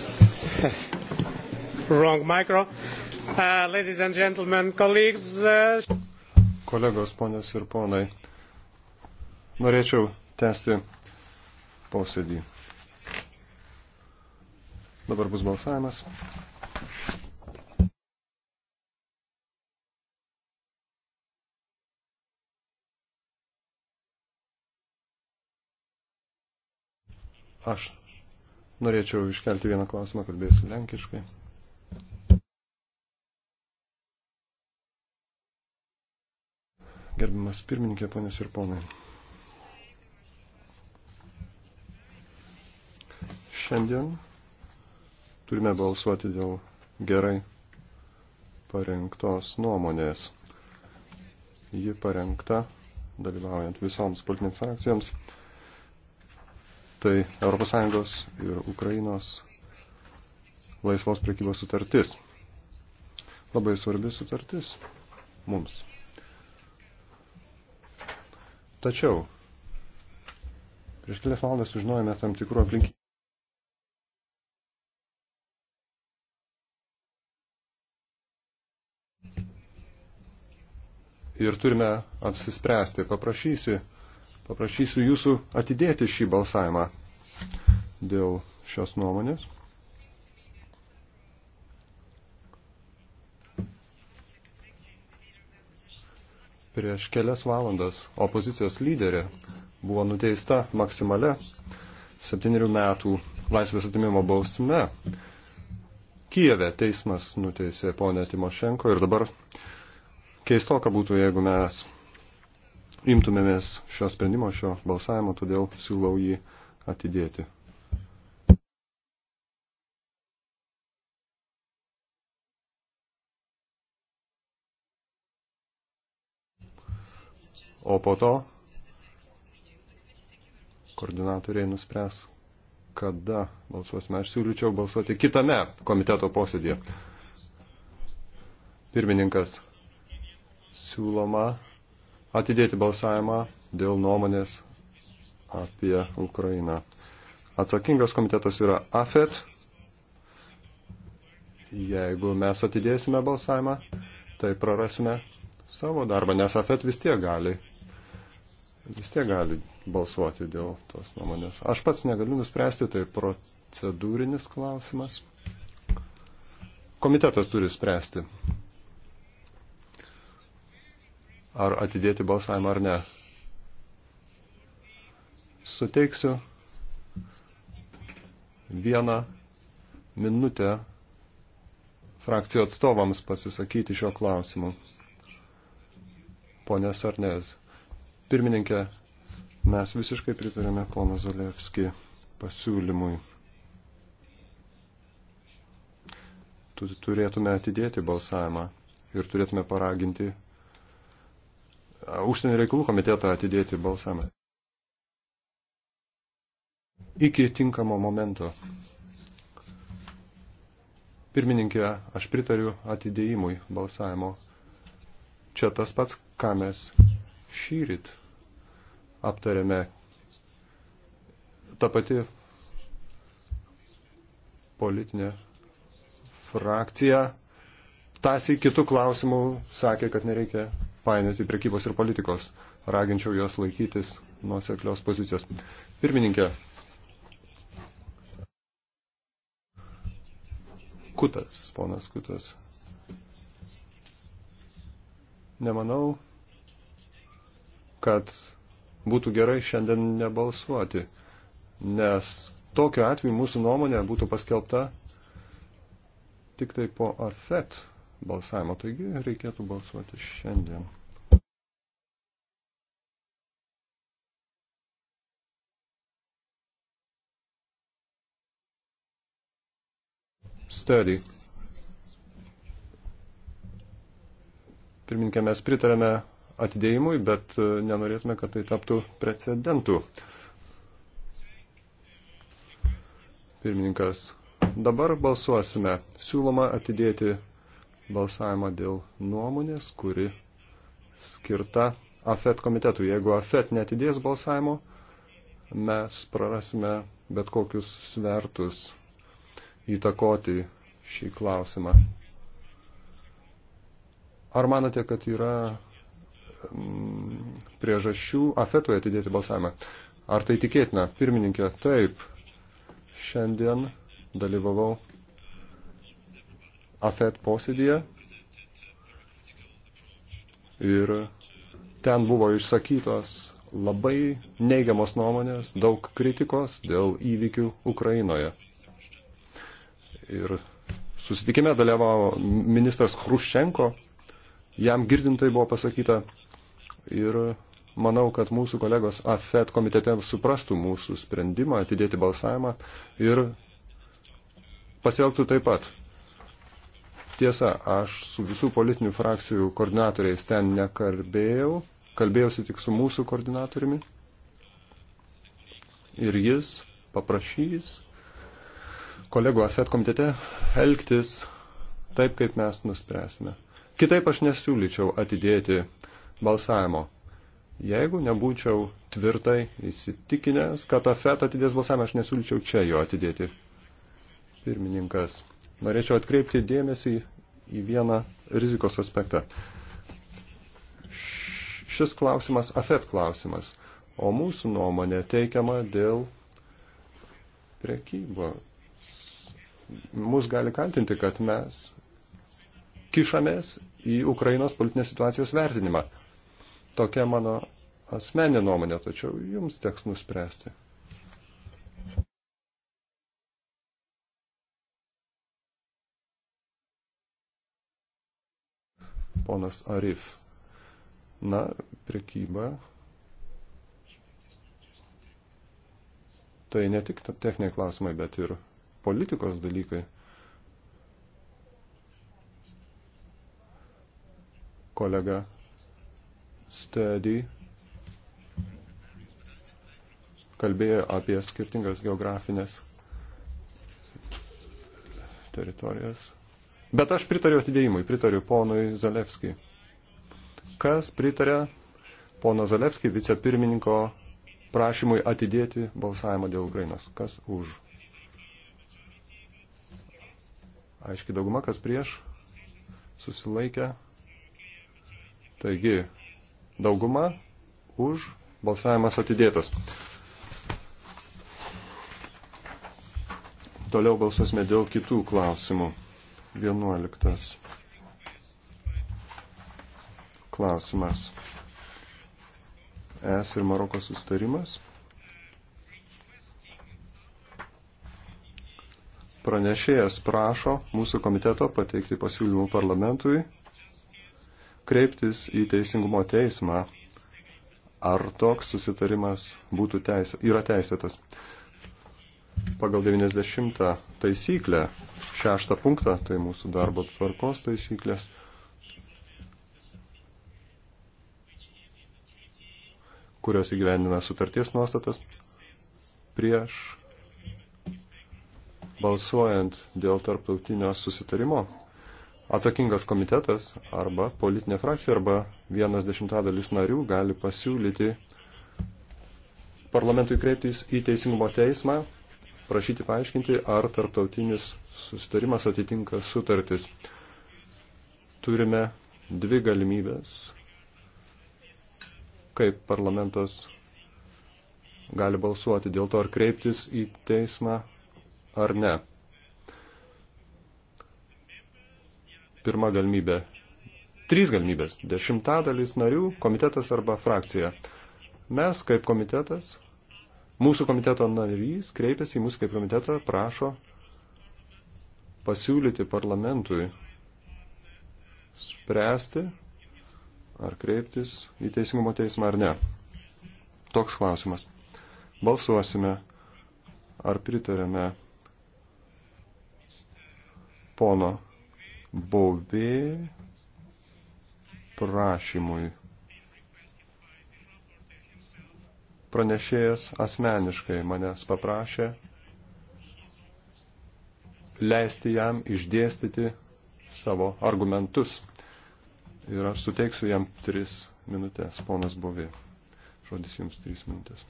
Wrong micro. Uh, ladies and gentlemen, colleagues. Uh... Kolegos, ponios ir ponai, norėčiau tęsti posėdį. Dabar bus balsavimas. Aš Norėčiau iškelti vieną klausimą, kalbėsiu lenkiškai. Gerbimas pirmininkė, ponės ir ponai. Šiandien turime balsuoti dėl gerai parengtos nuomonės. Ji parengta dalyvaujant visoms politinėms frakcijoms tai ES ir Ukrainos laisvos prekybos sutartis. Labai svarbi sutartis mums. Tačiau prieš kelias valandas sužinojome tam tikrų aplinkybių. Ir turime apsispręsti. Paprašysi paprašysiu jūsų atidėti šį balsavimą dėl šios nuomonės. Prieš kelias valandas opozicijos lyderė buvo nuteista maksimale septyniarių metų laisvės atimimo bausme. Kijeve teismas nuteisė ponę Timošenko ir dabar keistoka būtų, jeigu mes imtumėmės šio sprendimo, šio balsavimo, todėl siūlau jį atidėti. O po to koordinatoriai nuspręs, kada balsuosime. Aš siūlyčiau balsuoti kitame komiteto posėdėje. Pirmininkas siūloma atidėti balsavimą dėl nuomonės apie Ukrainą. Atsakingas komitetas yra AFET. Jeigu mes atidėsime balsavimą, tai prarasime savo darbą, nes AFET vis tiek gali, vis tiek gali balsuoti dėl tos nuomonės. Aš pats negaliu nuspręsti, tai procedūrinis klausimas. Komitetas turi spręsti ar atidėti balsavimą ar ne. Suteiksiu vieną minutę frakcijų atstovams pasisakyti šio klausimu. Pone Sarnez, pirmininkė, mes visiškai pritarėme pono Zalevski pasiūlymui. Turėtume atidėti balsavimą ir turėtume paraginti užsienio reikalų komitetą atidėti balsamą. Iki tinkamo momento. Pirmininkė, aš pritariu atidėjimui balsavimo. Čia tas pats, ką mes šyrit aptarėme. Ta pati politinė frakcija tasi kitų klausimų sakė, kad nereikia painėti prekybos ir politikos. Raginčiau juos laikytis nuoseklios pozicijos. Pirmininkė. Kutas, ponas Kutas. Nemanau, kad būtų gerai šiandien nebalsuoti, nes tokiu atveju mūsų nuomonė būtų paskelbta tik tai po AFET balsavimo, taigi reikėtų balsuoti šiandien. study. Pirminkė, mes pritarėme atidėjimui, bet e, nenorėtume, kad tai taptų precedentų. Pirmininkas, dabar balsuosime. Siūloma atidėti balsavimą dėl nuomonės, kuri skirta AFET komitetui. Jeigu AFET netidės balsavimo, mes prarasime bet kokius svertus įtakoti šį klausimą. Ar manote, kad yra mm, priežasčių afetui atidėti balsavimą? Ar tai tikėtina? Pirmininkė, taip. Šiandien dalyvavau afet posėdėje ir ten buvo išsakytos labai neigiamos nuomonės, daug kritikos dėl įvykių Ukrainoje. Ir susitikime dalyvavo ministras Hruščenko, jam girdintai buvo pasakyta ir manau, kad mūsų kolegos AFET komitete suprastų mūsų sprendimą atidėti balsavimą ir pasielgtų taip pat. Tiesa, aš su visų politinių frakcijų koordinatoriais ten nekalbėjau, kalbėjausi tik su mūsų koordinatoriumi ir jis paprašys kolegų AFET komitete elgtis taip, kaip mes nuspręsime. Kitaip aš nesiūlyčiau atidėti balsavimo. Jeigu nebūčiau tvirtai įsitikinęs, kad AFET atidės balsavimą, aš nesiūlyčiau čia jo atidėti. Pirmininkas, norėčiau atkreipti dėmesį į vieną rizikos aspektą. Šis klausimas AFET klausimas, o mūsų nuomonė teikiama dėl prekybo, mus gali kaltinti, kad mes kišamės į Ukrainos politinės situacijos vertinimą. Tokia mano asmenė nuomonė, tačiau jums teks nuspręsti. Ponas Arif. Na, prekyba. Tai ne tik techniniai klausimai, bet ir politikos dalykai. Kolega Stedy kalbėjo apie skirtingas geografinės teritorijas. Bet aš pritariu atidėjimui, pritariu ponui Zalevskijai. Kas pritarė pono Zalevskijai vicepirmininko prašymui atidėti balsavimą dėl Ukrainos? Kas už? Aiški dauguma, kas prieš, susilaikė. Taigi, dauguma už, balsavimas atidėtas. Toliau balsuosime dėl kitų klausimų. 11. Klausimas. Es ir Maroko sustarimas. Pranešėjas prašo mūsų komiteto pateikti pasiūlymų parlamentui, kreiptis į Teisingumo teismą, ar toks susitarimas būtų teisė, yra teisėtas. Pagal 90 taisyklę, šeštą punktą, tai mūsų darbo tvarkos taisyklės, kurios įgyvendina sutarties nuostatas, prieš balsuojant dėl tarptautinio susitarimo, atsakingas komitetas arba politinė frakcija arba vienas dešimtadalis narių gali pasiūlyti parlamentui kreiptis į Teisingumo teismą, prašyti paaiškinti, ar tarptautinis susitarimas atitinka sutartis. Turime dvi galimybės, kaip parlamentas gali balsuoti dėl to, ar kreiptis į teismą ar ne. Pirma galimybė. Trys galimybės. Dešimtadalis narių, komitetas arba frakcija. Mes kaip komitetas, mūsų komiteto narys kreipiasi į mūsų kaip komitetą, prašo pasiūlyti parlamentui spręsti, ar kreiptis į teisingumo teismą ar ne. Toks klausimas. Balsuosime, ar pritarėme pono Bovė prašymui. Pranešėjas asmeniškai manęs paprašė leisti jam išdėstyti savo argumentus. Ir aš suteiksiu jam tris minutės, ponas Bovė. Žodis jums trys minutės.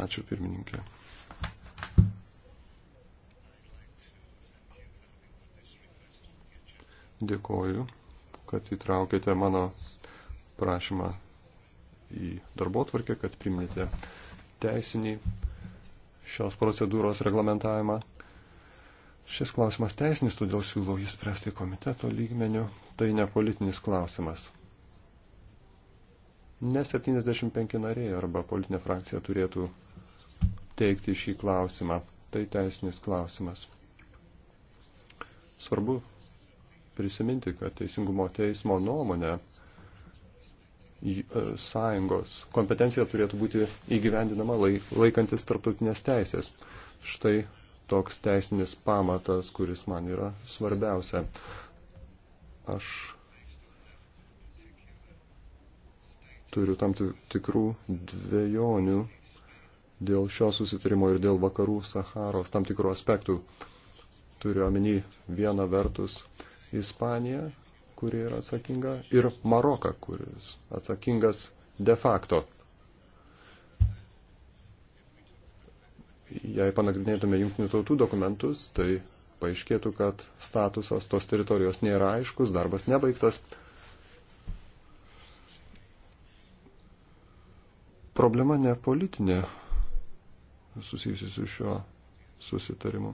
Ačiū pirmininkė. Dėkoju, kad įtraukėte mano prašymą į darbo tvarkę, kad priminėte teisinį šios procedūros reglamentavimą. Šis klausimas teisinis, todėl siūlau jį spręsti komiteto lygmeniu. Tai ne politinis klausimas. Ne 75 nariai arba politinė frakcija turėtų teikti šį klausimą. Tai teisinis klausimas. Svarbu prisiminti, kad Teisingumo teismo nuomonė e, sąjungos kompetencija turėtų būti įgyvendinama laikantis tarptautinės teisės. Štai toks teisinis pamatas, kuris man yra svarbiausia. Aš turiu tam tikrų dviejonių dėl šio susitarimo ir dėl vakarų Saharos tam tikrų aspektų. Turiu omeny vieną vertus Ispaniją, kuri yra atsakinga, ir Maroką, kuris atsakingas de facto. Jei panagrinėtume jungtinių tautų dokumentus, tai paaiškėtų, kad statusas tos teritorijos nėra aiškus, darbas nebaigtas problema ne politinė susijusi su šiuo susitarimu.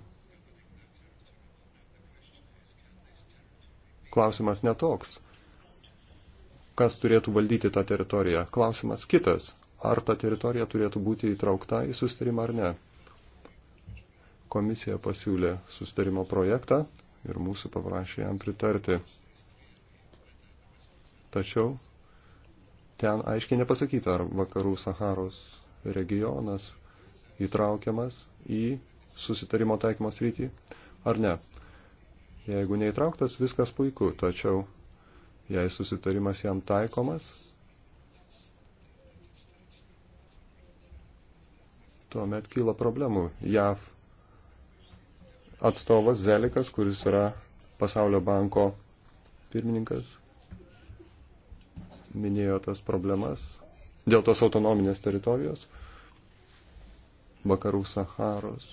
Klausimas netoks, kas turėtų valdyti tą teritoriją. Klausimas kitas, ar ta teritorija turėtų būti įtraukta į susitarimą ar ne. Komisija pasiūlė susitarimo projektą ir mūsų paprašė jam pritarti. Tačiau ten aiškiai nepasakyta, ar vakarų Saharos regionas įtraukiamas į susitarimo taikymo srity ar ne. Jeigu neįtrauktas, viskas puiku, tačiau jei susitarimas jam taikomas, tuomet kyla problemų. JAV atstovas Zelikas, kuris yra pasaulio banko pirmininkas, minėjo tas problemas dėl tos autonominės teritorijos vakarų Saharos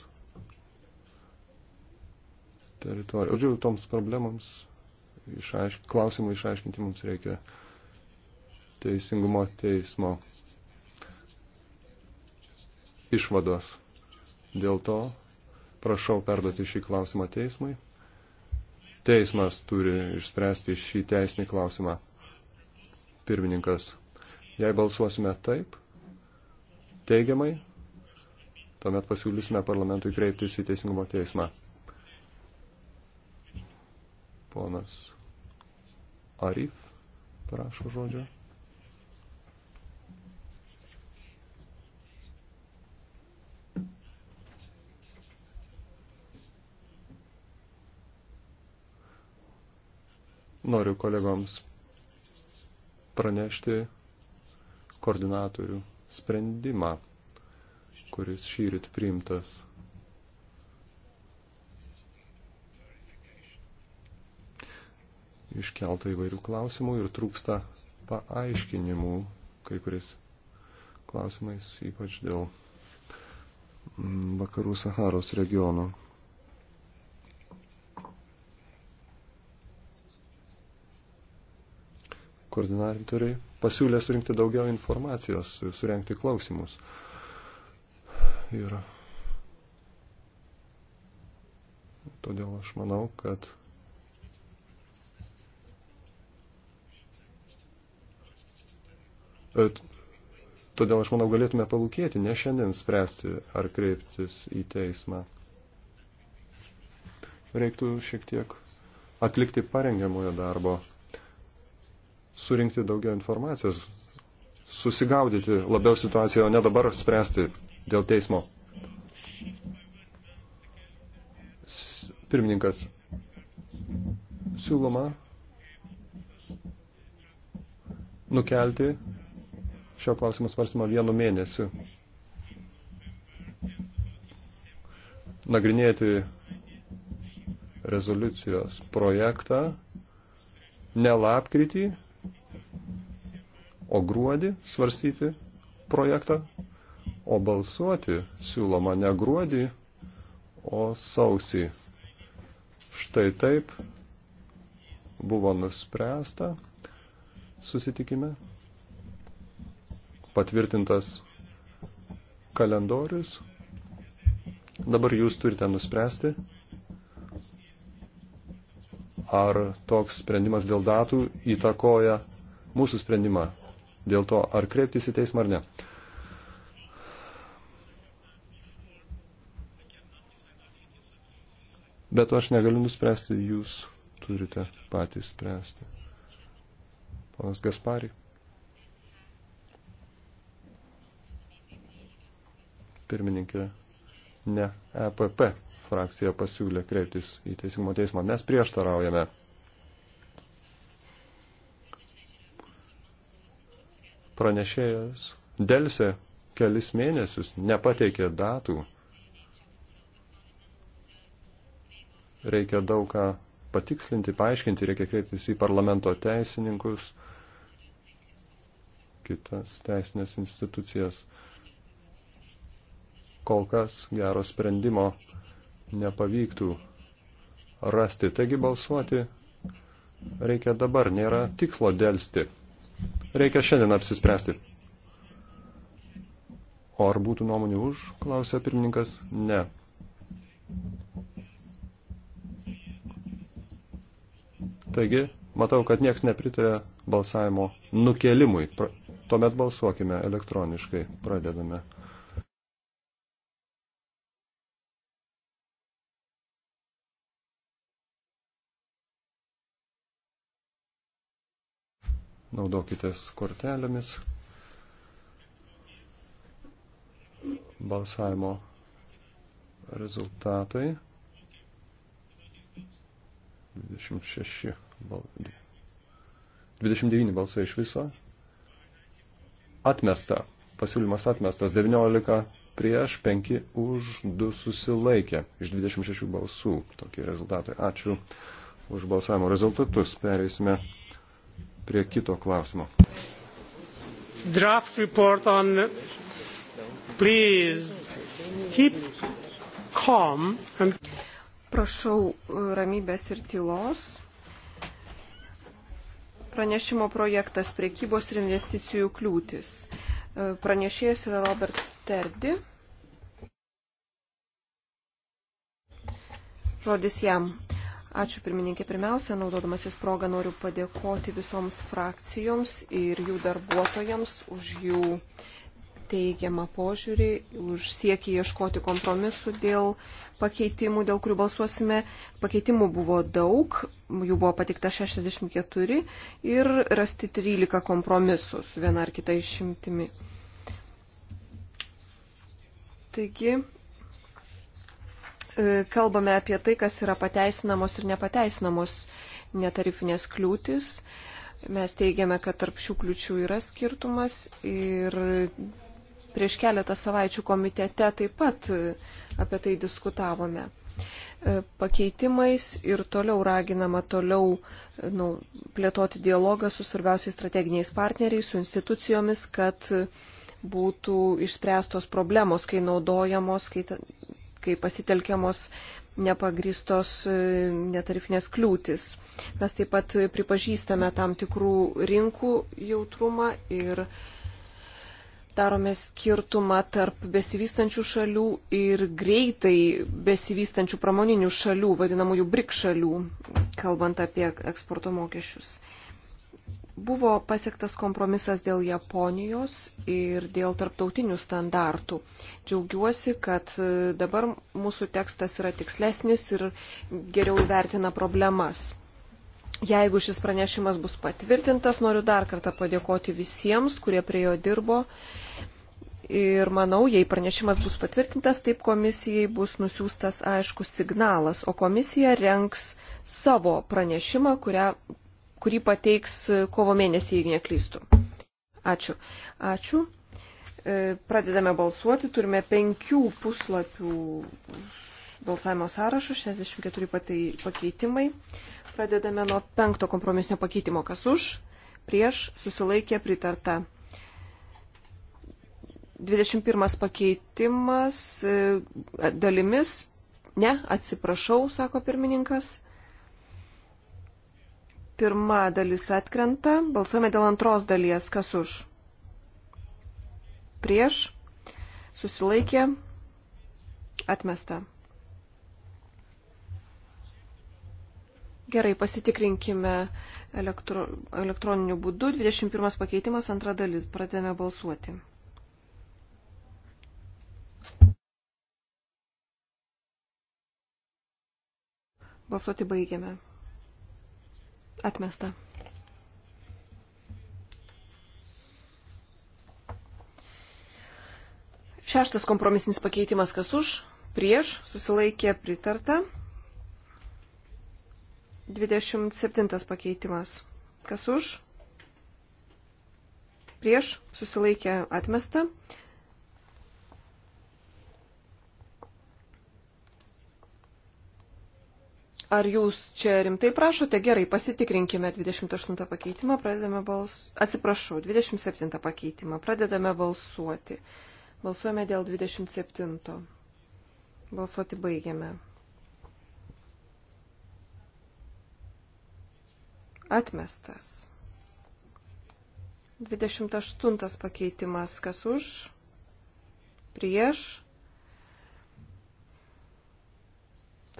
teritorijos. Žodžiu, toms problemams išaišk... klausimų išaiškinti mums reikia teisingumo teismo išvados. Dėl to prašau perduoti šį klausimą teismui. Teismas turi išspręsti šį teisinį klausimą. Pirmininkas, jei balsuosime taip, teigiamai, tuomet pasiūlysime parlamentui kreiptis į Teisingumo teismą. Ponas Arif prašo žodžio. noriu kolegoms pranešti koordinatorių sprendimą, kuris šyrit priimtas. Iškelta įvairių klausimų ir trūksta paaiškinimų kai kuris klausimais, ypač dėl vakarų Saharos regiono. koordinatoriai pasiūlė surinkti daugiau informacijos, surenkti klausimus. Ir todėl aš manau, kad Todėl aš manau, galėtume palūkėti, ne šiandien spręsti ar kreiptis į teismą. Reiktų šiek tiek atlikti parengiamojo darbo surinkti daugiau informacijos, susigaudyti labiau situaciją, o ne dabar spręsti dėl teismo. Pirmininkas, siūloma nukelti šio klausimo svarstymą vienu mėnesiu. Nagrinėti rezoliucijos projektą ne lapkritį, o gruodį svarstyti projektą, o balsuoti siūloma ne gruodį, o sausį. Štai taip buvo nuspręsta susitikime, patvirtintas kalendorius. Dabar jūs turite nuspręsti, ar toks sprendimas dėl datų įtakoja mūsų sprendimą dėl to, ar kreiptis į teismą ar ne. Bet aš negaliu nuspręsti, jūs turite patys spręsti. Ponas Gaspari. Pirmininkė, ne EPP frakcija pasiūlė kreiptis į Teisingumo teismą. Mes prieštaraujame pranešėjas dėlse kelis mėnesius, nepateikė datų. Reikia daug ką patikslinti, paaiškinti, reikia kreiptis į parlamento teisininkus, kitas teisinės institucijas. Kol kas gero sprendimo nepavyktų rasti. Taigi balsuoti reikia dabar, nėra tikslo dėlsti. Reikia šiandien apsispręsti. O ar būtų nuomonių už, klausė pirmininkas. Ne. Taigi, matau, kad nieks nepritarė balsavimo nukelimui. Tuomet balsuokime elektroniškai. Pradedame. naudokitės kortelėmis balsavimo rezultatai 26 bal... 29 balsai iš viso atmesta pasiūlymas atmestas 19 prieš 5 už 2 susilaikė iš 26 balsų tokie rezultatai ačiū už balsavimo rezultatus pereisime prie kito klausimo. Draft report on please keep calm and Prašau e, ramybės ir tylos. Pranešimo projektas priekybos ir investicijų kliūtis. E, pranešėjas yra Robert Sterdi. Žodis jam. Ačiū pirmininkė. Pirmiausia, naudodamasis progą noriu padėkoti visoms frakcijoms ir jų darbuotojams už jų teigiamą požiūrį, už siekį ieškoti kompromisų dėl pakeitimų, dėl kurių balsuosime. Pakeitimų buvo daug, jų buvo patikta 64 ir rasti 13 kompromisų su viena ar kita išimtimi. Taigi, E, kalbame apie tai, kas yra pateisinamos ir nepateisinamos netarifinės kliūtis. Mes teigiame, kad tarp šių kliučių yra skirtumas ir prieš keletą savaičių komitete taip pat e, apie tai diskutavome. E, pakeitimais ir toliau raginama toliau nu, plėtoti dialogą su svarbiausiais strateginiais partneriais, su institucijomis, kad būtų išspręstos problemos, kai naudojamos, kai kai pasitelkiamos nepagristos e, netarifinės kliūtis. Mes taip pat pripažįstame tam tikrų rinkų jautrumą ir darome skirtumą tarp besivystančių šalių ir greitai besivystančių pramoninių šalių, vadinamųjų BRIC šalių, kalbant apie eksporto mokesčius. Buvo pasiektas kompromisas dėl Japonijos ir dėl tarptautinių standartų. Džiaugiuosi, kad e, dabar mūsų tekstas yra tikslesnis ir geriau įvertina problemas. Jeigu šis pranešimas bus patvirtintas, noriu dar kartą padėkoti visiems, kurie prie jo dirbo. Ir manau, jei pranešimas bus patvirtintas, taip komisijai bus nusiųstas aiškus signalas, o komisija renks savo pranešimą, kurią kurį pateiks kovo mėnesį, jeigu neklystu. Ačiū. Ačiū. E, pradedame balsuoti. Turime penkių puslapių balsavimo sąrašą, 64 pakeitimai. Pradedame nuo penkto kompromisinio pakeitimo. Kas už? Prieš susilaikė pritarta. 21 pakeitimas e, dalimis. Ne, atsiprašau, sako pirmininkas. Pirma dalis atkrenta. Balsuojame dėl antros dalies. Kas už? Prieš. Susilaikė. Atmesta. Gerai, pasitikrinkime elektro, elektroniniu būdu. 21 pakeitimas, antra dalis. Pradėjome balsuoti. Balsuoti baigiame. Atmesta. Šeštas kompromisinis pakeitimas kas už, prieš, susilaikė pritarta. 27 pakeitimas kas už, prieš, susilaikė atmesta. Ar jūs čia rimtai prašote? Gerai, pasitikrinkime 28 pakeitimą, pradedame balsuoti. Atsiprašau, 27 pakeitimą, pradedame balsuoti. Balsuojame dėl 27. Balsuoti baigiame. Atmestas. 28 pakeitimas, kas už, prieš,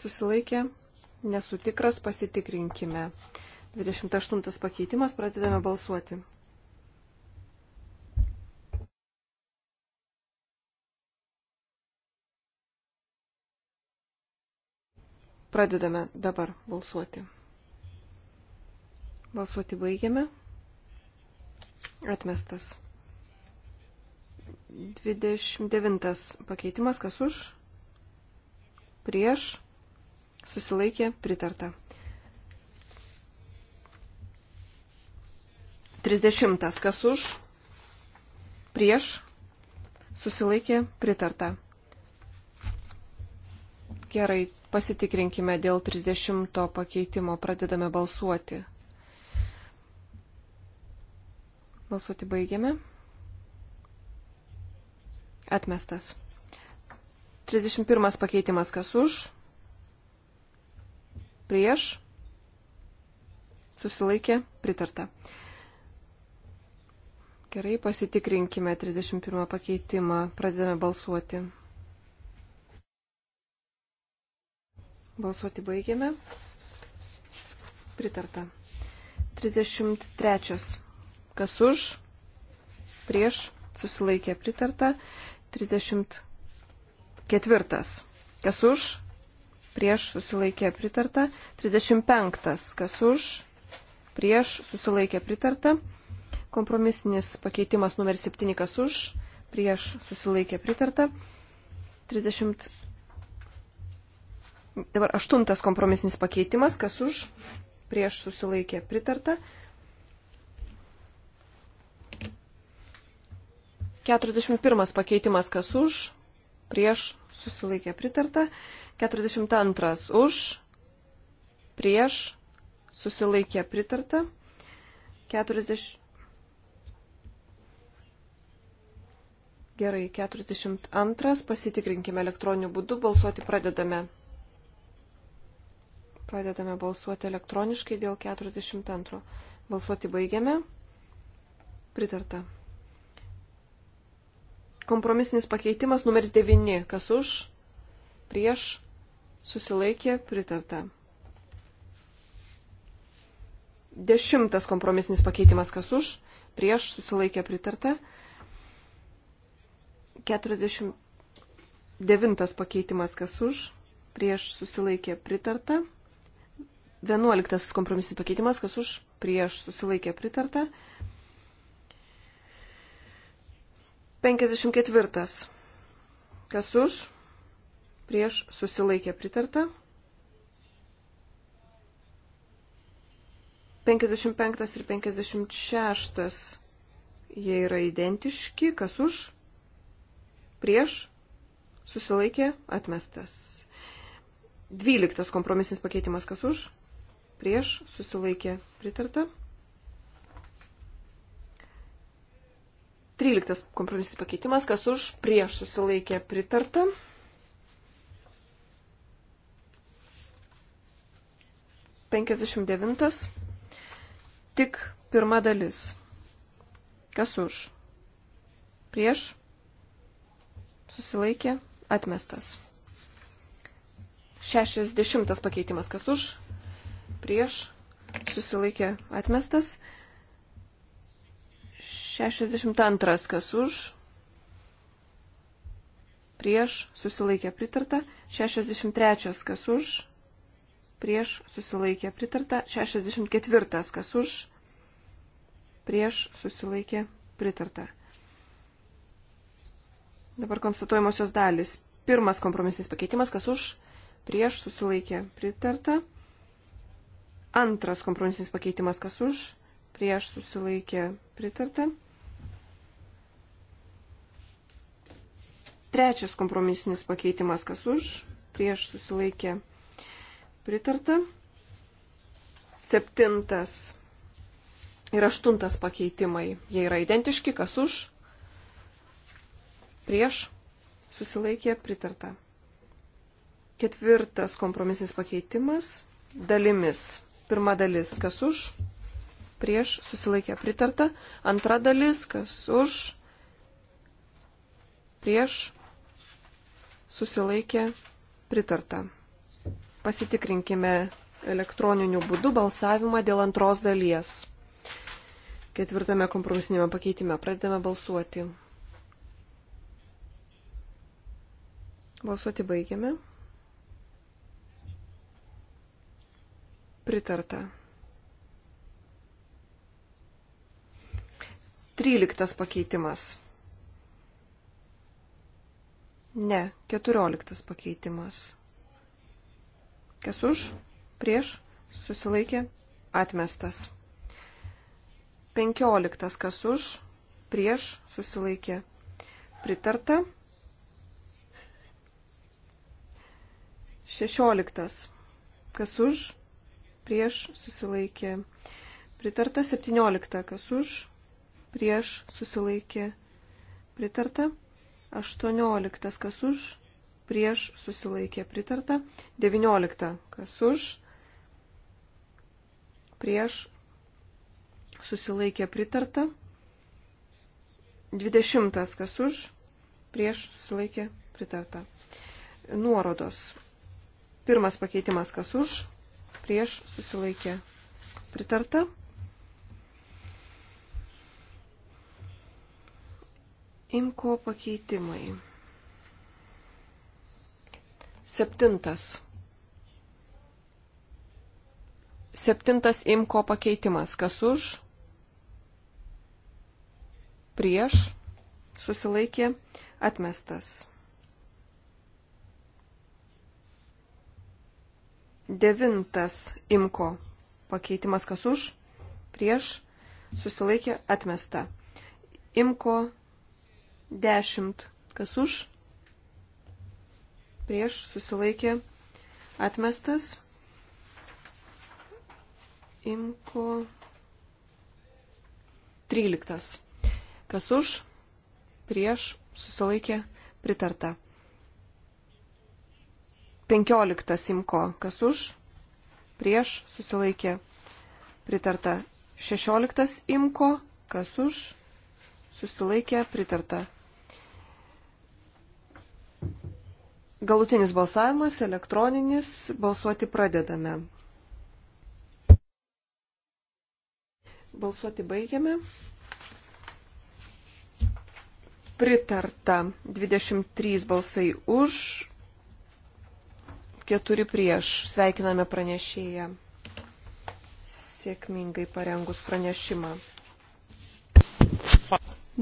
susilaikė, Nesu tikras, pasitikrinkime. 28 pakeitimas, pradedame balsuoti. Pradedame dabar balsuoti. Balsuoti baigiame. Atmestas. 29 pakeitimas, kas už, prieš, susilaikė, pritarta. 30. Kas už, prieš, susilaikė, pritarta. Gerai, pasitikrinkime dėl 30 pakeitimo, pradedame balsuoti. Balsuoti baigiame. Atmestas. 31 pakeitimas kas už, prieš, susilaikė, pritarta. Gerai, pasitikrinkime 31 pakeitimą, pradedame balsuoti. Balsuoti baigiame. Pritarta. 33. Kas už? Prieš. Susilaikė pritarta. 34. Kas už? prieš susilaikė pritarta, 35 kas už, prieš susilaikė pritarta, kompromisinis pakeitimas numeris 7 kas už, prieš susilaikė pritarta, 30. Dabar aštuntas kompromisinis pakeitimas, kas už, prieš susilaikė pritarta. 41 pakeitimas, kas už, prieš susilaikė pritarta. 42 už, prieš, susilaikė pritarta. 40. Gerai, 42. Pasitikrinkime elektroniniu būdu. Balsuoti pradedame. Pradedame balsuoti elektroniškai dėl 42. Balsuoti baigiame. Pritarta. Kompromisinis pakeitimas numeris 9. Kas už? Prieš? susilaikė, pritarta. Dešimtas kompromisinis pakeitimas, kas už, prieš, susilaikė, pritarta. 49 pakeitimas, kas už, prieš, susilaikė, pritarta. 11 kompromisinis pakeitimas, kas už, prieš, susilaikė, pritarta. 54. Kas už, prieš susilaikė pritarta. 55 ir 56 jie yra identiški, kas už, prieš, susilaikė, atmestas. 12 kompromisinis pakeitimas, kas už, prieš, susilaikė, pritarta. 13 kompromisinis pakeitimas, kas už, prieš, susilaikė, pritarta. 59. Tik pirma dalis. Kas už? Prieš? Susilaikė? Atmestas. 60 pakeitimas. Kas už? Prieš? Susilaikė? Atmestas. 62. Kas už? Prieš? Susilaikė? Pritarta. 63. Kas už? prieš susilaikė pritarta, 64 kas už, prieš susilaikė pritarta. Dabar konstatuojamosios dalis. Pirmas kompromisinis pakeitimas, kas už, prieš susilaikė pritarta. Antras kompromisinis pakeitimas, kas už, prieš susilaikė pritarta. Trečias kompromisinis pakeitimas, kas už, prieš susilaikė pritarta Pritarta. Septintas ir aštuntas pakeitimai. Jie yra identiški, kas už, prieš, susilaikė, pritarta. Ketvirtas kompromisinis pakeitimas dalimis. Pirma dalis, kas už, prieš, susilaikė, pritarta. Antra dalis, kas už, prieš, susilaikė, pritarta. Pasitikrinkime elektroniniu būdu balsavimą dėl antros dalies. Ketvirtame kompromisinėme pakeitime pradedame balsuoti. Balsuoti baigiame. Pritarta. Tryliktas pakeitimas. Ne, keturioliktas pakeitimas. Kas už, prieš, susilaikė, atmestas. 15. Kas už, prieš, susilaikė, pritarta. 16. Kas už, prieš, susilaikė, pritarta. 17. Kas už, prieš, susilaikė, pritarta. 18. Kas už, prieš susilaikė pritarta, 19 kas už, prieš susilaikė pritarta, 20 kas už, prieš susilaikė pritarta. Nuorodos. Pirmas pakeitimas kas už, prieš susilaikė pritarta. Imko pakeitimai. Septintas. Septintas imko pakeitimas. Kas už? Prieš. Susilaikė. Atmestas. Devintas imko pakeitimas. Kas už? Prieš. Susilaikė. Atmesta. Imko. Dešimt. Kas už? prieš susilaikė atmestas. Imko 13. Kas už, prieš susilaikė pritarta. 15. Imko. Kas už, prieš susilaikė pritarta. 16. Imko. Kas už, susilaikė pritarta. Galutinis balsavimas, elektroninis, balsuoti pradedame. Balsuoti baigiame. Pritarta 23 balsai už, 4 prieš. Sveikiname pranešėją. Sėkmingai parengus pranešimą.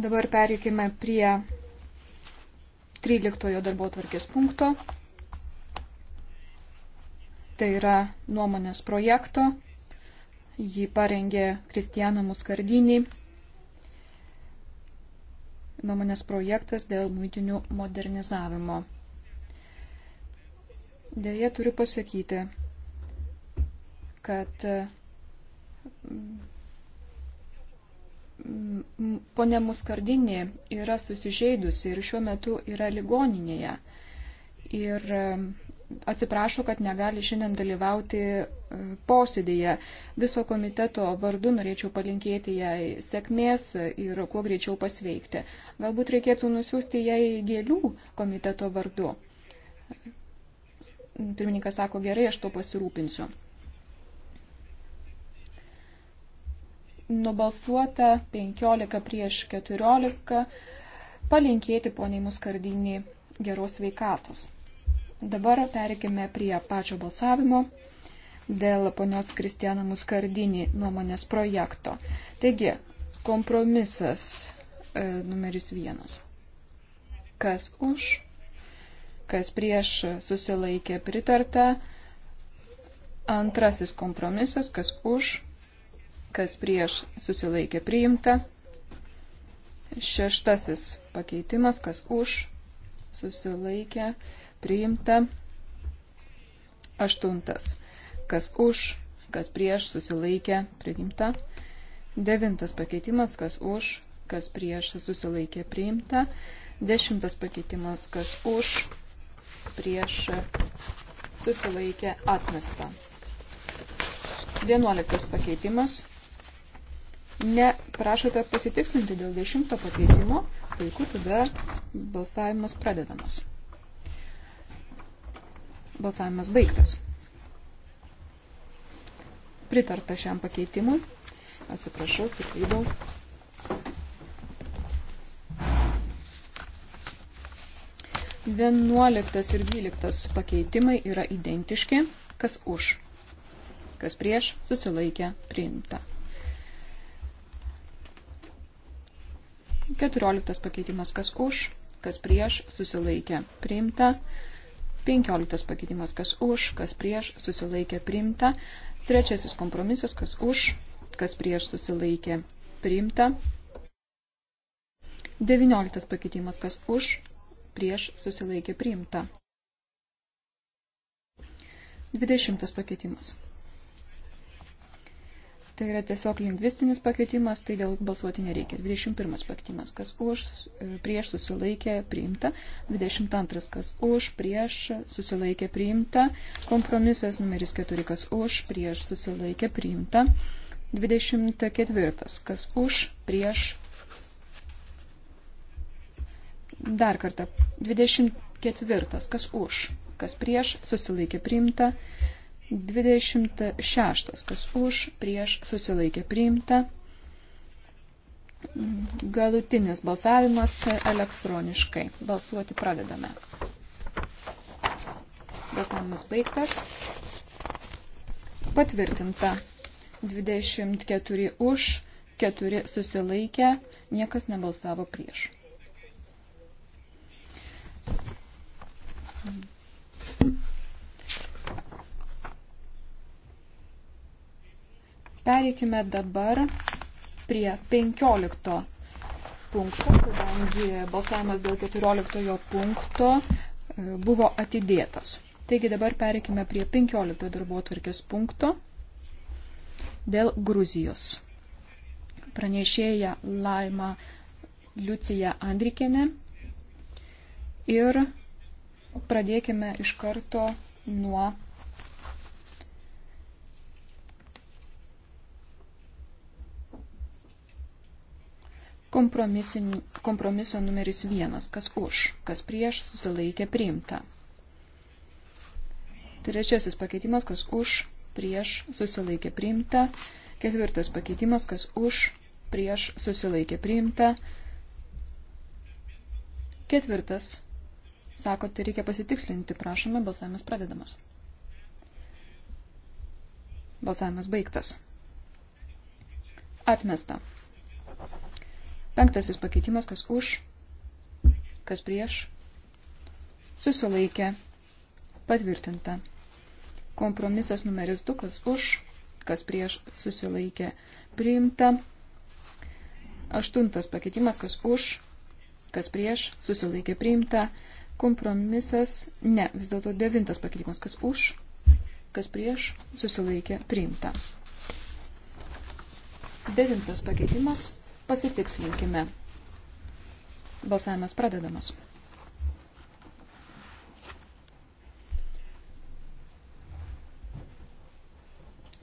Dabar pereikime prie 13 darbo tvarkės punkto. Tai yra nuomonės projekto. Jį parengė Kristijana Muskardinį. Nuomonės projektas dėl muitinių modernizavimo. Dėja turiu pasakyti, kad Pone Muskardinė yra susižeidusi ir šiuo metu yra ligoninėje. Ir e, atsiprašo, kad negali šiandien dalyvauti e, posėdėje. Viso komiteto vardu norėčiau palinkėti jai sėkmės ir kuo greičiau pasveikti. Galbūt reikėtų nusiųsti jai gėlių komiteto vardu. Pirmininkas sako, gerai, aš to pasirūpinsiu. nubalsuota 15 prieš 14 palinkėti poniai muskardinį geros veikatos. Dabar perikime prie pačio balsavimo dėl ponios Kristiana Muskardinį nuomonės projekto. Taigi, kompromisas e, numeris vienas. Kas už, kas prieš susilaikė pritarta. Antrasis kompromisas, kas už, kas prieš susilaikė priimta. Šeštasis pakeitimas, kas už susilaikė priimta. Aštuntas, kas už, kas prieš susilaikė priimta. Devintas pakeitimas, kas už, kas prieš susilaikė priimta. Dešimtas pakeitimas, kas už, prieš susilaikė atmesta. Vienuoliktas pakeitimas, Neprašote pasitikslinti dėl dešimto pakeitimo, puiku, tada balsavimas pradedamas. Balsavimas baigtas. Pritarta šiam pakeitimui. Atsiprašau, suklydau. Vienuoliktas ir dvyliktas pakeitimai yra identiški, kas už, kas prieš, susilaikė, priimta. 14 pakeitimas kas už, kas prieš, susilaikė, priimta. 15 pakeitimas kas už, kas prieš, susilaikė, priimta. Trečiasis kompromisas kas už, kas prieš, susilaikė, priimta. 19 pakeitimas kas už, prieš, susilaikė, priimta. 20 pakeitimas Tai yra tiesiog lingvistinis pakeitimas, tai dėl balsuoti nereikia. 21 pakeitimas, kas už, e, prieš susilaikė priimta. 22, kas už, prieš susilaikė priimta. Kompromisas numeris 4, kas už, prieš susilaikė priimta. 24, kas už, prieš. Dar kartą. 24, kas už, kas prieš susilaikė priimta. 26. Kas už, prieš, susilaikė priimta. Galutinis balsavimas elektroniškai. Balsuoti pradedame. Balsavimas baigtas. Patvirtinta. 24 už, 4 susilaikė, niekas nebalsavo prieš. Pereikime dabar prie 15 punkto, kadangi balsavimas dėl 14 punkto e, buvo atidėtas. Taigi dabar pereikime prie 15 darbo atvarkės punkto dėl Gruzijos. Pranešėja Laima Liucija Andrikėne ir pradėkime iš karto nuo Kompromiso numeris vienas, kas už, kas prieš, susilaikė priimta. Trečiasis pakeitimas, kas už, prieš, susilaikė priimta. Ketvirtas pakeitimas, kas už, prieš, susilaikė priimta. Ketvirtas. Sakote, tai reikia pasitikslinti, prašome, balsavimas pradedamas. Balsavimas baigtas. Atmesta. Penktasis pakeitimas, kas už, kas prieš, susilaikė, patvirtinta. Kompromisas numeris 2, kas už, kas prieš, susilaikė, priimta. Aštuntas pakeitimas, kas už, kas prieš, susilaikė, priimta. Kompromisas, ne, vis dėlto devintas pakeitimas, kas už, kas prieš, susilaikė, priimta. Devintas pakeitimas, Pasitikslinkime. Balsavimas pradedamas.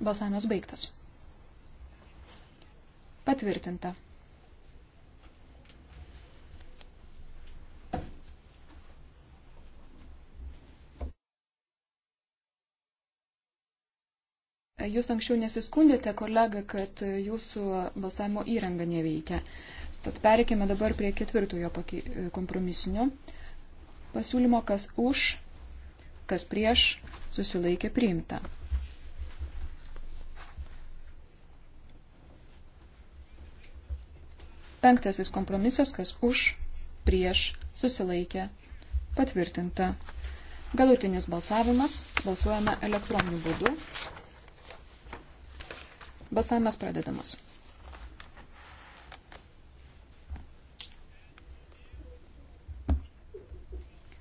Balsavimas baigtas. Patvirtinta. Jūs anksčiau nesiskundėte, kolega, kad jūsų balsavimo įranga neveikia. Tad pereikime dabar prie ketvirtojo kompromisinio pasiūlymo, kas už, kas prieš susilaikė priimta. Penktasis kompromisas, kas už, prieš, susilaikė, patvirtinta. Galutinis balsavimas, balsuojame elektroniniu būdu. Balsavimas pradedamas.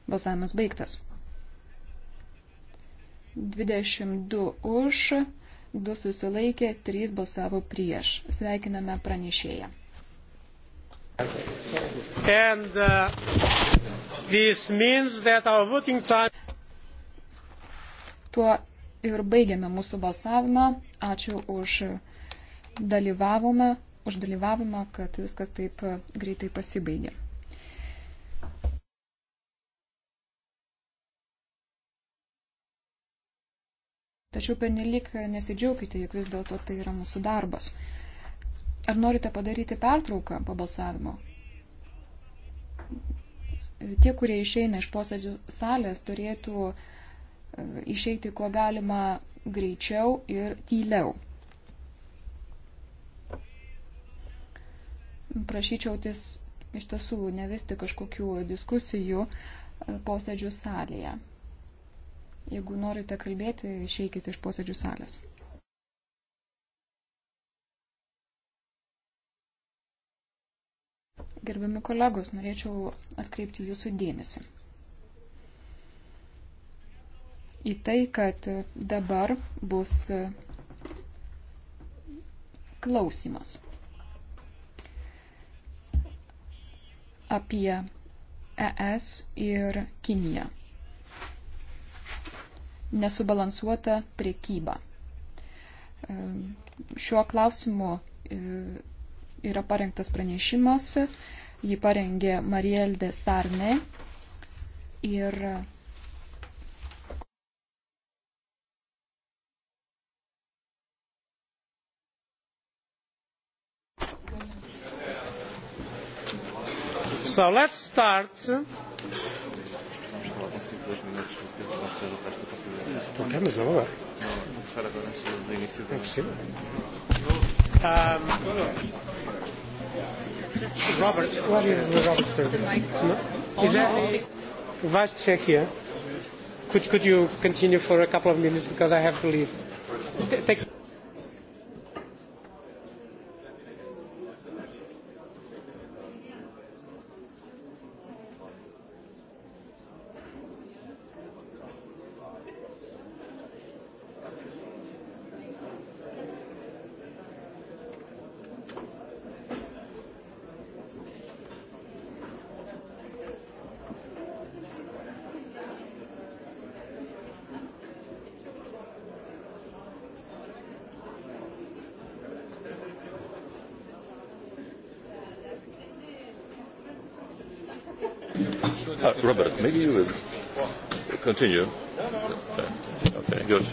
Balsavimas baigtas. 22 už, 2 susilaikė, 3 balsavo prieš. Sveikiname pranešėją. And, uh, time... Tuo ir baigiame mūsų balsavimą. Ačiū už dalyvavimą, už dalyvavimą, kad viskas taip greitai pasibaigė. Tačiau pernelyg nesidžiaukite, juk vis dėlto tai yra mūsų darbas. Ar norite padaryti pertrauką po balsavimo? Tie, kurie išeina iš posėdžių salės, turėtų uh, išeiti kuo galima greičiau ir tyliau. Prašyčiau tis, iš tiesų nevesti kažkokių diskusijų e, posėdžių salėje. Jeigu norite kalbėti, išeikite iš posėdžių salės. Gerbiami kolegos, norėčiau atkreipti jūsų dėmesį. į tai, kad dabar bus klausimas apie ES ir Kiniją. Nesubalansuota priekyba. Šiuo klausimu e, yra parengtas pranešimas, jį parengė Marielle de Sarne ir So let's start. ¿Por qué me llamaba? Um, Robert, what is the Robert service? No? Is that Vice Chair here? Could, could you continue for a couple of minutes because I have to leave? Take Robert, maybe you will continue. Okay, good.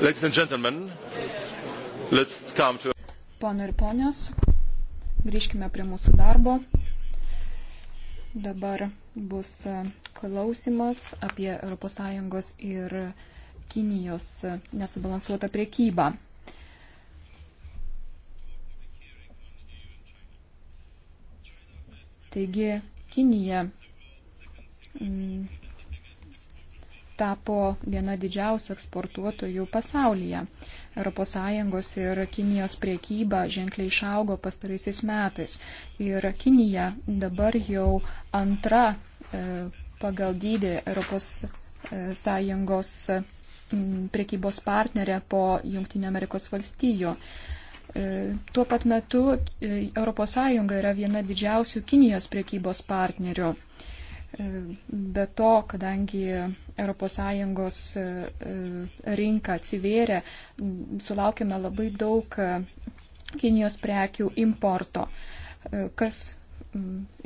Ladies and gentlemen, let's come to. Pono ir ponios, grįžkime prie mūsų darbo. Dabar bus e, klausimas apie ES ir Kinijos e, nesubalansuotą priekybą. Taigi Kinija Mm, tapo viena didžiausių eksportuotojų pasaulyje. ES ir Kinijos priekyba ženkliai išaugo pastaraisiais metais ir Kinija dabar jau antra e, pagal dydį ES e, priekybos partnerė po Junktinio Amerikos valstijų. E, tuo pat metu ES yra viena didžiausių Kinijos priekybos partnerių. Be to, kadangi ES e, e, rinka atsivėrė, sulaukėme labai daug e, Kinijos prekių importo, kas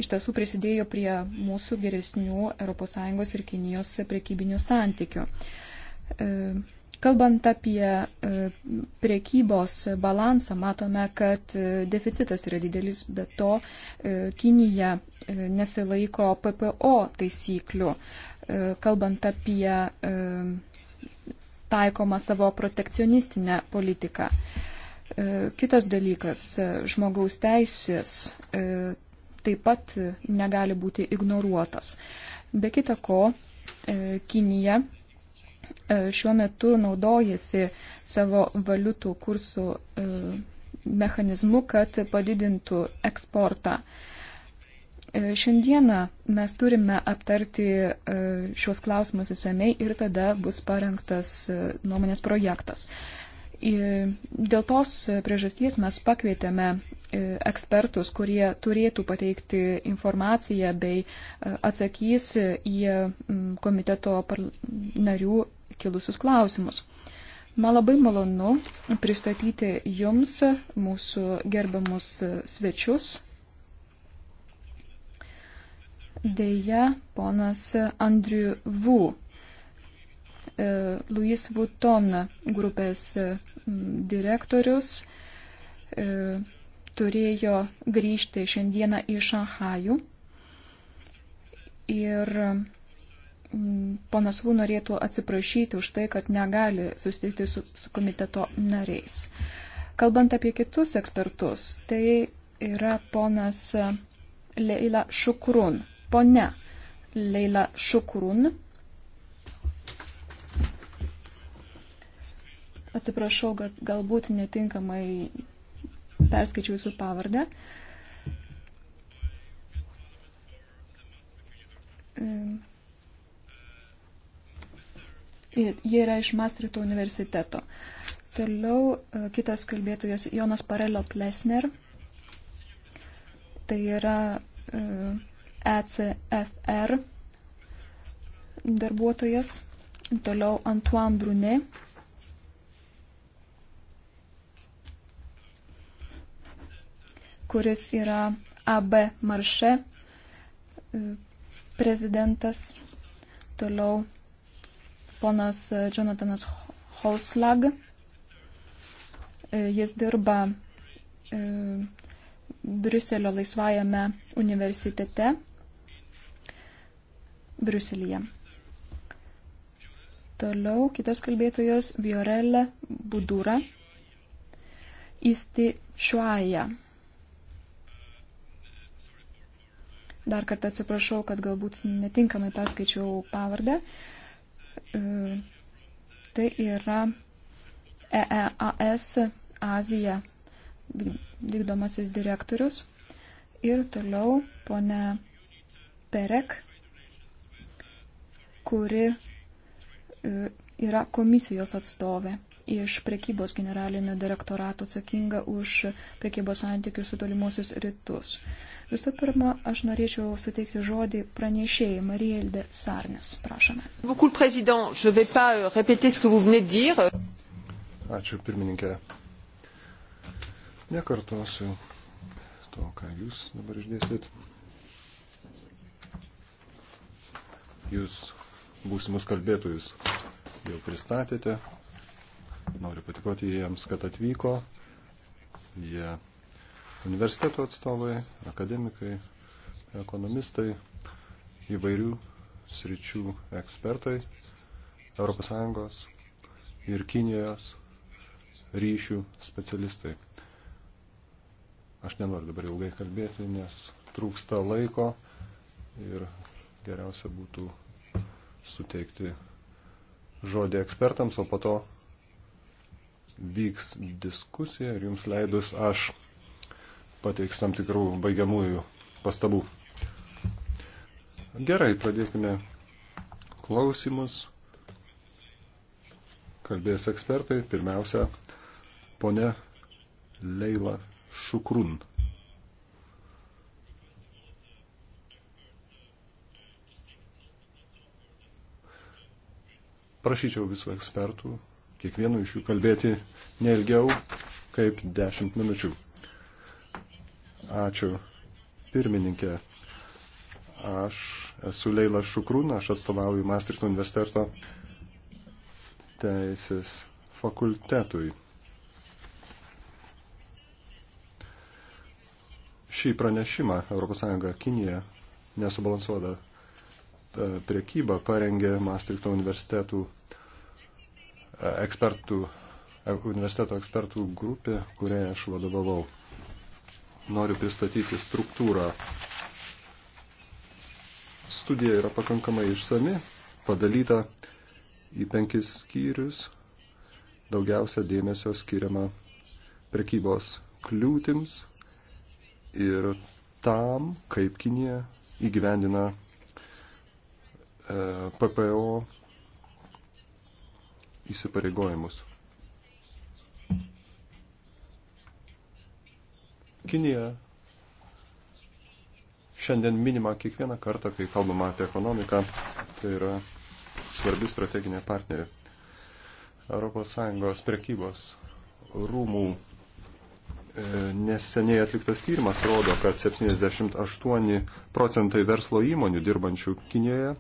iš tiesų prisidėjo prie mūsų geresnių ES ir Kinijos prekybinių santykių. Kalbant apie e, priekybos balansą, matome, kad e, deficitas yra didelis, bet to e, Kinija nesilaiko PPO taisyklių. Kalbant apie taikomą savo protekcionistinę politiką. Kitas dalykas - žmogaus teisės taip pat negali būti ignoruotas. Be kita ko, Kinija E, šiuo metu naudojasi savo valiutų kursų e, mechanizmu, kad padidintų eksportą. E, šiandieną mes turime aptarti šios klausimus įsamei ir tada bus parengtas nuomonės projektas. Dėl tos priežasties mes pakvietėme ekspertus, kurie turėtų pateikti informaciją bei atsakys į komiteto narių kilusius klausimus. Man labai malonu pristatyti Jums mūsų gerbiamus svečius. Deja, ponas Andriu Vu, e, Louis Vuitton grupės e, direktorius, e, turėjo grįžti šiandieną į Šanhajų. Ir ponas Vų norėtų atsiprašyti už tai, kad negali susitikti su, su komiteto nariais. Kalbant apie kitus ekspertus, tai yra ponas Leila Šukrun. Pone Leila Šukrun. Atsiprašau, kad galbūt netinkamai perskaičiau jūsų pavardę. Um Jie yra iš Mastrito universiteto. Toliau e, kitas kalbėtojas Jonas Parelio Plesner. Tai yra ECFR e darbuotojas. Toliau Antoine Brunet. kuris yra AB Marše e, prezidentas. Toliau ponas Jonathanas Holslag. Jis dirba e, Briuselio laisvajame universitete Briuselyje. Toliau kitas kalbėtojas Viorelė Budūra Isti Šuaja. Dar kartą atsiprašau, kad galbūt netinkamai perskaičiau pavardę. Uh, E, tai yra EEAS Azija vykdomasis direktorius ir toliau ponė Perek, kuri e, yra komisijos atstovė iš prekybos generalinio direktorato atsakinga už prekybos santykius su tolimuosius rytus. Visų pirma, aš norėčiau suteikti žodį pranešėjai Marijelde Sarnes. Prašome. Euh, Ačiū, pirmininkė. Nekartosiu to, ką jūs dabar išdėstėt. Jūs būsimus kalbėtojus jau pristatėte, Noriu patikoti jiems, kad atvyko. Jie universiteto atstovai, akademikai, ekonomistai, įvairių sričių ekspertai, ES ir Kinijos ryšių specialistai. Aš nenoriu dabar ilgai kalbėti, nes trūksta laiko ir geriausia būtų suteikti žodį ekspertams, o po to vyks diskusija ir jums leidus aš pateiks tam tikrų baigiamųjų pastabų. Gerai, pradėkime klausimus. Kalbės ekspertai. Pirmiausia, ponė Leila Šukrun. Prašyčiau visų ekspertų kiekvienu iš jų kalbėti neilgiau kaip 10 minučių. Ačiū, pirmininkė. Aš esu Leila Šukrūna, aš atstovauju Maastrichto universiteto teisės fakultetui. Šį pranešimą ES Kinija nesubalansuoda e, priekyba parengė Maastrichto universitetų ekspertų, universiteto ekspertų grupė, kuriai aš vadovavau. Noriu pristatyti struktūrą. Studija yra pakankamai išsami, padalyta į penkis skyrius. Daugiausia dėmesio skiriama prekybos kliūtims ir tam, kaip Kinija įgyvendina e, PPO įsipareigojimus. Kinija šiandien minima kiekvieną kartą, kai kalbama apie ekonomiką, tai yra svarbi strateginė partnerė. ES prekybos rūmų e, neseniai atliktas tyrimas rodo, kad 78 procentai verslo įmonių dirbančių Kinijoje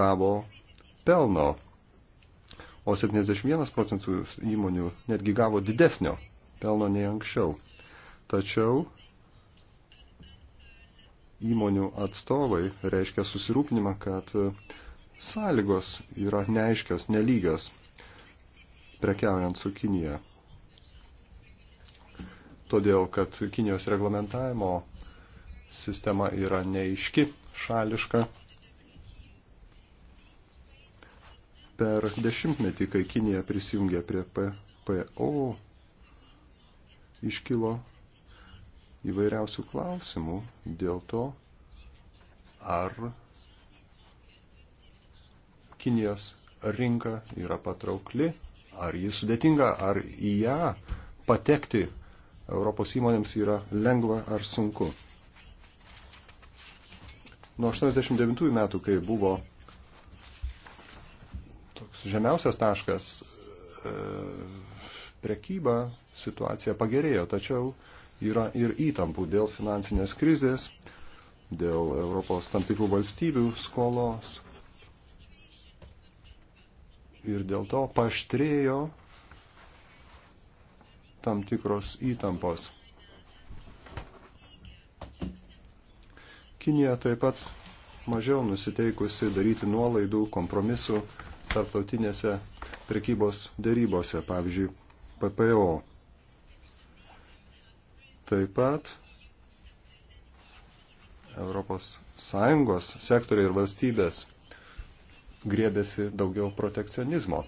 gavo pelno o 71 procentų įmonių netgi gavo didesnio pelno nei anksčiau. Tačiau įmonių atstovai reiškia susirūpinimą, kad sąlygos yra neaiškios, nelygios prekiaujant su Kinija. Todėl, kad Kinijos reglamentavimo sistema yra neiški, šališka Per dešimtmetį, kai Kinija prisijungė prie PPO, iškilo įvairiausių klausimų dėl to, ar Kinijos rinka yra patraukli, ar ji sudėtinga, ar į ją patekti Europos įmonėms yra lengva ar sunku. Nuo 89 metų, kai buvo toks žemiausias taškas. E, prekyba situacija pagerėjo, tačiau yra ir įtampų dėl finansinės krizės, dėl Europos tam tikrų valstybių skolos. Ir dėl to paštrėjo tam tikros įtampos. Kinija taip pat mažiau nusiteikusi daryti nuolaidų, kompromisų tarptautinėse prekybos dėrybose, pavyzdžiui, PPO. Taip pat ES sektoriai ir valstybės grėbėsi daugiau protekcionizmo.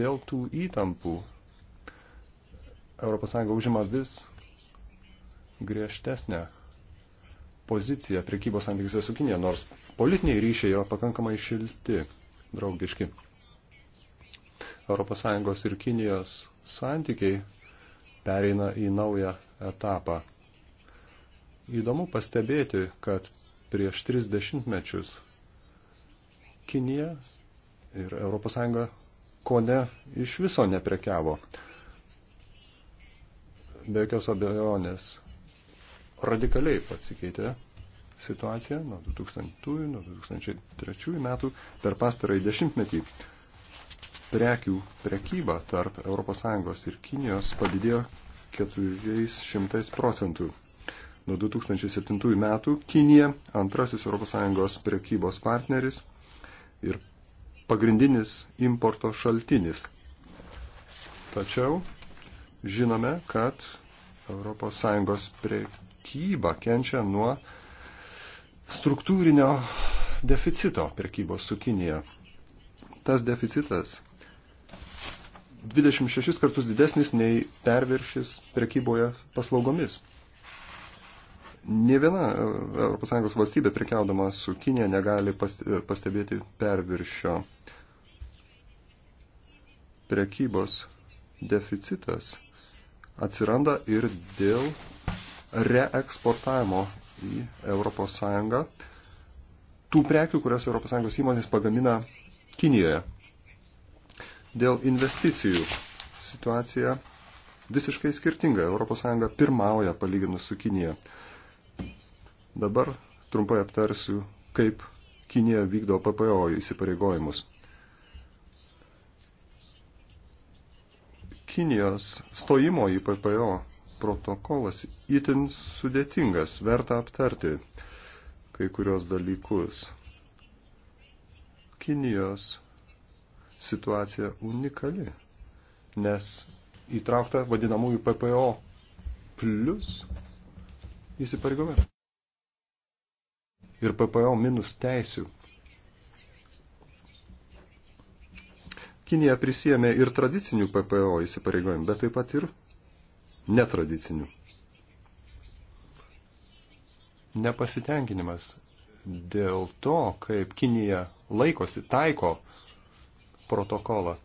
Dėl tų įtampų ES užima vis griežtesnę poziciją priekybos santykiuose su Kinė, nors politiniai ryšiai yra pakankamai šilti draugiški. ES ir Kinijos santykiai pereina į naują etapą. Įdomu pastebėti, kad prieš 30 mečius Kinija ir ES ko ne iš viso neprekiavo. Be jokios abejonės radikaliai pasikeitė situaciją nuo 2000-ųjų, nuo 2003 metų per pastarąjį dešimtmetį. Prekių prekyba tarp ES ir Kinijos padidėjo 400 procentų. Nuo 2007 metų Kinija antrasis ES prekybos partneris ir pagrindinis importo šaltinis. Tačiau žinome, kad ES prekyba kenčia nuo struktūrinio deficito prekybos su Kinija. Tas deficitas 26 kartus didesnis nei perviršis prekyboje paslaugomis. Ne viena ES valstybė prekiaudama su Kinė negali e, pastebėti perviršio. Prekybos deficitas atsiranda ir dėl reeksportavimo į ES tų prekių, kurias ES įmonės pagamina Kinijoje. Dėl investicijų situacija visiškai skirtinga. ES pirmauja palyginus su Kinija. Dabar trumpai aptarsiu, kaip Kinija vykdo PPO įsipareigojimus. Kinijos stojimo į PPO protokolas itin sudėtingas, verta aptarti kai kurios dalykus. Kinijos situacija unikali, nes įtraukta vadinamųjų PPO plus įsipareigojimai ir PPO minus teisių. Kinija prisėmė ir tradicinių PPO įsipareigojimų, bet taip pat ir netradicinių. Nepasitenkinimas dėl to, kaip Kinija laikosi, taiko protokolą.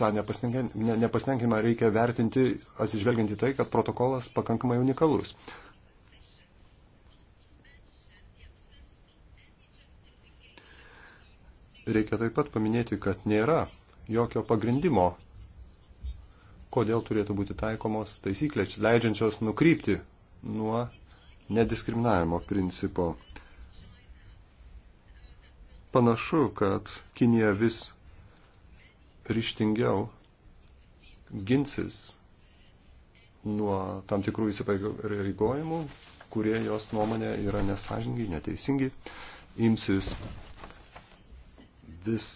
tą nepasitenkinimą reikia vertinti atsižvelgiant į tai, kad protokolas pakankamai unikalus. Reikia taip pat paminėti, kad nėra jokio pagrindimo, kodėl turėtų būti taikomos taisyklės, leidžiančios nukrypti nuo nediskriminavimo principo. Panašu, kad Kinija vis ryštingiau ginsis nuo tam tikrų įsipareigojimų, kurie jos nuomonė yra nesažingi, neteisingi, imsis vis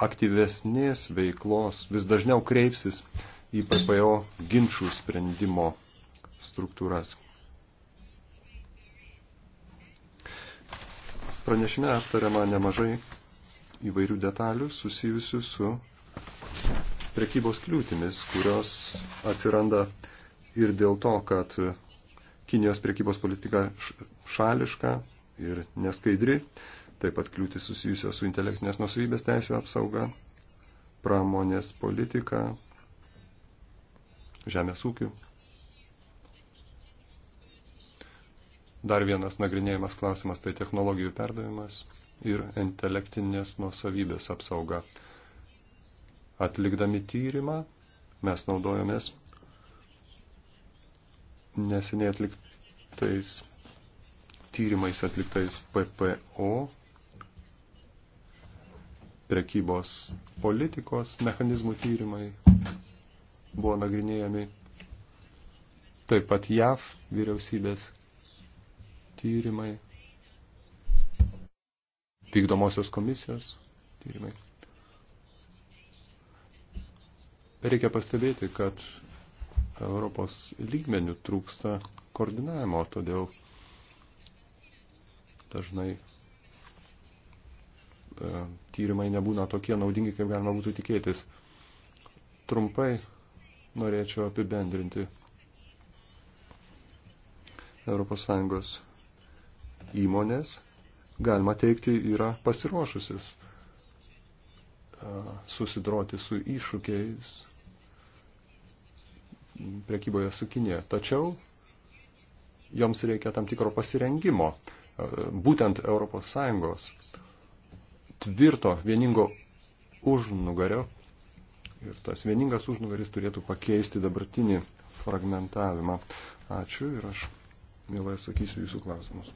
aktyvesnės veiklos vis dažniau kreipsis į PPO ginčių sprendimo struktūras. Pranešime aptariama nemažai įvairių detalių susijusių su prekybos kliūtimis, kurios atsiranda ir dėl to, kad Kinijos prekybos politika šališka ir neskaidri, taip pat kliūtis susijusios su intelektinės nusavybės teisų apsauga, pramonės politika, žemės ūkių. Dar vienas nagrinėjimas klausimas tai technologijų perdavimas ir intelektinės nusavybės apsauga. Atlikdami tyrimą mes naudojomės neseniai atliktais tyrimais atliktais PPO prekybos politikos mechanizmų tyrimai buvo nagrinėjami. Taip pat JAV vyriausybės tyrimai, vykdomosios komisijos tyrimai. Reikia pastebėti, kad Europos lygmenių trūksta koordinavimo, todėl dažnai E, tyrimai nebūna tokie naudingi, kaip galima būtų tikėtis. Trumpai norėčiau apibendrinti ES įmonės, galima teikti, yra pasiruošusius e, susidroti su iššūkiais prekyboje su Kinė. Tačiau joms reikia tam tikro pasirengimo, e, būtent ES tvirto, vieningo užnugario. Ir tas vieningas užnugaris turėtų pakeisti dabartinį fragmentavimą. Ačiū ir aš mielai atsakysiu jūsų klausimus.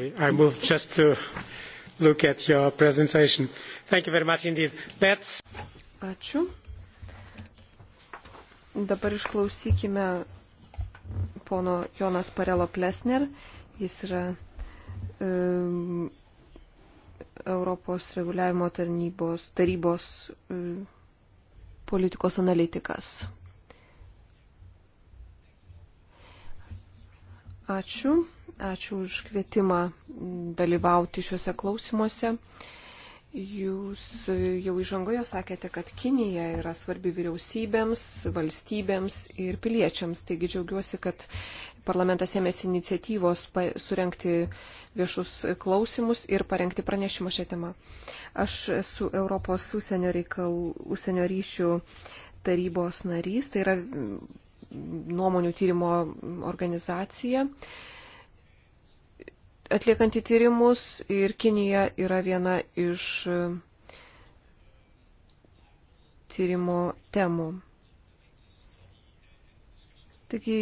I move just to look at your presentation. Thank you very much indeed. Let's... Ačiū. Dabar išklausykime pono Jonas Parelo Plesner. Jis yra um, Europos reguliavimo tarnybos, tarybos e, politikos analitikas. Ačiū. Ačiū už kvietimą dalyvauti šiuose klausimuose. Jūs jau įžangoje sakėte, kad Kinija yra svarbi vyriausybėms, valstybėms ir piliečiams. Taigi džiaugiuosi, kad parlamentas ėmėsi iniciatyvos surenkti viešus klausimus ir parengti pranešimą šią temą. Aš esu Europos užsienio, reikalų, užsienio ryšių tarybos narys, tai yra mm, nuomonių tyrimo organizacija. Atliekanti tyrimus ir Kinija yra viena iš tyrimo temų. Taigi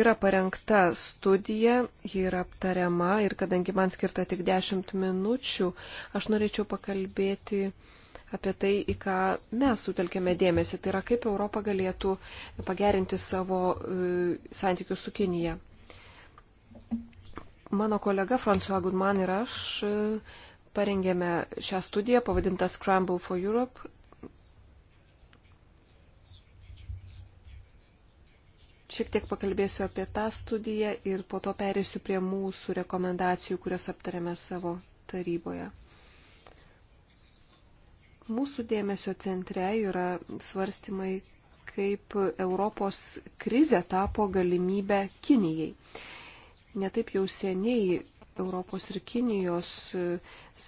Yra parengta studija, ji yra aptariama ir kadangi man skirta tik 10 minučių, aš norėčiau pakalbėti apie tai, į ką mes sutelkėme dėmesį. Tai yra, kaip Europa galėtų pagerinti savo e, santykius su Kinija. Mano kolega François Gudman ir aš e, parengėme šią studiją pavadintą Scramble for Europe Šiek tiek pakalbėsiu apie tą studiją ir po to perėsiu prie mūsų rekomendacijų, kurias aptarėme savo taryboje. Mūsų dėmesio centre yra svarstymai, kaip Europos krizė tapo galimybę Kinijai. Netaip jau seniai Europos ir Kinijos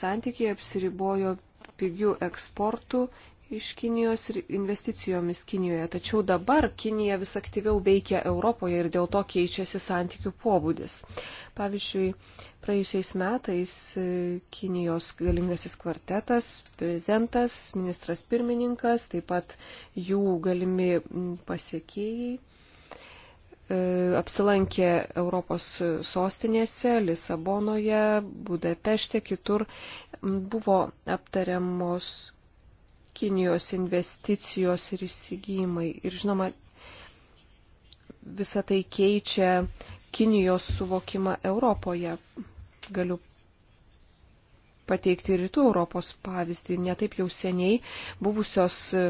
santykiai apsiribojo pigių eksportų iš Kinijos ir investicijomis Kinijoje. Tačiau dabar Kinija vis aktyviau veikia Europoje ir dėl to keičiasi santykių pobūdis. Pavyzdžiui, praėjusiais metais e, Kinijos galingasis kvartetas, prezidentas, ministras pirmininkas, taip pat jų galimi pasiekėjai e, apsilankė Europos sostinėse, Lisabonoje, Budapešte, kitur buvo aptariamos Kinijos investicijos ir įsigymai. Ir žinoma, visą tai keičia Kinijos suvokimą Europoje. Galiu pateikti rytų Europos pavyzdį. Netaip jau seniai buvusios e,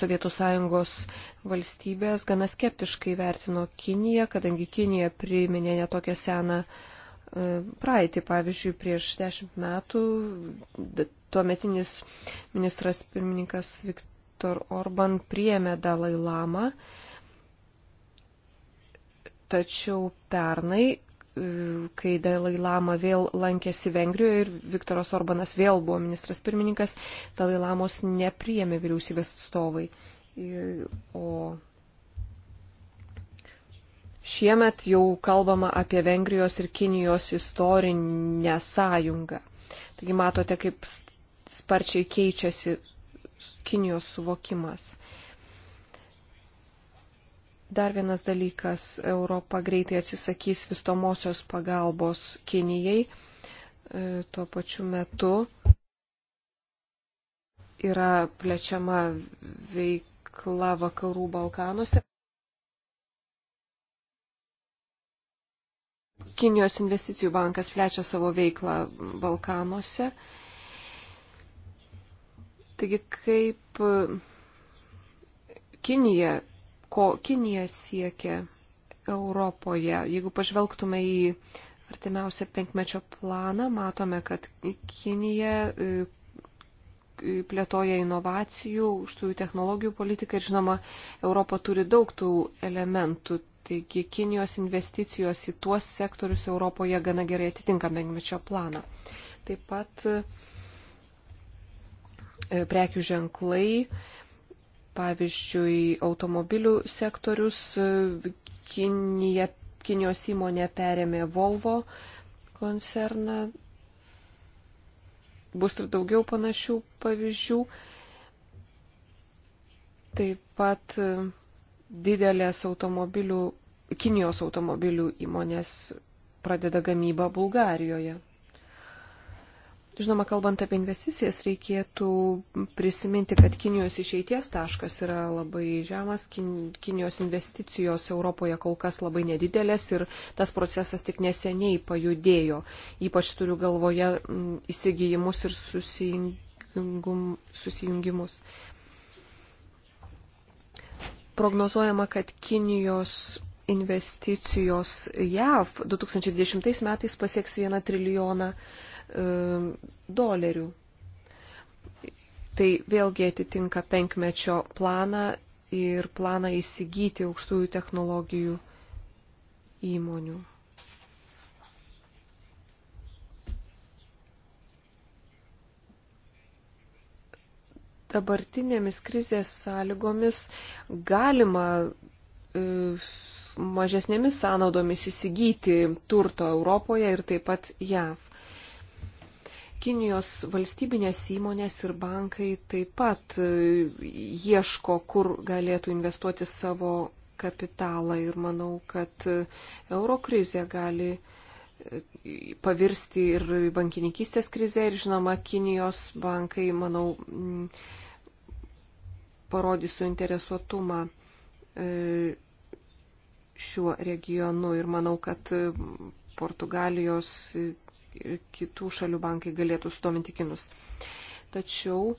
Sovietų sąjungos valstybės gana skeptiškai vertino Kiniją, kadangi Kinija priminė netokią seną e, praeitį. Pavyzdžiui, prieš dešimt metų tuometinis ministras pirmininkas Viktor Orban priėmė Dalai Lamą, tačiau pernai, e, kai Dalai Lama vėl lankėsi Vengrijoje ir Viktoras Orbanas vėl buvo ministras pirmininkas, Dalai Lamos nepriėmė vyriausybės atstovai. E, o šiemet jau kalbama apie Vengrijos ir Kinijos istorinę sąjungą. Taigi matote, kaip sparčiai keičiasi Kinijos suvokimas. Dar vienas dalykas - Europa greitai atsisakys vystomosios pagalbos Kinijai. E, tuo pačiu metu yra plečiama veikla vakarų Balkanuose. Kinijos investicijų bankas plečia savo veiklą Balkanuose. Uh, Taigi kaip e, Kinija, ko Kinija siekia Europoje, jeigu pažvelgtume į artimiausią penkmečio planą, matome, kad Kinija e, e, plėtoja inovacijų, užtųjų technologijų politiką ir žinoma, Europa turi daug tų elementų. Taigi Kinijos investicijos į tuos sektorius Europoje gana gerai atitinka penkmečio planą. Taip pat E, prekių ženklai, pavyzdžiui, automobilių sektorius, e, Kinija, Kinijos įmonė perėmė Volvo koncerną, bus ir daugiau panašių pavyzdžių. Taip pat e, didelės automobilių, Kinijos automobilių įmonės pradeda gamybą Bulgarijoje. Žinoma, kalbant apie investicijas, reikėtų prisiminti, kad Kinijos išeities taškas yra labai žemas, kin, Kinijos investicijos Europoje kol kas labai nedidelės ir tas procesas tik neseniai pajudėjo. Ypač turiu galvoje įsigijimus ir susijungimus. Prognozuojama, kad Kinijos investicijos JAV 2010 metais pasieks 1 trilijoną Um, dolerių. Tai vėlgi atitinka penkmečio planą ir planą įsigyti aukštųjų technologijų įmonių. Dabartinėmis krizės sąlygomis galima e, mažesnėmis sąnaudomis įsigyti turto Europoje ir taip pat JAV. Kinijos valstybinės įmonės ir bankai taip pat e, ieško, kur galėtų investuoti savo kapitalą ir manau, kad e, eurokrizė gali e, pavirsti ir bankininkystės krizė ir žinoma, Kinijos bankai, manau, parodys suinteresuotumą šiuo regionu ir manau, kad Portugalijos ir kitų šalių bankai galėtų sudominti kinus. Tačiau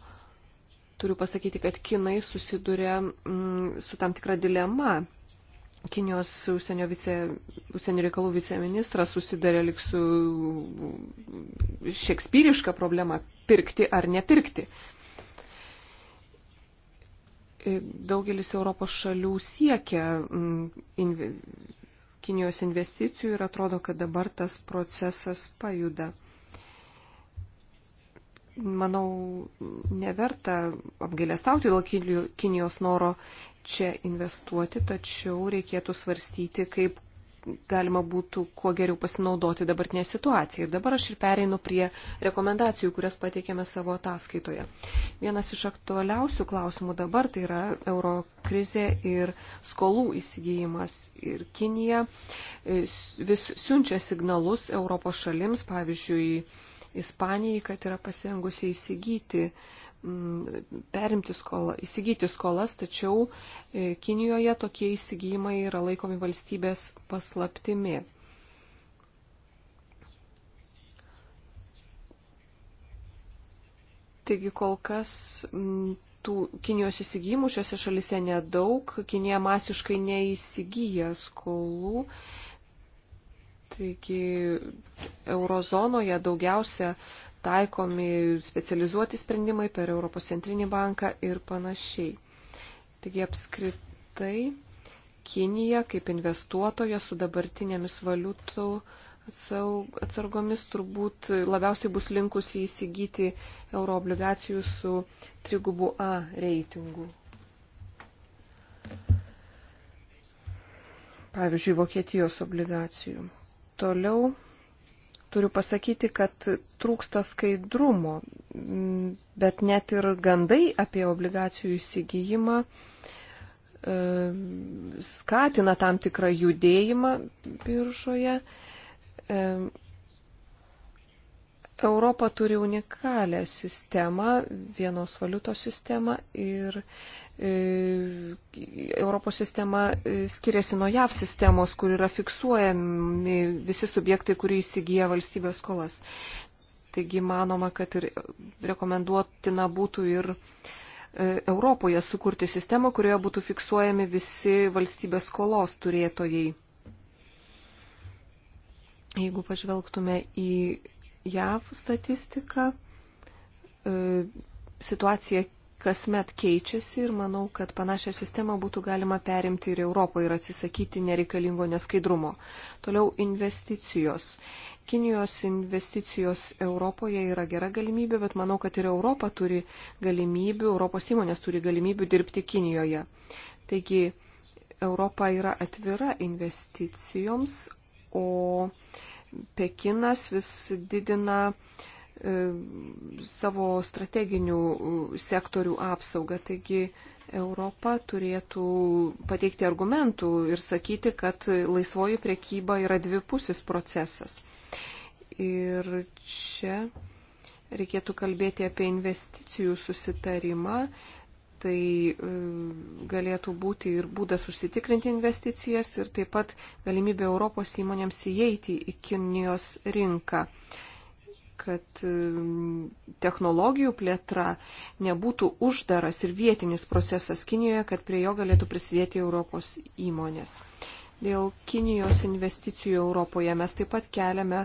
turiu pasakyti, kad kinai susiduria mm, su tam tikra dilema. Kinijos užsienio, vice, užsienio reikalų viceministras susidarė lik su šekspyriška problema - pirkti ar nepirkti. Daugelis Europos šalių siekia mm, Kinijos investicijų ir atrodo, kad dabar tas procesas pajuda. Manau, neverta apgailestauti dėl Kinijos noro čia investuoti, tačiau reikėtų svarstyti, kaip galima būtų kuo geriau pasinaudoti dabartinę situaciją. Ir dabar aš ir pereinu prie rekomendacijų, kurias pateikėme savo ataskaitoje. Vienas iš aktualiausių klausimų dabar tai yra euro krizė ir skolų įsigijimas. Ir Kinija e, vis siunčia signalus Europos šalims, pavyzdžiui, Ispanijai, kad yra pasirengusi įsigyti uh, Mm, perimti skolą, įsigyti skolas, tačiau e, Kinijoje tokie įsigijimai yra laikomi valstybės paslaptimi. Taigi kol kas mm, tų Kinijos įsigijimų šiuose šalise nedaug, Kinija masiškai neįsigyja skolų. Taigi eurozonoje daugiausia taikomi specializuoti sprendimai per Europos centrinį banką ir panašiai. Taigi apskritai Kinija kaip investuotoja su dabartinėmis valiutų atsargomis turbūt labiausiai bus linkusi įsigyti euroobligacijų su trigubu A reitingu. Pavyzdžiui, Vokietijos obligacijų. Toliau turiu pasakyti, kad trūksta skaidrumo, bet net ir gandai apie obligacijų įsigijimą e, skatina tam tikrą judėjimą biržoje. E, Europa turi unikalią sistemą, vienos valiutos sistemą ir E, Europos sistema e, skiriasi nuo JAV sistemos, kur yra fiksuojami visi subjektai, kurie įsigyja valstybės skolas. Taigi manoma, kad ir rekomenduotina būtų ir e, Europoje sukurti sistemą, kurioje būtų fiksuojami visi valstybės skolos turėtojai. Jeigu pažvelgtume į JAV statistiką, situacija kasmet keičiasi ir manau, kad panašią sistemą būtų galima perimti ir Europoje ir atsisakyti nereikalingo neskaidrumo. Toliau investicijos. Kinijos investicijos Europoje yra gera galimybė, bet manau, kad ir Europa turi galimybių, Europos įmonės turi galimybių dirbti Kinijoje. Taigi Europa yra atvira investicijoms, o Pekinas vis didina uh, E, savo strateginių e, sektorių apsaugą. Taigi Europa turėtų pateikti argumentų ir sakyti, kad laisvoji priekyba yra dvipusis procesas. Ir čia reikėtų kalbėti apie investicijų susitarimą. Tai e, galėtų būti ir būdas užsitikrinti investicijas ir taip pat galimybė Europos įmonėms įeiti į Kinijos rinką. Uh, kad technologijų plėtra nebūtų uždaras ir vietinis procesas Kinijoje, kad prie jo galėtų prisidėti Europos įmonės. Dėl Kinijos investicijų Europoje mes taip pat keliame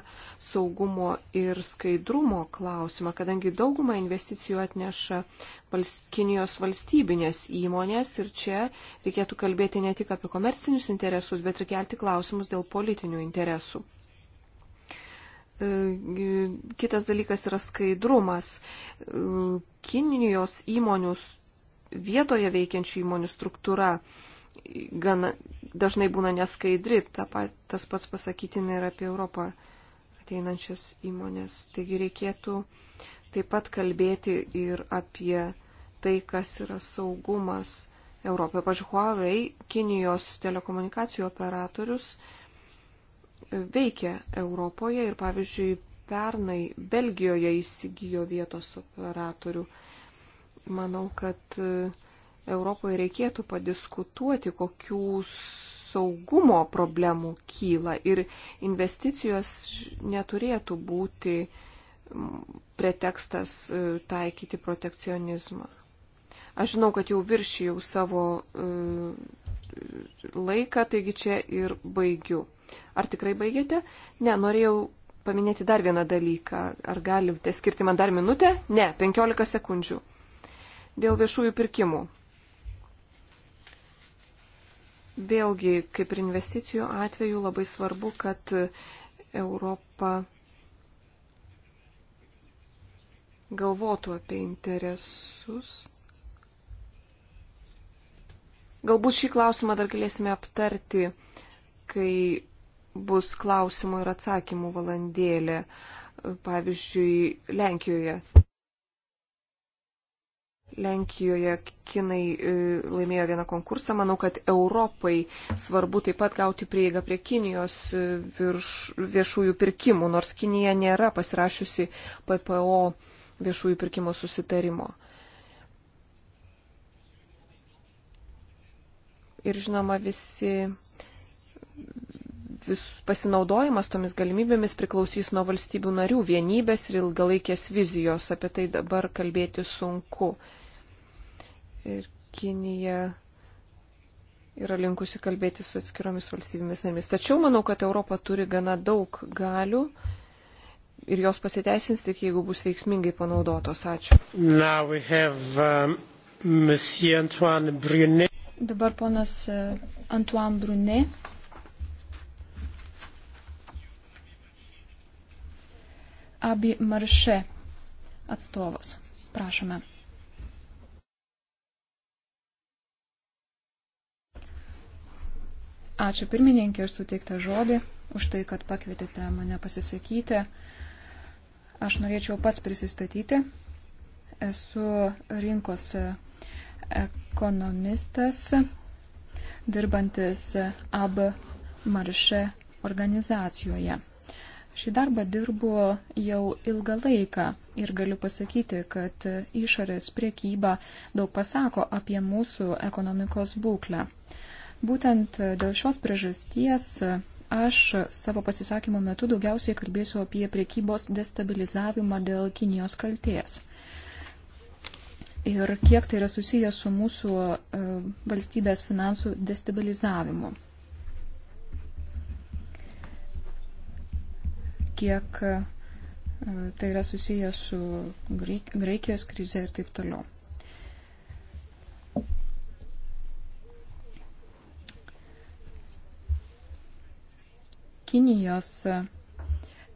saugumo ir skaidrumo klausimą, kadangi daugumą investicijų atneša vals, Kinijos valstybinės įmonės ir čia reikėtų kalbėti ne tik apie komercinius interesus, bet ir kelti klausimus dėl politinių interesų. E, kitas dalykas yra skaidrumas. E, Kinijos įmonių, vietoje veikiančių įmonių struktūra gana, dažnai būna neskaidri. Ta pat, tas pats pasakytina ir apie Europą ateinančias įmonės. Taigi reikėtų taip pat kalbėti ir apie tai, kas yra saugumas Europoje. Pavyzdžiui, Huawei, Kinijos telekomunikacijų operatorius, veikia Europoje ir, pavyzdžiui, pernai Belgijoje įsigijo vietos operatorių. Manau, kad e, Europoje reikėtų padiskutuoti, kokių saugumo problemų kyla ir investicijos neturėtų būti pretekstas e, taikyti protekcionizmą. Aš žinau, kad jau viršijau savo e, laiką, taigi čia ir baigiu. Ar tikrai baigėte? Ne, norėjau paminėti dar vieną dalyką. Ar galite skirti man dar minutę? Ne, 15 sekundžių. Dėl viešųjų pirkimų. Vėlgi, kaip ir investicijų atveju, labai svarbu, kad Europa galvotų apie interesus. Galbūt šį klausimą dar galėsime aptarti, kai bus klausimų ir atsakymų valandėlė, pavyzdžiui, Lenkijoje. Lenkijoje kinai e, laimėjo vieną konkursą. Manau, kad Europai svarbu taip pat gauti prieigą prie Kinijos e, virš, viešųjų pirkimų, nors Kinija nėra pasirašiusi PPO viešųjų pirkimo susitarimo. Ir žinoma, visi vis pasinaudojimas tomis galimybėmis priklausys nuo valstybių narių vienybės ir ilgalaikės vizijos. Apie tai dabar kalbėti sunku. Ir Kinija yra linkusi kalbėti su atskiromis valstybėmis narėmis. Tačiau manau, kad Europa turi gana daug galių ir jos pasiteisins tik, jeigu bus veiksmingai panaudotos. Ačiū. Have, um, Dabar ponas uh, Antoine Brunet. abi marše atstovus. Prašome. Ačiū pirmininkė ir suteiktą žodį už tai, kad pakvietėte mane pasisakyti. Aš norėčiau pats prisistatyti. Esu rinkos ekonomistas, dirbantis AB marše organizacijoje. Šį darbą dirbu jau ilgą laiką ir galiu pasakyti, kad išorės priekyba daug pasako apie mūsų ekonomikos būklę. Būtent dėl šios priežasties aš savo pasisakymo metu daugiausiai kalbėsiu apie priekybos destabilizavimą dėl Kinijos kalties. Ir kiek tai yra susijęs su mūsų e, valstybės finansų destabilizavimu. kiek e, tai yra susiję su Graikijos krize ir taip toliau. Kinijos e,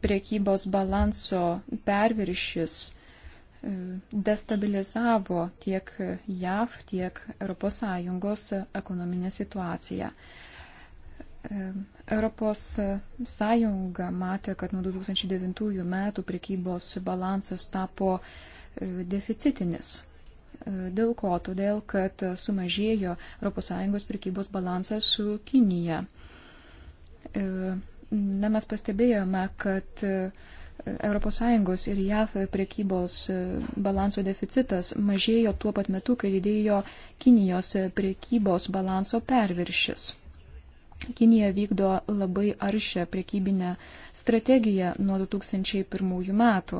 priekybos balanso perviršis e, destabilizavo tiek JAV, tiek ES ekonominę situaciją. Europos Sąjunga matė, kad nuo 2009 metų prekybos balansas tapo e, deficitinis. E, dėl ko? Todėl, kad sumažėjo ES prekybos balansas su Kinija. E, na, mes pastebėjome, kad ES ir JAF prekybos balanso deficitas mažėjo tuo pat metu, kai didėjo Kinijos prekybos balanso perviršis. Kinija vykdo labai aršę priekybinę strategiją nuo 2001 metų.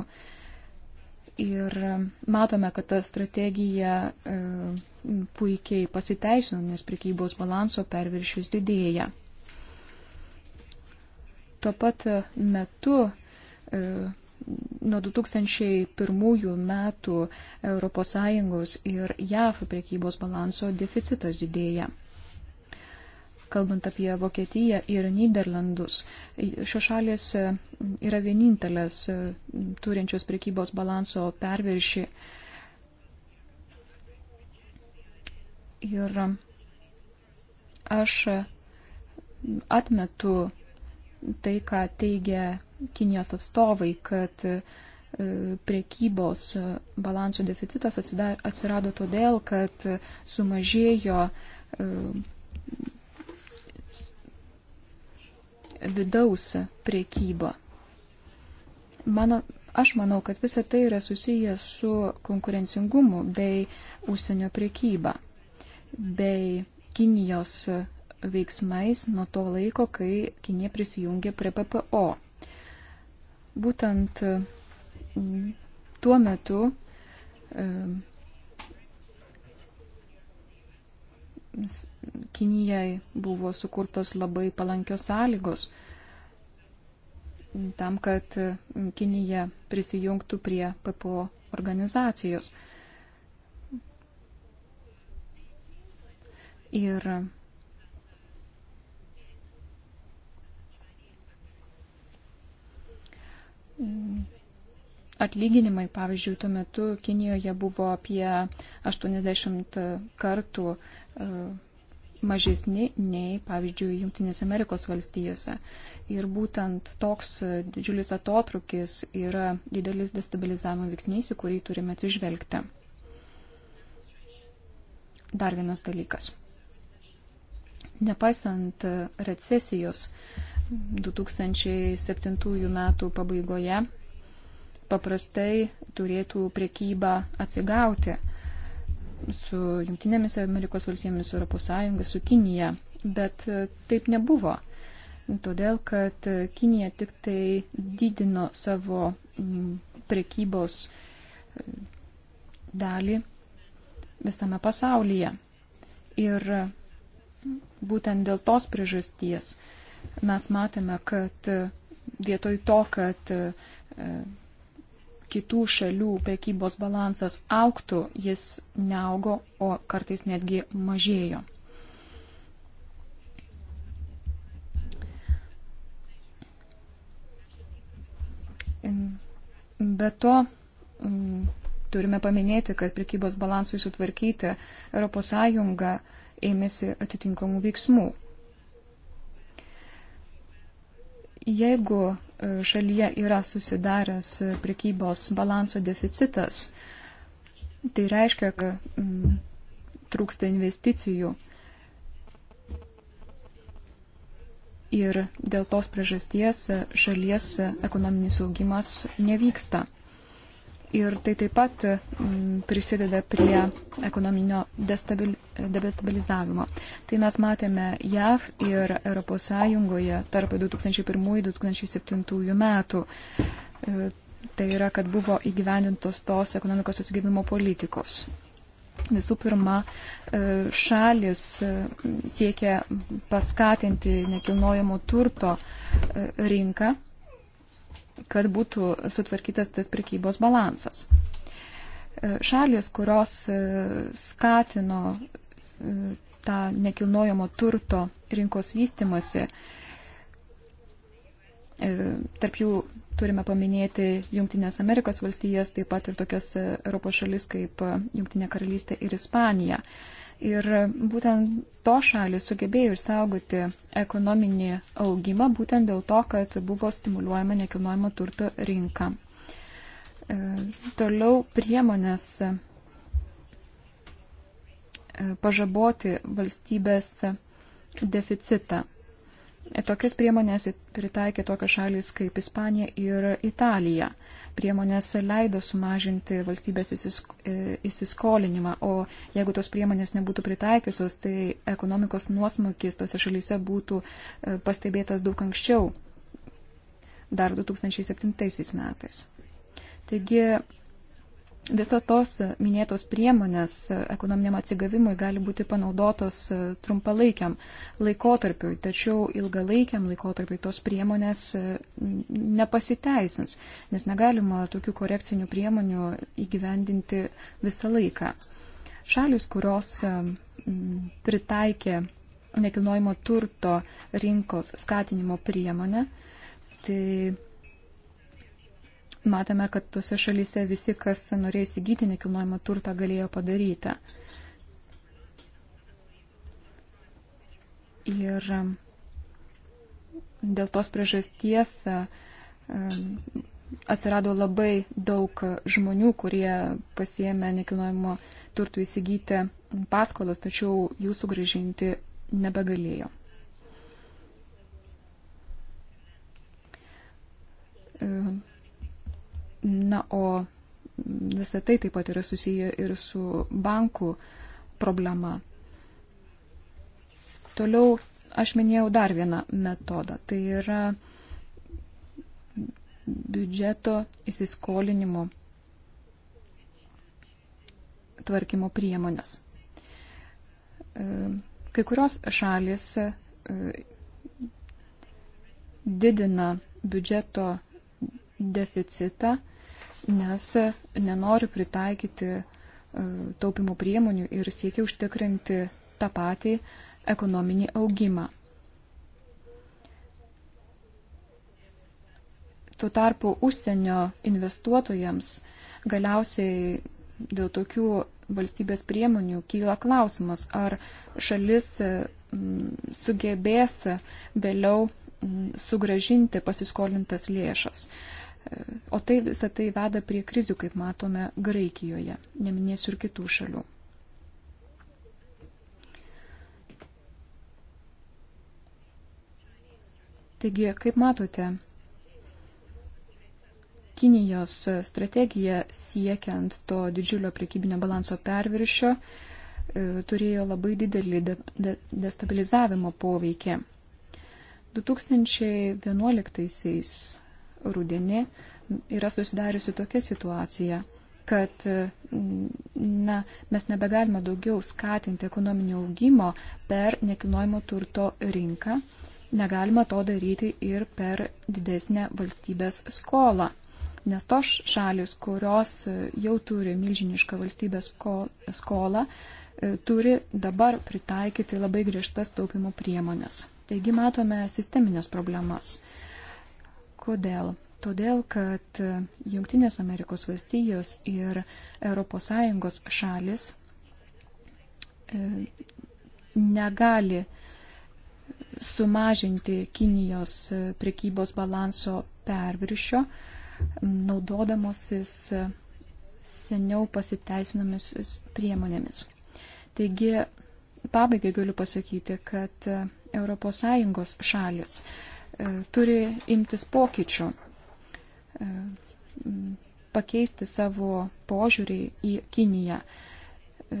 Ir matome, kad ta strategija e, puikiai pasiteisino, nes priekybos balanso perviršis didėja. Tuo pat metu e, nuo 2001 metų ES ir JAF priekybos balanso deficitas didėja kalbant apie Vokietiją ir Niderlandus. Šios šalis e, yra vienintelės e, turinčios prekybos balanso perviršį. Ir aš atmetu tai, ką teigia Kinijos atstovai, kad e, priekybos balanso deficitas atsirado todėl, kad sumažėjo vidaus priekybą. Mano, aš manau, kad visa tai yra susiję su konkurencingumu bei užsienio priekyba, bei Kinijos veiksmais nuo to laiko, kai Kinė prisijungė prie PPO. Būtent mm, tuo metu Kinijai buvo sukurtos labai palankios sąlygos tam, kad Kinija prisijungtų prie PPO organizacijos. Ir atlyginimai, pavyzdžiui, tuo metu Kinijoje buvo apie 80 kartų E, mažesni nei, pavyzdžiui, Junktinės Amerikos valstijose. Ir būtent toks didžiulis atotrukis yra didelis destabilizavimo veiksnys, į kurį turime atsižvelgti. Dar vienas dalykas. Nepaisant recesijos 2007 metų pabaigoje, paprastai turėtų priekyba atsigauti su Junktinėmis Amerikos valstybėmis, su Europos Sąjunga, su Kinija, bet e, taip nebuvo. Todėl, kad e, Kinija tik tai didino savo prekybos e, dalį visame pasaulyje. Ir būtent dėl tos priežasties mes matėme, kad vietoj to, kad kitų šalių prekybos balansas auktų, jis neaugo, o kartais netgi mažėjo. Be to, turime paminėti, kad prekybos balansui sutvarkyti ES ėmėsi atitinkamų veiksmų. Jeigu šalyje yra susidaręs prekybos balanso deficitas, tai reiškia, kad m, mm, trūksta investicijų. Ir dėl tos priežasties šalies ekonominis augimas nevyksta. Ir tai taip pat mm, prisideda prie ekonominio destabilizavimo. Tai mes matėme JAV ir ES tarp 2001-2007 metų. E, tai yra, kad buvo įgyvendintos tos ekonomikos atsigavimo politikos. Visų pirma, e, šalis e, siekia paskatinti nekilnojamo turto rinką kad būtų sutvarkytas tas prekybos balansas. E, šalis, kurios e, skatino e, tą nekilnojamo turto rinkos vystimasi, tarp jų turime paminėti Junktinės Amerikos valstijas, taip pat ir tokias Europos šalis kaip Junktinė karalystė ir Ispanija. Ir būtent to šalis sugebėjo išsaugoti ekonominį augimą, būtent dėl to, kad buvo stimuliuojama nekilnojamo turto rinka. E, toliau priemonės e, pažaboti valstybės deficitą. Tokias priemonės pritaikė tokios šalis kaip Ispanija ir Italija. Priemonės leido sumažinti valstybės įsiskolinimą, o jeigu tos priemonės nebūtų pritaikiusios, tai ekonomikos nuosmukis tose šalyse būtų e, pastebėtas daug anksčiau, dar 2007 metais. Taigi Visos tos minėtos priemonės ekonominiam atsigavimui gali būti panaudotos e, trumpalaikiam laikotarpiui, tačiau ilgalaikiam laikotarpiui tos priemonės e, nepasiteisins, nes negalima tokių korekcinių priemonių įgyvendinti visą laiką. Šalis, kurios e, pritaikė nekilnojimo turto rinkos skatinimo priemonę, tai matėme, kad tose šalyse visi, kas norėjo įsigyti nekilnojamą turtą, galėjo padaryti. Ir um, dėl tos priežasties um, atsirado labai daug žmonių, kurie pasiemė nekilnojimo turtų įsigyti paskolas, tačiau jų sugražinti nebegalėjo. E, Na, o visą tai taip pat yra susiję ir su bankų problema. Toliau aš minėjau dar vieną metodą. Tai yra biudžeto įsiskolinimo tvarkymo priemonės. E, kai kurios šalis e, didina biudžeto deficitą nes nenori pritaikyti e, taupimo priemonių ir siekia užtikrinti tą patį ekonominį augimą. Tuo tarpu užsienio investuotojams galiausiai dėl tokių valstybės priemonių kyla klausimas, ar šalis e, sugebės vėliau sugražinti pasiskolintas lėšas. O tai visą tai veda prie krizių, kaip matome, Graikijoje, neminėsiu ir kitų šalių. Taigi, kaip matote, Kinijos strategija siekiant to didžiulio prekybinio balanso perviršio e, turėjo labai didelį de de destabilizavimo poveikį. 2011 rudenį yra susidariusi tokia situacija, kad na, mes nebegalime daugiau skatinti ekonominio augimo per nekilnojimo turto rinką, negalima to daryti ir per didesnę valstybės skolą. Nes tos šalis, kurios jau turi milžinišką valstybės skolą, e, turi dabar pritaikyti labai griežtas taupimo priemonės. Taigi matome sisteminės problemas. Kodėl? Todėl, kad Junktinės Amerikos valstijos ir ES šalis e, negali sumažinti Kinijos e, prekybos balanso perviršio, naudodamosis e, seniau pasiteisinomis priemonėmis. Taigi, pabaigai galiu pasakyti, kad ES šalis E, turi imtis pokyčių, e, pakeisti savo požiūrį į Kiniją. E,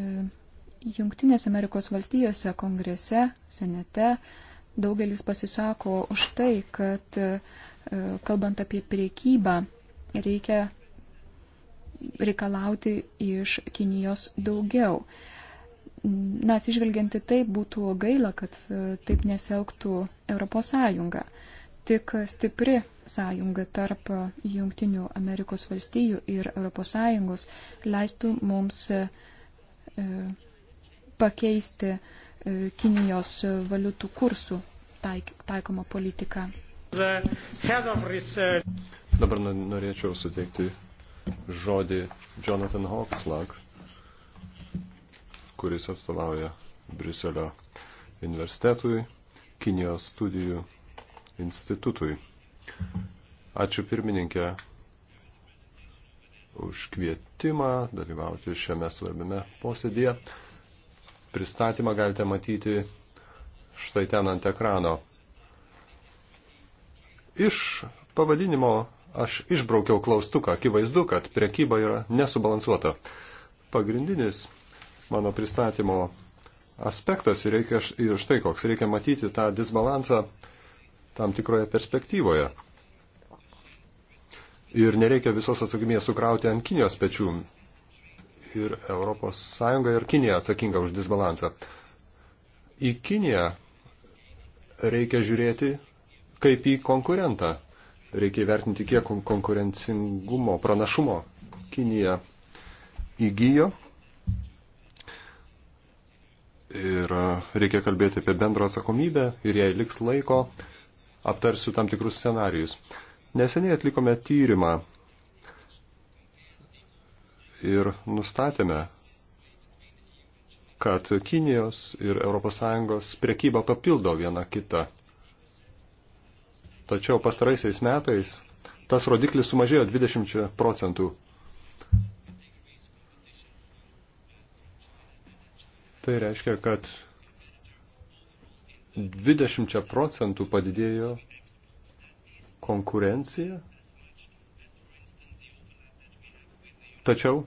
Junktinės Amerikos valstijose, kongrese, senete daugelis pasisako už tai, kad kalbant apie priekybą, reikia reikalauti iš Kinijos daugiau. Na, atsižvelgianti tai būtų gaila, kad taip nesielgtų ES. Tik stipri sąjunga tarp Junktinių Amerikos valstijų ir ES leistų mums e, pakeisti e, Kinijos valiutų kursų taik, taikomą politiką. Dabar norėčiau suteikti žodį Jonathan Hawkslag, kuris atstovauja Briuselio universitetui, Kinijos studijų institutui. Ačiū pirmininkė už kvietimą dalyvauti šiame svarbiame posėdėje. Pristatymą galite matyti štai ten ant ekrano. Iš pavadinimo aš išbraukiau klaustuką. Akivaizdu, kad prekyba yra nesubalansuota. Pagrindinis mano pristatymo aspektas ir reikia ir štai koks. Reikia matyti tą disbalansą tam tikroje perspektyvoje. Ir nereikia visos atsakomybės sukrauti ant Kinijos pečių. Ir ES ir Kinija atsakinga už disbalansą. Į Kiniją reikia žiūrėti kaip į konkurentą. Reikia įvertinti, kiek konkurencingumo, pranašumo Kinija įgyjo. Ir e, reikia kalbėti apie bendrą atsakomybę ir jei liks laiko, aptarsiu tam tikrus scenarius. Neseniai atlikome tyrimą ir nustatėme, kad Kinijos ir ES priekyba papildo vieną kitą. Tačiau pastaraisiais metais tas rodiklis sumažėjo 20 procentų. Tai reiškia, kad 20 procentų padidėjo konkurencija. Tačiau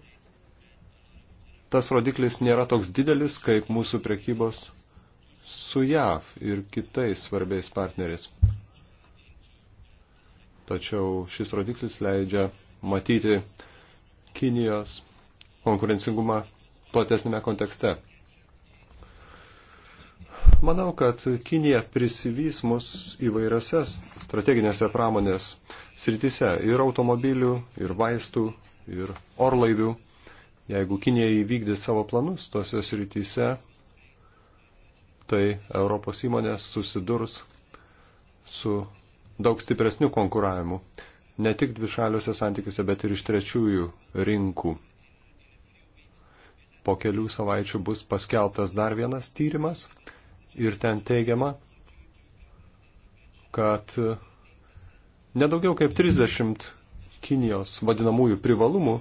tas rodiklis nėra toks didelis kaip mūsų prekybos su JAV ir kitais svarbiais partneriais. Tačiau šis rodiklis leidžia matyti Kinijos konkurencingumą platesnėme kontekste. Manau, kad Kinija prisivys mus įvairiose strateginėse pramonės sritise - ir automobilių, ir vaistų, ir orlaivių. Jeigu Kinija įvykdys savo planus tose sritise, tai Europos įmonės susidurs su daug stipresniu konkuravimu. Ne tik dvišaliuose santykiuose, bet ir iš trečiųjų rinkų. Po kelių savaičių bus paskelbtas dar vienas tyrimas ir ten teigiama, kad nedaugiau kaip 30 Kinijos vadinamųjų privalumų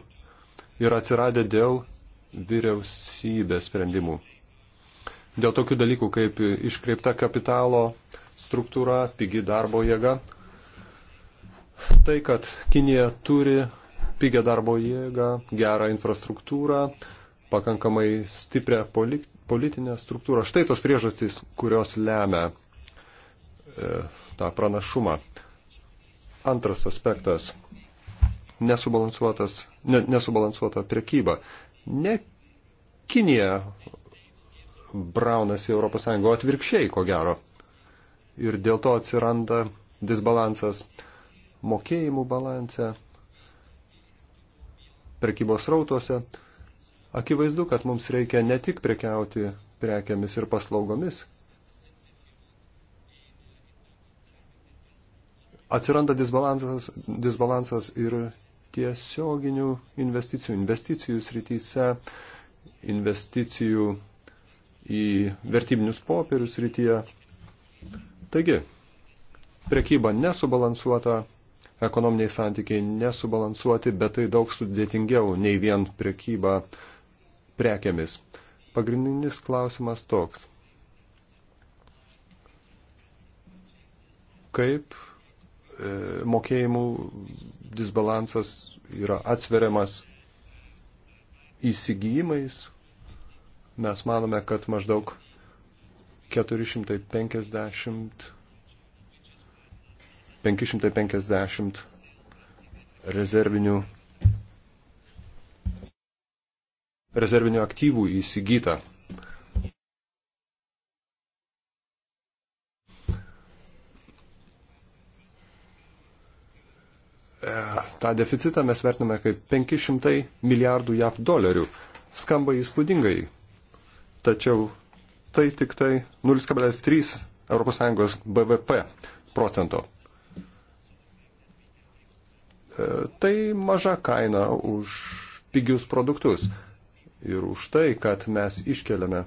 yra atsiradę dėl vyriausybės sprendimų. Dėl tokių dalykų kaip iškreipta kapitalo struktūra, pigi darbo jėga. Tai, kad Kinija turi pigę darbo jėgą, gerą infrastruktūrą, pakankamai stiprią politinę struktūrą. Štai tos priežastys, kurios lemia e, tą pranašumą. Antras aspektas - nesubalansuotas, ne, nesubalansuota priekyba. Ne Kinija braunasi ES, o atvirkščiai, ko gero. Ir dėl to atsiranda disbalansas mokėjimų balanse, prekybos rautuose. Akivaizdu, kad mums reikia ne tik prekiauti prekiamis ir paslaugomis. Atsiranda disbalansas, disbalansas ir tiesioginių investicijų, investicijų srityse, investicijų į vertybinius popierius srityje. Taigi, prekyba nesubalansuota, ekonominiai santykiai nesubalansuoti, bet tai daug sudėtingiau nei vien prekyba uh, prekiamis. Pagrindinis klausimas toks. Kaip e, mokėjimų disbalansas yra atsveriamas įsigijimais. Mes manome, kad maždaug 450 550 rezervinių rezervinių aktyvų įsigyta. E, tą deficitą mes vertiname kaip 500 milijardų JAV dolerių. Skamba įspūdingai. Tačiau tai tik tai 0,3 ES BVP procento. E, tai maža kaina už pigius produktus ir už tai, kad mes iškeliame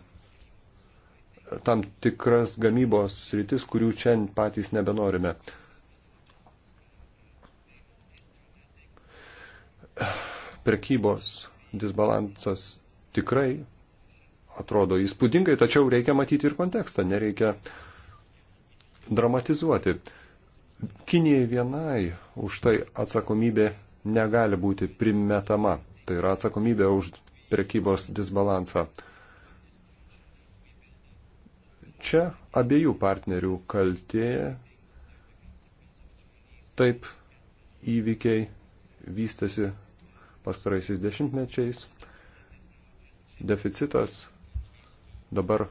tam tikras gamybos sritis, kurių čia patys nebenorime. Prekybos disbalansas tikrai atrodo įspūdingai, tačiau reikia matyti ir kontekstą, nereikia dramatizuoti. Kinijai vienai už tai atsakomybė negali būti primetama. Tai yra atsakomybė už prekybos disbalansą. Čia abiejų partnerių kaltė taip įvykiai vystėsi pastaraisiais dešimtmečiais. Deficitas dabar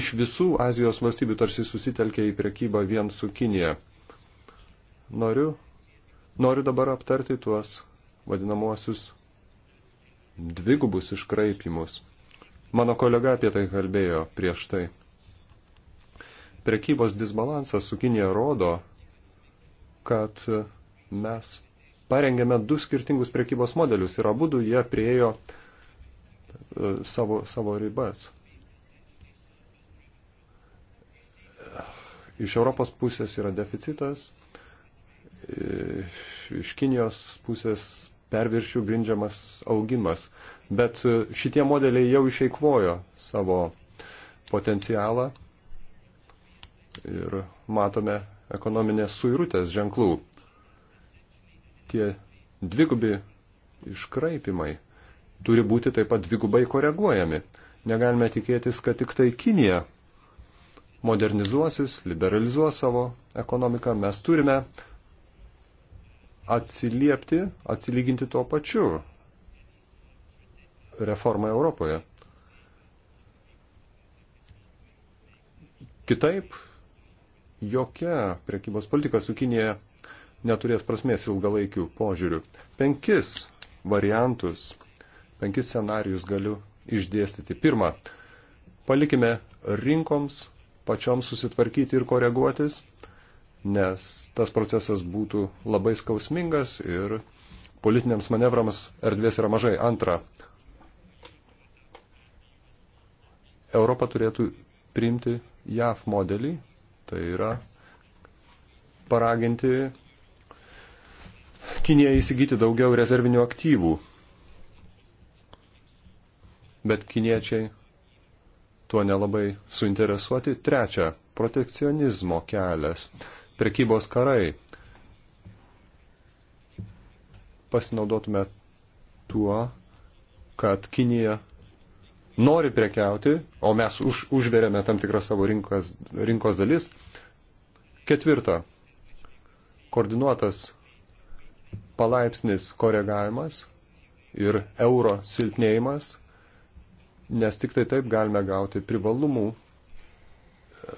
iš visų Azijos valstybių tarsi susitelkė į prekybą vien su Kinija. Noriu, noriu dabar aptarti tuos vadinamuosius dvigubus iškraipimus. Mano kolega apie tai kalbėjo prieš tai. Prekybos disbalansas su Kinija rodo, kad mes parengėme du skirtingus prekybos modelius ir abu du jie priejo e, savo, savo ribas. Iš Europos pusės yra deficitas, e, iš Kinijos pusės perviršių grindžiamas augimas. Bet e, šitie modeliai jau išeikvojo savo potencialą ir matome ekonominės suirutės ženklų. Tie dvigubi iškraipimai turi būti taip pat dvigubai koreguojami. Negalime tikėtis, kad tik tai Kinija modernizuosis, liberalizuos savo ekonomiką. Mes turime uh, atsiliepti, atsilyginti tuo pačiu reformą Europoje. Kitaip, jokia priekybos politika su Kinėje neturės prasmės ilgalaikių požiūrių. Penkis variantus, penkis scenarius galiu išdėstyti. Pirma, palikime rinkoms pačioms susitvarkyti ir koreguotis nes tas procesas būtų labai skausmingas ir politiniams manevrams erdvės yra mažai. Antra, Europa turėtų priimti JAF modelį, tai yra paraginti Kiniją įsigyti daugiau rezervinių aktyvų. Bet kiniečiai tuo nelabai suinteresuoti. Trečia, protekcionizmo kelias prekybos karai. Pasinaudotume tuo, kad Kinija nori prekiauti, o mes už, užverėme tam tikras savo rinkos, rinkos dalis. Ketvirta, koordinuotas palaipsnis koregavimas ir euro silpnėjimas, nes tik tai taip galime gauti privalumų e,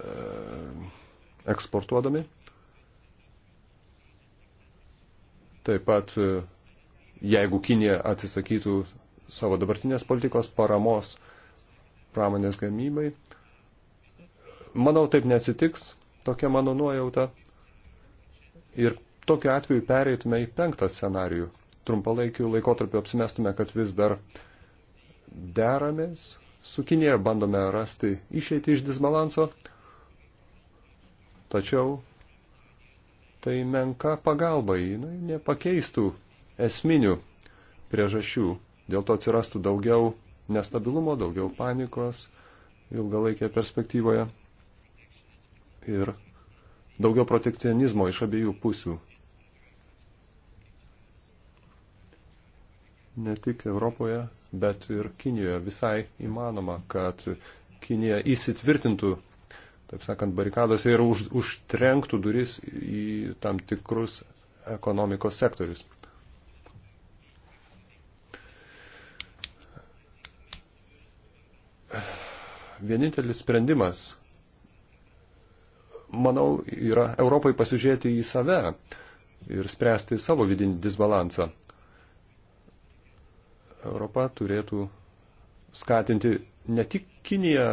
eksportuodami. Taip pat, e, jeigu Kinija atsisakytų savo dabartinės politikos paramos pramonės gamybai, manau, taip nesitiks, tokia mano nuojauta. Ir tokiu atveju pereitume į penktą scenarijų. Trumpalaikiu laikotarpiu apsimestume, kad vis dar deramės su Kinėje, bandome rasti išeitį iš disbalanso, tačiau tai menka pagalba, jinai nepakeistų esminių priežasčių. Dėl to atsirastų daugiau nestabilumo, daugiau panikos ilgalaikėje perspektyvoje ir daugiau protekcionizmo iš abiejų pusių. Ne tik Europoje, bet ir Kinijoje visai įmanoma, kad Kinija įsitvirtintų taip sakant, barikadose ir už, užtrenktų duris į tam tikrus ekonomikos sektorius. Vienintelis sprendimas, manau, yra Europai pasižiūrėti į save ir spręsti savo vidinį disbalansą. Europa turėtų skatinti ne tik Kiniją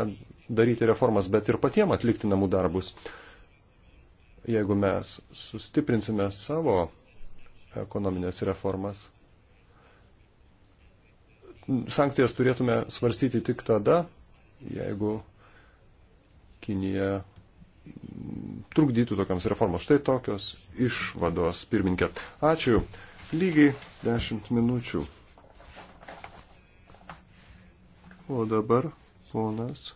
daryti reformas, bet ir patiem atlikti namų darbus. Jeigu mes sustiprinsime savo ekonominės reformas, sankcijas turėtume svarstyti tik tada, jeigu Kinija trukdytų tokiams reformos. Štai tokios išvados, pirminkė. Ačiū. Lygiai 10 minučių. O dabar ponas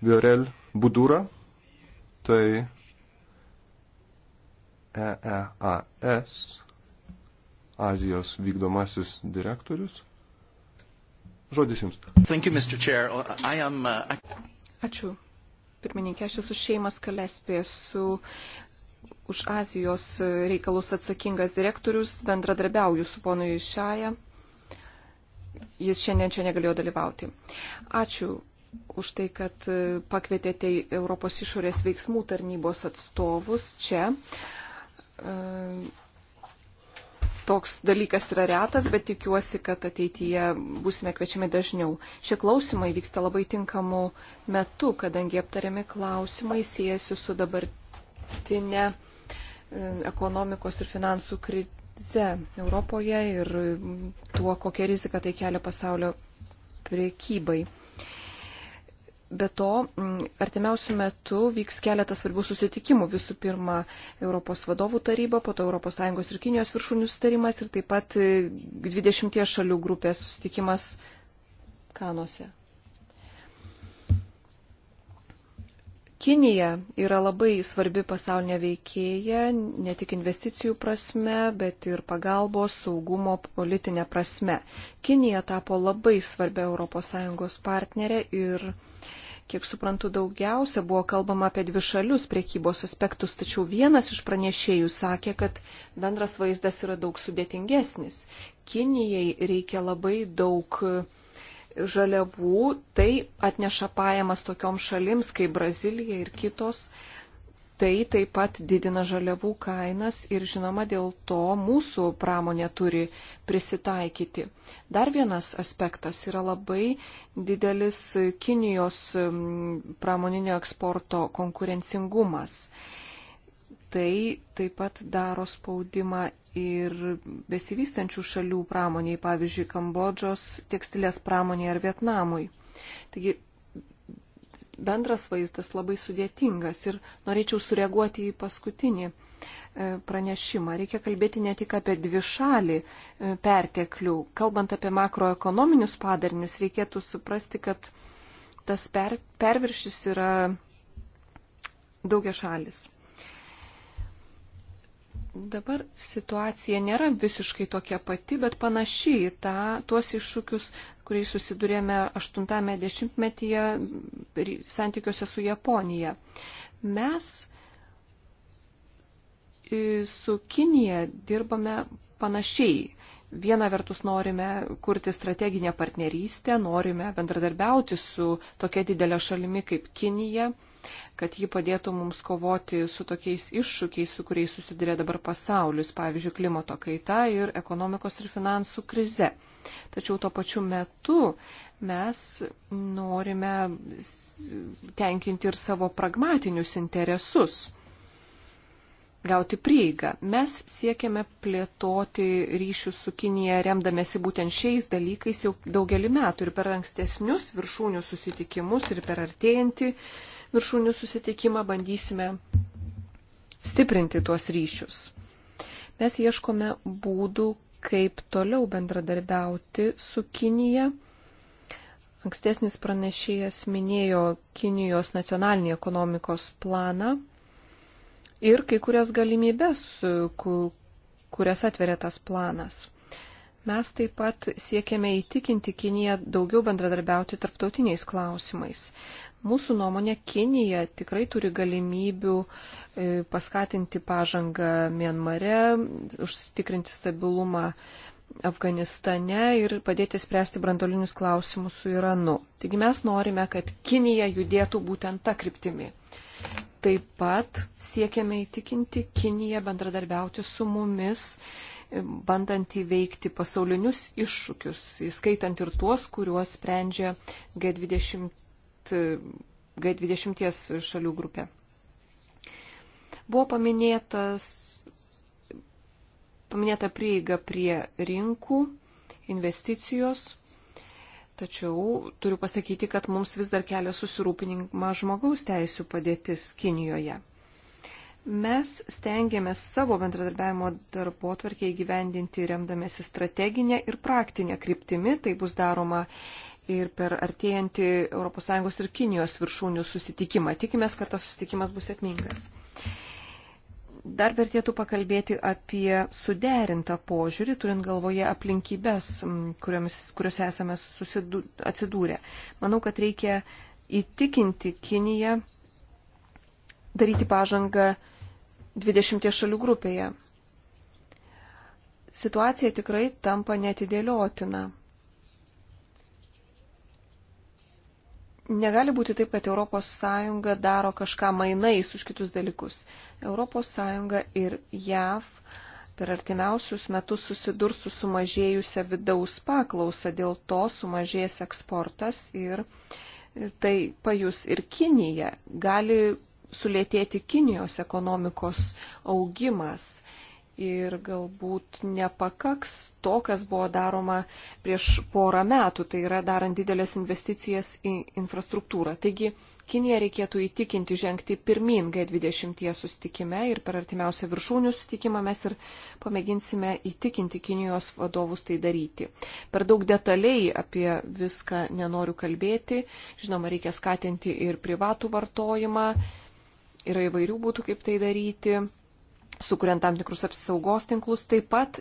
Viorel Budūra, tai EEAS Azijos vykdomasis direktorius. Žodis jums. Thank you, Mr. Chair. I am, uh, I... Ačiū. Pirmininkė, aš esu šeimas Kalespė, su už Azijos reikalus atsakingas direktorius, bendradarbiauju su ponu Išaja. Jis šiandien čia negalėjo dalyvauti. Ačiū už tai, kad e, pakvietėte Europos išorės veiksmų tarnybos atstovus čia. E, toks dalykas yra retas, bet tikiuosi, kad ateityje būsime kviečiami dažniau. Šie klausimai vyksta labai tinkamu metu, kadangi aptariami klausimai siejasi su dabartinė e, ekonomikos ir finansų krize Europoje ir tuo, kokią riziką tai kelia pasaulio priekybai. Be to, mm, artimiausių metų vyks keletas svarbių susitikimų. Visų pirma, Europos vadovų taryba, po to ES ir Kinijos viršūnių sustarimas ir taip pat 20 e, šalių grupės susitikimas Kanuose. Kinija yra labai svarbi pasaulinė veikėja, ne tik investicijų prasme, bet ir pagalbos saugumo politinė prasme. Kinija tapo labai svarbia ES partnerė ir Kiek suprantu, daugiausia buvo kalbama apie dvišalius priekybos aspektus, tačiau vienas iš pranešėjų sakė, kad bendras vaizdas yra daug sudėtingesnis. Kinijai reikia labai daug žaliavų, tai atneša pajamas tokiom šalims kaip Brazilija ir kitos tai taip pat didina žaliavų kainas ir žinoma dėl to mūsų pramonė turi prisitaikyti. Dar vienas aspektas yra labai didelis Kinijos pramoninio eksporto konkurencingumas. Tai taip pat daro spaudimą ir besivystančių šalių pramoniai, pavyzdžiui, Kambodžos tekstilės pramoniai ar Vietnamui. Taigi bendras vaizdas labai sudėtingas ir norėčiau sureaguoti į paskutinį e, pranešimą. Reikia kalbėti ne tik apie dvi šalį e, perteklių. Kalbant apie makroekonominius padarinius, reikėtų suprasti, kad tas per, perviršis yra daugia šalis. Dabar situacija nėra visiškai tokia pati, bet panaši į tą, tuos iššūkius, kuriais susidurėme 80-ame dešimtmetyje santykiuose su Japonija. Mes su Kinija dirbame panašiai. Viena vertus norime kurti strateginę partnerystę, norime bendradarbiauti su tokia didelė šalimi kaip Kinija kad ji padėtų mums kovoti su tokiais iššūkiais, su kuriais susiduria dabar pasaulis, pavyzdžiui, klimato kaita ir ekonomikos ir finansų krize. Tačiau tuo pačiu metu mes norime tenkinti ir savo pragmatinius interesus gauti prieigą. Mes siekiame plėtoti ryšius su Kinija, remdamėsi būtent šiais dalykais jau daugelį metų ir per ankstesnius viršūnių susitikimus ir per artėjantį uh, viršūnių susitikimą bandysime stiprinti tuos ryšius. Mes ieškome būdų, kaip toliau bendradarbiauti su Kinija. Ankstesnis pranešėjas minėjo Kinijos nacionalinį ekonomikos planą ir kai kurias galimybės, kurias atveria tas planas. Mes taip pat siekiame įtikinti Kiniją daugiau bendradarbiauti tarptautiniais klausimais. Mūsų nuomonė, Kinija tikrai turi galimybių e, paskatinti pažangą Mienmare, užtikrinti stabilumą Afganistane ir padėti spręsti brandolinius klausimus su Iranu. Taigi mes norime, kad Kinija judėtų būtent tą kryptimį. Taip pat siekiame įtikinti Kiniją bendradarbiauti su mumis bandant įveikti pasaulinius iššūkius, įskaitant ir tuos, kuriuos sprendžia G20, G20 šalių grupė. Buvo paminėtas, paminėta prieiga prie rinkų, investicijos, tačiau turiu pasakyti, kad mums vis dar kelia susirūpinimą žmogaus teisų padėtis Kinijoje. Mes stengiamės savo bendradarbiavimo darbo tvarkė įgyvendinti remdamėsi strateginę ir praktinę kryptimį. Tai bus daroma ir per artėjantį ES ir Kinijos viršūnių susitikimą. Tikimės, kad tas susitikimas bus sėkmingas. Dar vertėtų pakalbėti apie suderintą požiūrį, turint galvoje aplinkybės, kuriomis, kuriuose esame susidu, atsidūrę. Manau, kad reikia įtikinti Kiniją daryti pažangą 20 šalių grupėje. Situacija tikrai tampa netidėliotina. Negali būti taip, kad ES daro kažką mainais už kitus dalykus. ES ir JAV per artimiausius metus susidurs su sumažėjusią vidaus paklausą, dėl to sumažės eksportas ir tai pajus ir Kinija. Gali sulėtėti Kinijos ekonomikos augimas ir galbūt nepakaks to, kas buvo daroma prieš porą metų, tai yra darant didelės investicijas į infrastruktūrą. Taigi Kiniją reikėtų įtikinti žengti pirmin G20 sustikime ir per artimiausią viršūnių sustikimą mes ir pamėginsime įtikinti Kinijos vadovus tai daryti. Per daug detaliai apie viską nenoriu kalbėti. Žinoma, reikia skatinti ir privatų vartojimą, Yra įvairių būtų, kaip tai daryti, sukuriant tam tikrus apsaugos tinklus. Taip pat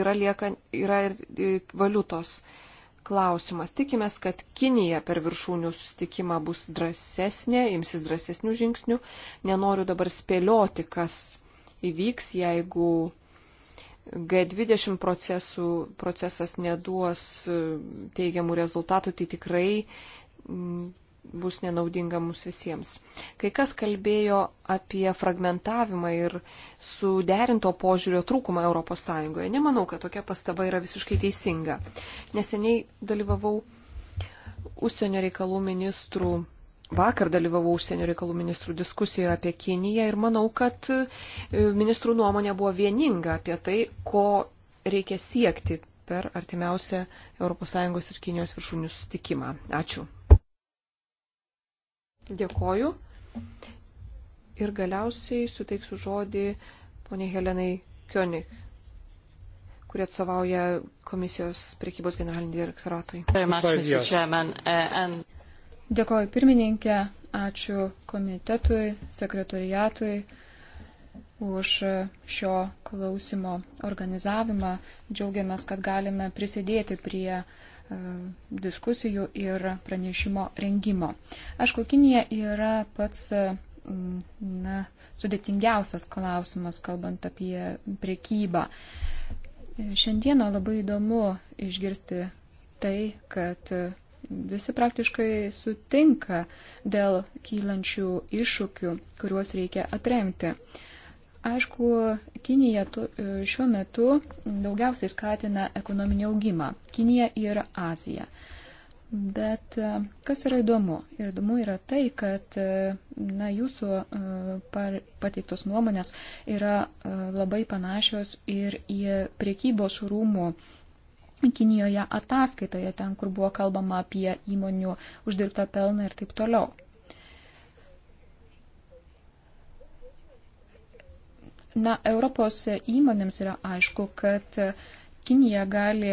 yra, lieka, yra ir e, valiutos klausimas. Tikimės, kad Kinija per viršūnių sustikimą bus drąsesnė, imsis drąsesnių žingsnių. Nenoriu dabar spėlioti, kas įvyks, jeigu G20 procesų, procesas neduos e, teigiamų rezultatų, tai tikrai bus nenaudinga mums visiems. Kai kas kalbėjo apie fragmentavimą ir suderinto požiūrio trūkumą ES. Nemanau, kad tokia pastaba yra visiškai teisinga. Neseniai dalyvavau užsienio reikalų ministrų. Vakar dalyvavau užsienio reikalų ministrų diskusijoje apie Kiniją ir manau, kad e, ministrų nuomonė buvo vieninga apie tai, ko reikia siekti per artimiausią ES ir Kinijos viršūnių sutikimą. Ačiū. Dėkoju. Ir galiausiai suteiksiu žodį poniai Helenai Kionik, kurie atstovauja komisijos priekybos generalinį direktoratui. Uh, Dėkoju pirmininkė, ačiū komitetui, sekretoriatui už šio klausimo organizavimą. Džiaugiamės, kad galime prisidėti prie uh, E, diskusijų ir pranešimo rengimo. Aišku, Kinija yra pats e, na, sudėtingiausias klausimas, kalbant apie priekybą. E, šiandieną labai įdomu išgirsti tai, kad visi praktiškai sutinka dėl kylančių iššūkių, kuriuos reikia atremti. Uh, Aišku, Kinija tu, e, šiuo metu daugiausiai skatina ekonominį augimą. Kinija ir Azija. Bet e, kas yra įdomu? Ir įdomu yra tai, kad e, na, jūsų pateiktos nuomonės yra labai panašios ir į priekybos rūmų Kinijoje ataskaitoje, ten, kur buvo kalbama apie įmonių uždirbtą pelną ir taip toliau. Na, Europos įmonėms yra aišku, kad Kinija gali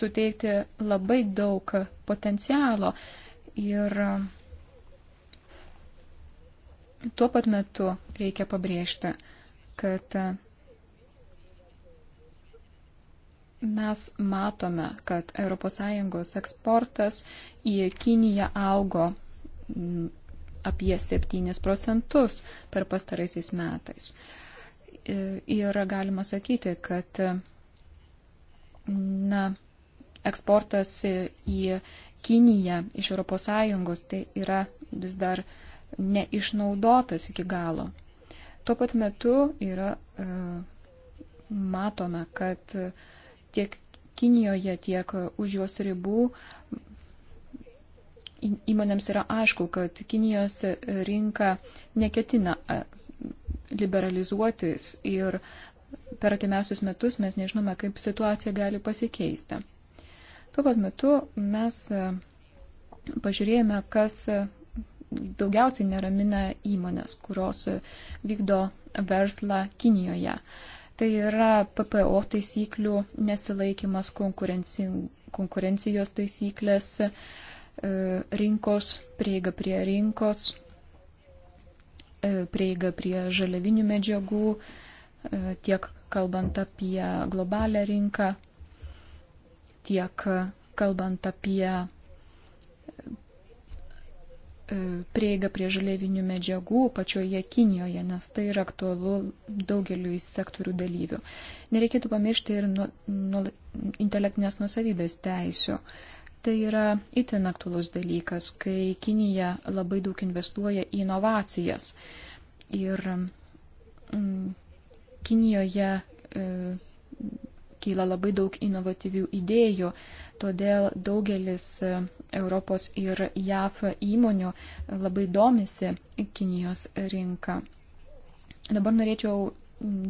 suteikti labai daug potencialo ir tuo pat metu reikia pabrėžti, kad mes matome, kad ES eksportas į Kiniją augo mm, apie 7 procentus per pastaraisiais metais. Uh, yra galima sakyti, kad na, eksportas į Kiniją iš ES tai yra vis dar neišnaudotas iki galo. Tuo pat metu yra e, matome, kad tiek Kinijoje, tiek už jos ribų įmonėms yra aišku, kad Kinijos rinka neketina e, liberalizuotis ir per atimiausius metus mes nežinome, kaip situacija gali pasikeisti. Tuo pat metu mes e, pažiūrėjome, kas e, daugiausiai neramina įmonės, kurios e, vykdo verslą Kinijoje. Tai yra PPO taisyklių nesilaikimas, konkurencijos taisyklės, rinkos, prieiga prie rinkos E, prieigą prie žaliavinių medžiagų, e, tiek kalbant apie globalią rinką, tiek kalbant apie e, prieiga prie žaliavinių medžiagų pačioje Kinijoje, nes tai yra aktualu daugeliu sektorių dalyvių. Nereikėtų pamiršti ir nu, nu, intelektinės nusavybės teisių. Uh, Tai yra itin aktuolus dalykas, kai Kinija labai daug investuoja į inovacijas. Ir mm, Kinijoje e, kyla labai daug inovatyvių idėjų, todėl daugelis e, Europos ir JAF įmonių labai domisi Kinijos rinką. Dabar norėčiau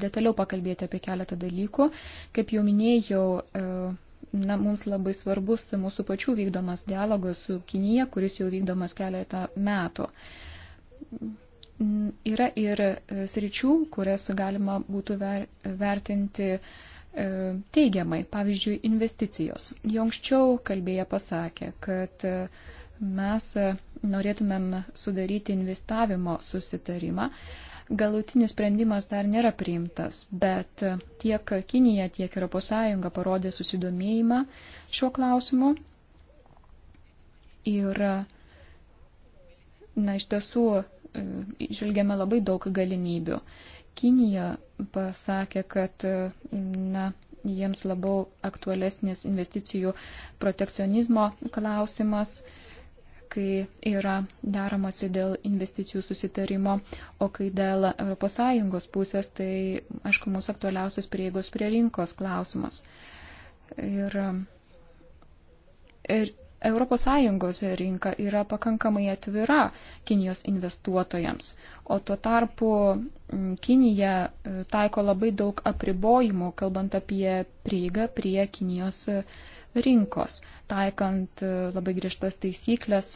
detaliau pakalbėti apie keletą dalykų. Kaip jau minėjau, e, na, mums labai svarbus mūsų pačių vykdomas dialogas su Kinija, kuris jau vykdomas keletą metų. Yra ir e, sričių, kurias galima būtų ver, vertinti e, teigiamai, pavyzdžiui, investicijos. Jau anksčiau kalbėję pasakė, kad e, mes norėtumėm sudaryti investavimo susitarimą, galutinis sprendimas dar nėra priimtas, bet tiek Kinija, tiek ES parodė susidomėjimą šiuo klausimu. Ir, na, iš tiesų, e, žvelgiame labai daug galimybių. Kinija pasakė, kad, na, jiems labiau aktualesnis investicijų protekcionizmo klausimas kai yra deramasi dėl investicijų susitarimo, o kai dėl ES pusės, tai aišku, mūsų aktualiausias prieigos prie rinkos klausimas. Ir, ir ES rinka yra pakankamai atvira Kinijos investuotojams, o tuo tarpu Kinija e, taiko labai daug apribojimų, kalbant apie prieigą prie Kinijos rinkos e, rinkos, taikant e, labai griežtas taisyklės,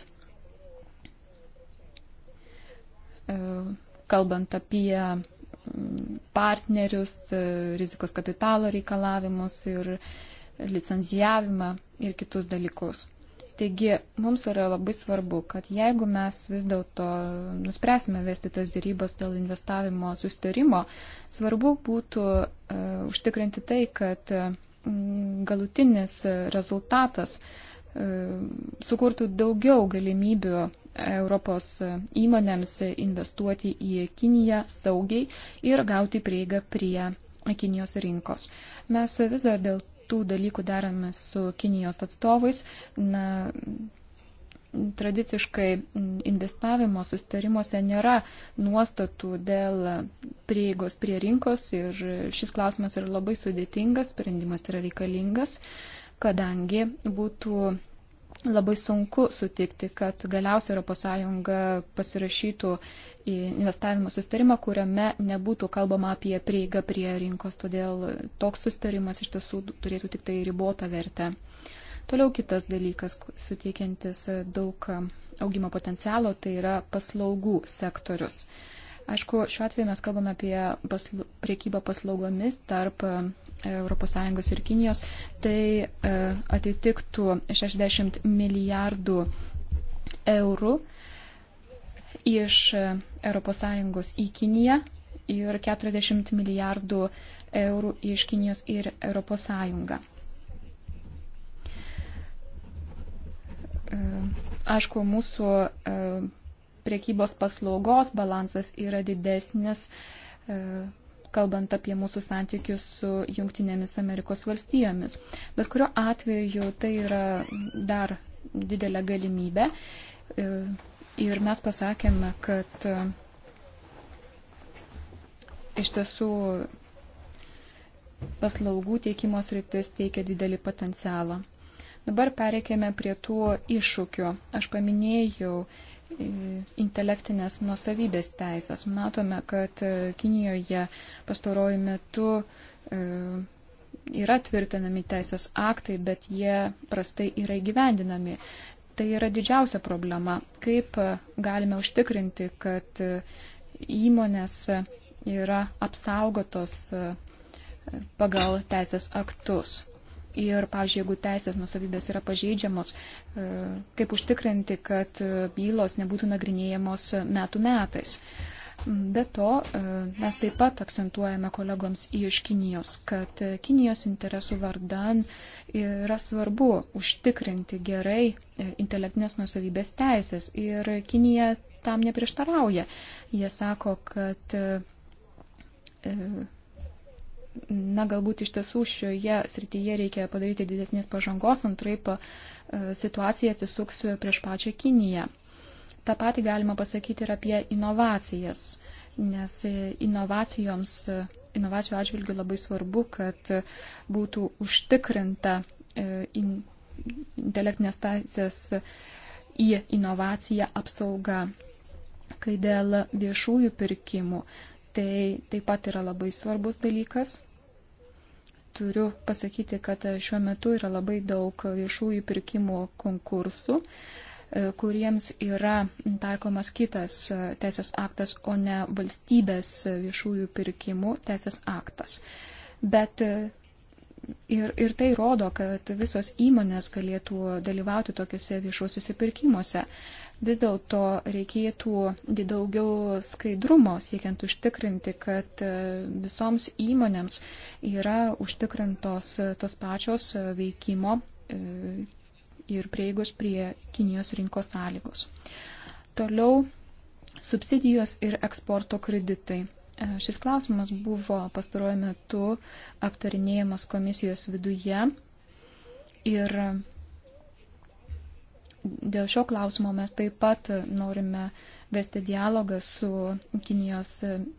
e, kalbant apie mm, partnerius, e, rizikos kapitalo reikalavimus ir licenzijavimą ir kitus dalykus. Taigi mums yra labai svarbu, kad jeigu mes vis dėlto nuspręsime vesti tas dėrybas dėl investavimo sustarimo, svarbu būtų uh, užtikrinti tai, kad uh, galutinis rezultatas e, sukurtų daugiau galimybių Europos įmonėms investuoti į Kiniją saugiai ir gauti prieigą prie Kinijos rinkos. Mes vis dar dėl tų dalykų deramės su Kinijos atstovais. Na, tradiciškai investavimo sustarimuose nėra nuostatų dėl prieigos prie rinkos ir šis klausimas yra labai sudėtingas, sprendimas yra reikalingas, kadangi būtų labai sunku sutikti, kad galiausiai ES pasirašytų investavimo sustarimą, kuriame nebūtų kalbama apie prieigą prie rinkos, todėl toks sustarimas iš tiesų turėtų tik tai ribotą vertę. Uh, Toliau kitas dalykas, suteikiantis e, daug e, augimo potencialo, tai yra paslaugų sektorius. Aišku, šiuo atveju mes kalbame apie pasla priekybą paslaugomis tarp ES ir Kinijos. Tai e, atitiktų 60 milijardų eurų iš ES į Kiniją ir 40 milijardų eurų iš Kinijos ir ES. E, aišku, mūsų e, priekybos paslaugos balansas yra didesnis, e, kalbant apie mūsų santykius su Junktinėmis Amerikos valstijomis. Bet kuriuo atveju tai yra dar didelė galimybė. Ir mes pasakėme, kad iš tiesų paslaugų teikimo sritis teikia didelį potencialą. Dabar pereikėme prie tų iššūkių. Aš paminėjau e, intelektinės nusavybės teisės. Matome, kad e, Kinijoje pastaruoju metu e, yra tvirtinami teisės aktai, bet jie prastai yra įgyvendinami. Tai yra didžiausia problema. Kaip galime užtikrinti, kad įmonės yra apsaugotos pagal teisės aktus. Ir, pavyzdžiui, jeigu teisės nusavybės yra pažeidžiamos, e, kaip užtikrinti, kad bylos nebūtų nagrinėjamos metų metais. Be to, e, mes taip pat akcentuojame kolegoms iš Kinijos, kad Kinijos interesų vardan yra svarbu užtikrinti gerai e, intelektinės nusavybės teisės. Ir Kinija tam neprieštarauja. Jie sako, kad na, galbūt iš tiesų šioje srityje reikia padaryti didesnės pažangos, antraip e, situacija atsisuks prieš pačią Kiniją. Ta pati galima pasakyti ir apie inovacijas, nes e, inovacijoms, e, inovacijų atžvilgių labai svarbu, kad būtų užtikrinta intelektinės teisės į inovaciją apsauga. Kai dėl viešųjų pirkimų, tai taip pat yra labai svarbus dalykas. Turiu pasakyti, kad šiuo metu yra labai daug viešųjų pirkimų konkursų, e, kuriems yra taikomas kitas e, teisės aktas, o ne valstybės viešųjų pirkimų teisės aktas. Bet e, ir, ir tai rodo, kad visos įmonės galėtų dalyvauti tokiuose viešuosiuose pirkimuose. Vis dėlto reikėtų daugiau skaidrumo siekiant užtikrinti, kad e, visoms įmonėms yra užtikrintos e, tos pačios e, veikimo ir prieigos prie Kinijos rinkos sąlygos. Toliau subsidijos ir eksporto kreditai. Šis klausimas buvo pastaruoju metu aptarinėjamas komisijos viduje ir Dėl šio klausimo mes taip pat norime vesti dialogą su Kinijos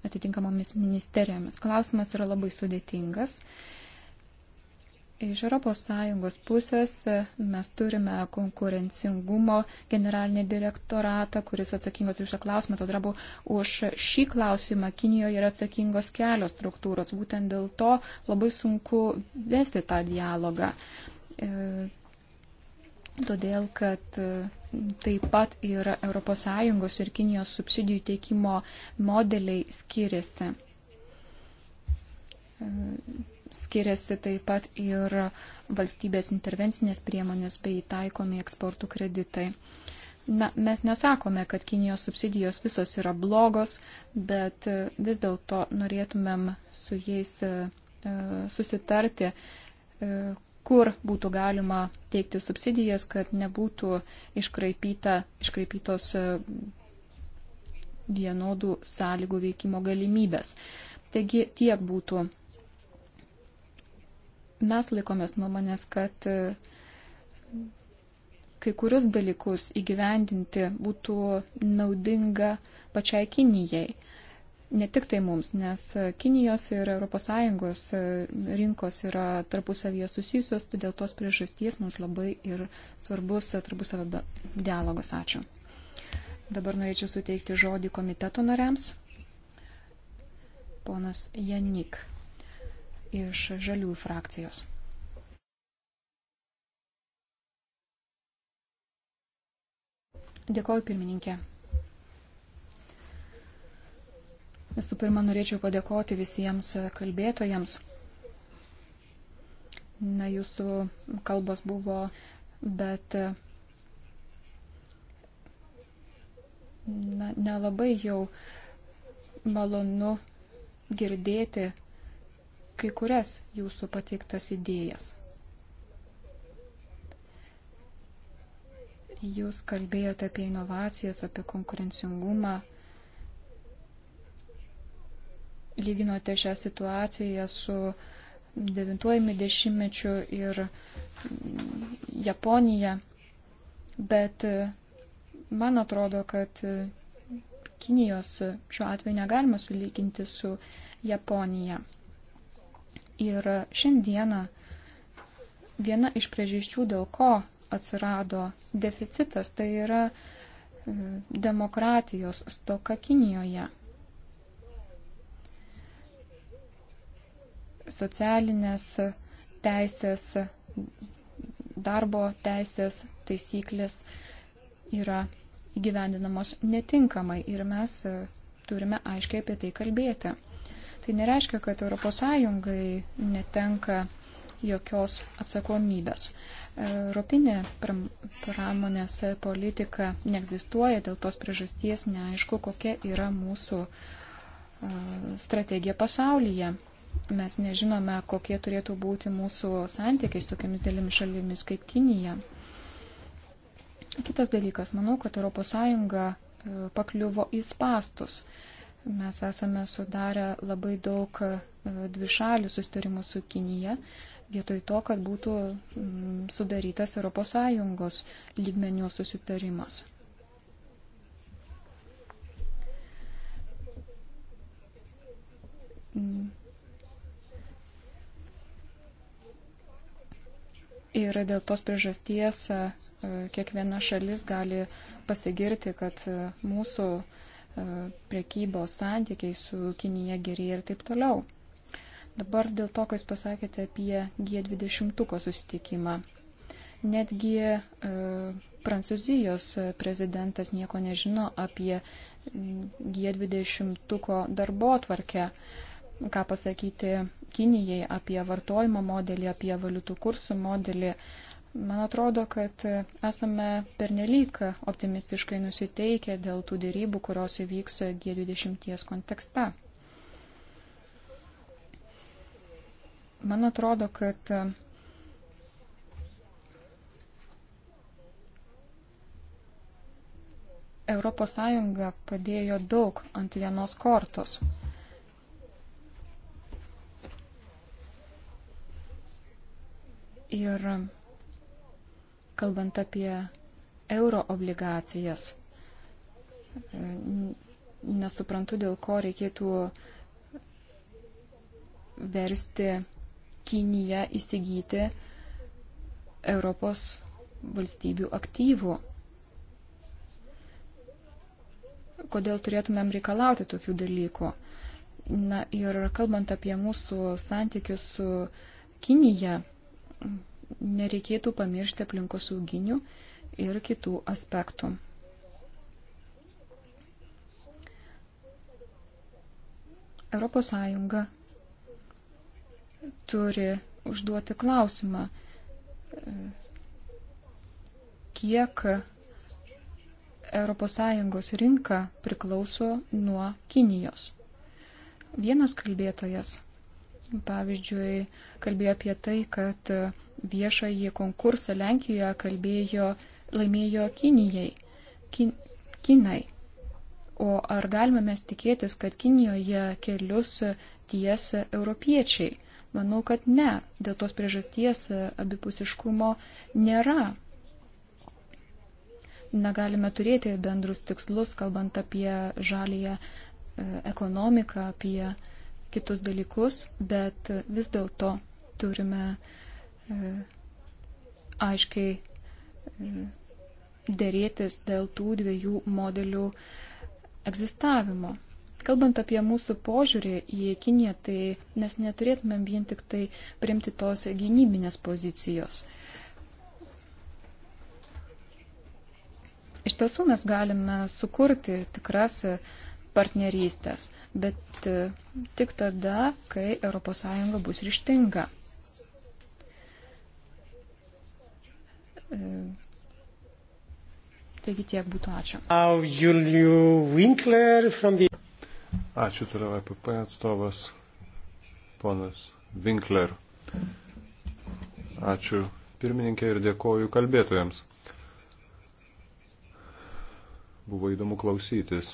atitinkamomis ministerijomis. Klausimas yra labai sudėtingas. Iš ES pusės mes turime konkurencingumo generalinį direktoratą, kuris atsakingas už šią klausimą. Todėl abu už šį klausimą Kinijoje yra atsakingos kelios struktūros. Būtent dėl to labai sunku vesti tą dialogą. E, todėl kad e, taip pat ir ES ir Kinijos subsidijų teikimo modeliai skiriasi. E, skiriasi taip pat ir valstybės intervencinės priemonės bei taikomi eksportų kreditai. Na, mes nesakome, kad Kinijos subsidijos visos yra blogos, bet e, vis dėlto norėtumėm su jais susitarti, kur būtų galima teikti subsidijas, kad nebūtų iškraipyta, iškraipytos e, vienodų sąlygų veikimo galimybės. Taigi tiek būtų. Mes laikomės nuomonės, kad e, kai kurius dalykus įgyvendinti būtų naudinga pačiai Kinijai ne tik tai mums, nes Kinijos ir ES e, rinkos yra tarpusavyje susijusios, todėl tos priežasties mums labai ir svarbus tarpusavio dialogas. Ačiū. Dabar norėčiau suteikti žodį komiteto nariams. Ponas Janik iš Žaliųjų frakcijos. Dėkoju pirmininkė. Visų pirma, norėčiau padėkoti visiems kalbėtojams. Na, jūsų kalbos buvo, bet na, nelabai jau malonu girdėti kai kurias jūsų pateiktas idėjas. Jūs kalbėjote apie inovacijas, apie konkurencingumą, lyginote šią situaciją su 90-mečiu ir Japonija, bet man atrodo, kad Kinijos šiuo atveju negalima sulyginti su Japonija. Ir šiandieną viena iš priežasčių, dėl ko atsirado deficitas, tai yra demokratijos stoka Kinijoje. socialinės teisės, darbo teisės taisyklės yra įgyvendinamos netinkamai ir mes turime aiškiai apie tai kalbėti. Tai nereiškia, kad ES netenka jokios atsakomybės. Europinė pramonės politika neegzistuoja, dėl tos priežasties neaišku, kokia yra mūsų strategija pasaulyje. Mes nežinome, kokie turėtų būti mūsų santykiai su tokiamis dėlėmis šalimis kaip Kinija. Kitas dalykas, manau, kad ES e, pakliuvo į spastus. Mes esame sudarę labai daug e, dvišalių sustarimų su Kinija, vietoj to, kad būtų sudarytas ES lygmenių susitarimas. Mm Ir dėl tos priežasties e, kiekviena šalis gali pasigirti, kad e, mūsų e, priekybos santykiai su Kinija gerėja ir taip toliau. Dabar dėl to, ką jūs pasakėte apie G20 susitikimą. Netgi e, Prancūzijos prezidentas nieko nežino apie G20 darbo atvarkę. E, ką pasakyti Kinijai apie vartojimo modelį, apie valiutų kursų modelį. Man atrodo, kad esame pernelyg optimistiškai nusiteikę dėl tų dėrybų, kurios įvyks G20 kontekste. Man atrodo, kad ES padėjo daug ant vienos kortos. Ir kalbant apie euro obligacijas, nesuprantu, dėl ko reikėtų versti Kiniją įsigyti Europos valstybių aktyvų. Kodėl turėtumėm reikalauti tokių dalykų? Na ir kalbant apie mūsų santykius su Kinija, nereikėtų pamiršti aplinkosauginių ir kitų aspektų. ES turi užduoti klausimą, kiek ES rinka priklauso nuo Kinijos. Vienas kalbėtojas pavyzdžiui, kalbėjo apie tai, kad viešąjį konkursą Lenkijoje kalbėjo, laimėjo Kinijai, kin, Kinai. O ar galime mes tikėtis, kad Kinijoje kelius ties europiečiai? Manau, kad ne. Dėl tos priežasties abipusiškumo nėra. Na, galime turėti bendrus tikslus, kalbant apie žalėją e, ekonomiką, apie kitus dalykus, bet vis dėlto turime e, aiškiai e, dėrėtis dėl tų dviejų modelių egzistavimo. Kalbant apie mūsų požiūrį į Kiniją, tai mes neturėtumėm vien tik tai primti tos gynybinės pozicijos. Iš tiesų mes galime sukurti tikras uh, partnerystės, bet e, tik tada, kai ES bus ryštinga. E, taigi tiek būtų ačiū. Ačiū, tai yra VPP atstovas, ponas Winkler. Ačiū pirmininkė ir dėkoju kalbėtojams. Buvo įdomu klausytis.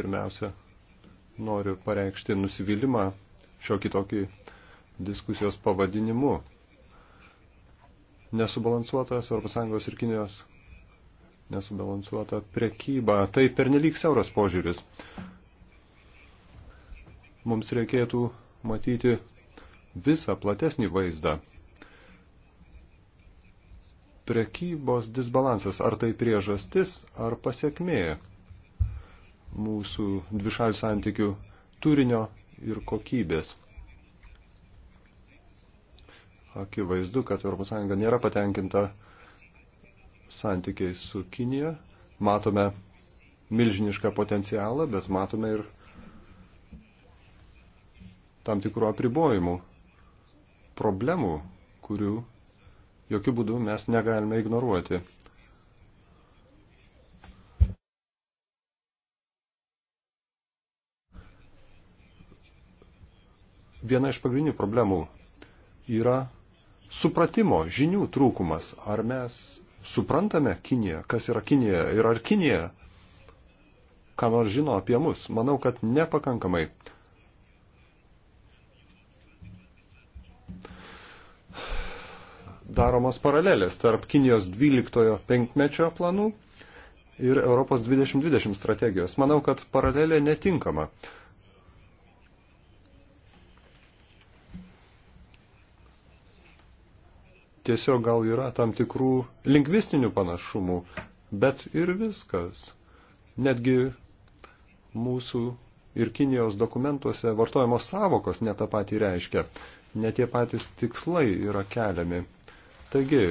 Pirmiausia, noriu pareikšti nusivylimą šiokį tokį diskusijos pavadinimu. Nesubalansuotas ES ir Kinijos nesubalansuota prekyba. Tai pernelyg siauras požiūris. Mums reikėtų matyti visą platesnį vaizdą. Prekybos disbalansas, ar tai priežastis, ar pasiekmė mūsų dvišalių santykių turinio ir kokybės. Akivaizdu, kad ES nėra patenkinta santykiais su Kinija. Matome milžinišką potencialą, bet matome ir tam tikrų apribojimų, problemų, kurių jokių būdų mes negalime ignoruoti. viena iš pagrindinių problemų yra supratimo, žinių trūkumas. Ar mes suprantame Kiniją, kas yra Kinija ir ar Kinija ką nors žino apie mus? Manau, kad nepakankamai. Daromos paralelės tarp Kinijos 12 penkmečio planų ir Europos 2020 strategijos. Manau, kad paralelė netinkama. tiesiog gal yra tam tikrų lingvistinių panašumų, bet ir viskas. Netgi mūsų ir Kinijos dokumentuose vartojamos savokos netą patį reiškia, net tie patys tikslai yra keliami. Taigi,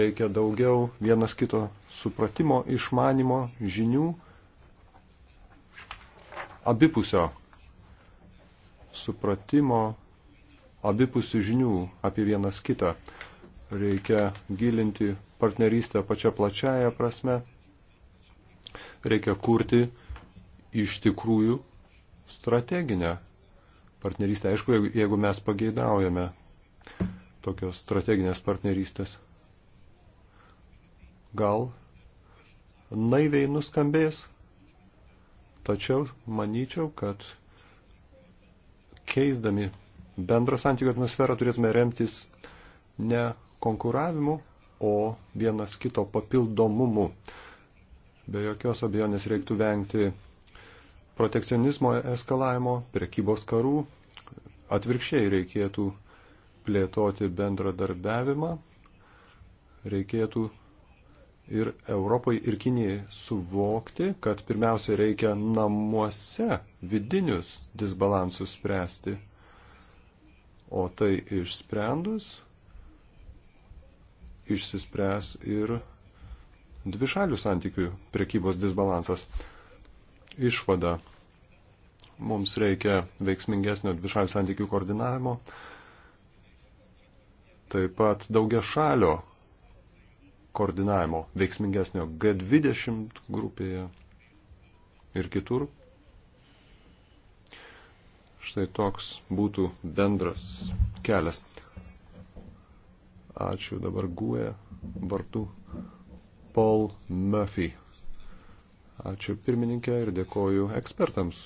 reikia daugiau vienas kito supratimo, išmanimo, žinių, abipusio supratimo, abipusių žinių apie vienas kitą reikia gilinti partnerystę pačia plačiaja prasme, reikia kurti iš tikrųjų strateginę partnerystę. Aišku, jeigu mes pageidaujame tokios strateginės partnerystės. Gal naiviai nuskambės, tačiau manyčiau, kad keisdami bendrą santykių atmosferą turėtume remtis ne konkuravimu, o vienas kito papildomumu. Be jokios abejonės reiktų vengti protekcionizmo eskalavimo, prekybos karų. Atvirkščiai reikėtų plėtoti bendradarbiavimą, reikėtų ir Europai, ir Kinijai suvokti, kad pirmiausia reikia namuose vidinius disbalansus spręsti. O tai išsprendus išsispręs ir dvišalių santykių prekybos disbalansas. Išvada. Mums reikia veiksmingesnio dvišalių santykių koordinavimo, taip pat daugia šalio koordinavimo veiksmingesnio G20 grupėje ir kitur. Štai toks būtų bendras kelias. Ačiū. Dabar guoja vartų Paul Murphy. Ačiū pirmininkė ir dėkoju ekspertams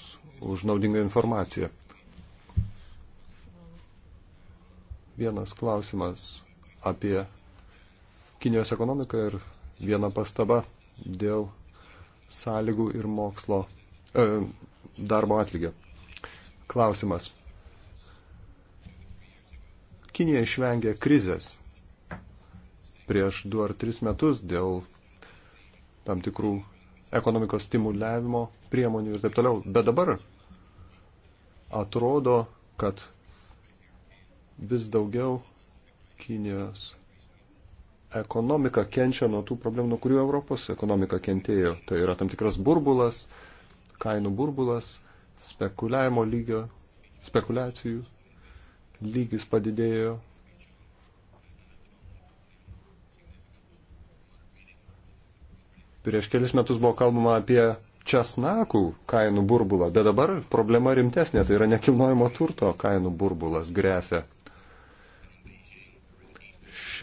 už naudingą informaciją. Vienas klausimas apie Kinijos ekonomiką ir viena pastaba dėl sąlygų ir mokslo e, darbo atlygio. Klausimas. Kinija išvengė krizės prieš du ar tris metus dėl tam tikrų ekonomikos stimuliavimo priemonių ir taip toliau. Bet dabar atrodo, kad vis daugiau Kinijos ekonomika kenčia nuo tų problemų, nuo kurių Europos ekonomika kentėjo. Tai yra tam tikras burbulas, kainų burbulas, spekuliavimo lygio, spekulacijų lygis padidėjo Prieš kelis metus buvo kalbama apie česnakų kainų burbulą, bet dabar problema rimtesnė, tai yra nekilnojimo turto kainų burbulas grėsia.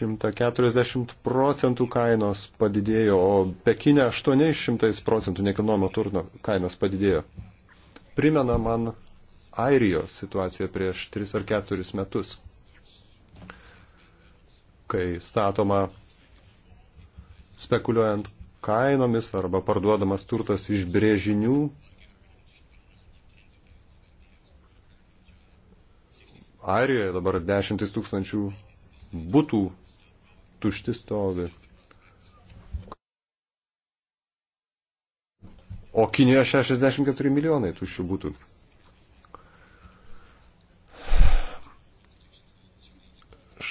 140 procentų kainos padidėjo, o Pekinė 800 procentų nekilnojimo turto kainos padidėjo. Primena man Airijos situaciją prieš 3 ar 4 metus, kai statoma spekuliuojant kainomis arba parduodamas turtas iš brėžinių. Airijoje dabar dešimtis tūkstančių būtų tušti stovi. O Kinijoje 64 milijonai tuščių būtų.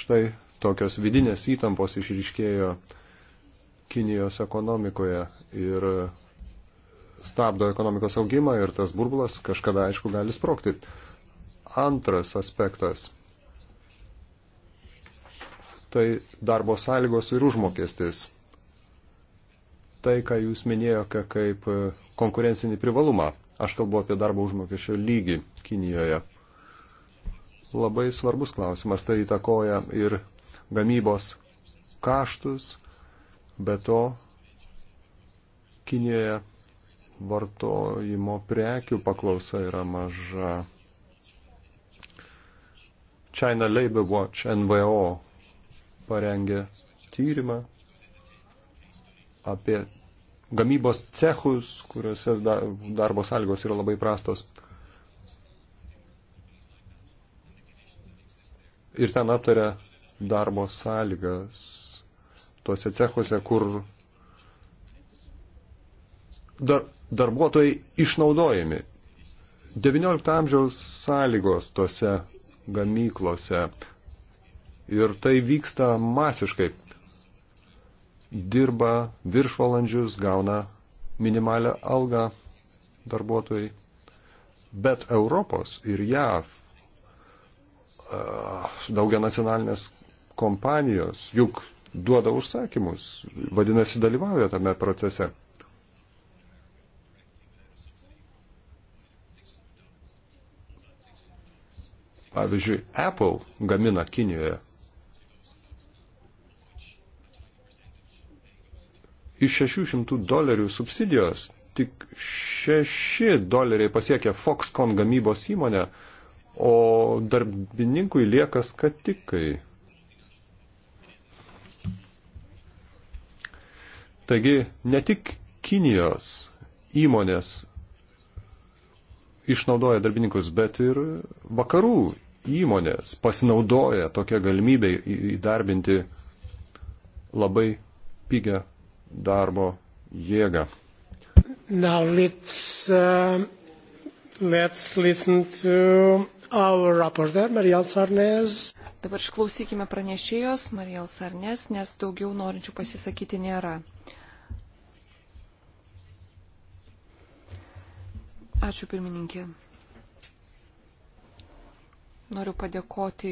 Štai tokios vidinės įtampos išryškėjo Kinijos ekonomikoje ir stabdo ekonomikos augimą ir tas burbulas kažkada, aišku, gali sprokti. Antras aspektas - tai darbo sąlygos ir užmokestis. Tai, ką jūs minėjote kaip e, konkurencinį privalumą. Aš kalbu apie darbo užmokesčio lygį Kinijoje. Labai svarbus klausimas, tai įtakoja ir gamybos kaštus, Be to, Kinijoje vartojimo prekių paklausa yra maža. China Labor Watch NVO parengė tyrimą apie gamybos cechus, kuriuose darbo sąlygos yra labai prastos. Ir ten aptarė darbo sąlygas tuose cechuose, kur dar, darbuotojai išnaudojami. 19 amžiaus sąlygos tuose gamyklose ir tai vyksta masiškai. Dirba viršvalandžius, gauna minimalią algą darbuotojai. Bet Europos ir JAV daugia nacionalinės kompanijos juk duoda užsakymus, vadinasi, dalyvauja tame procese. Pavyzdžiui, Apple gamina Kinijoje. Iš 600 dolerių subsidijos tik 6 doleriai pasiekia Foxconn gamybos įmonę, o darbininkui lieka skatikai. Taigi ne tik Kinijos įmonės išnaudoja darbininkus, bet ir vakarų įmonės pasinaudoja tokią galimybę įdarbinti labai pigią darbo jėgą. Now let's, uh, let's listen to our rapporteur, Marielle Sarnes. Dabar išklausykime pranešėjos Marielle Sarnes, nes daugiau norinčių pasisakyti nėra. Ačiū pirmininkė. Noriu padėkoti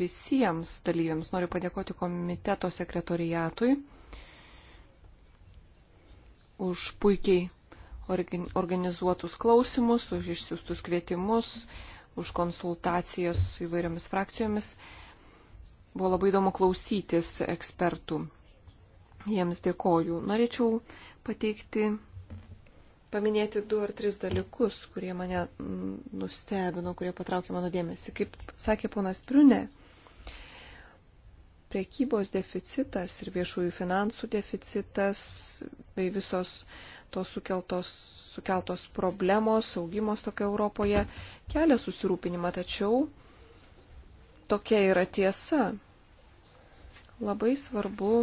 visiems dalyviams, noriu padėkoti komiteto sekretoriatui už puikiai organizuotus klausimus, už išsiųstus kvietimus, už konsultacijas su įvairiomis frakcijomis. Buvo labai įdomu klausytis ekspertų. Jiems dėkoju. Norėčiau pateikti paminėti du ar tris dalykus, kurie mane mm, nustebino, kurie patraukė mano dėmesį. Kaip sakė ponas Priune, priekybos deficitas ir viešųjų finansų deficitas bei visos tos sukeltos, sukeltos problemos, augimos tokia Europoje kelia susirūpinimą, tačiau tokia yra tiesa. Labai svarbu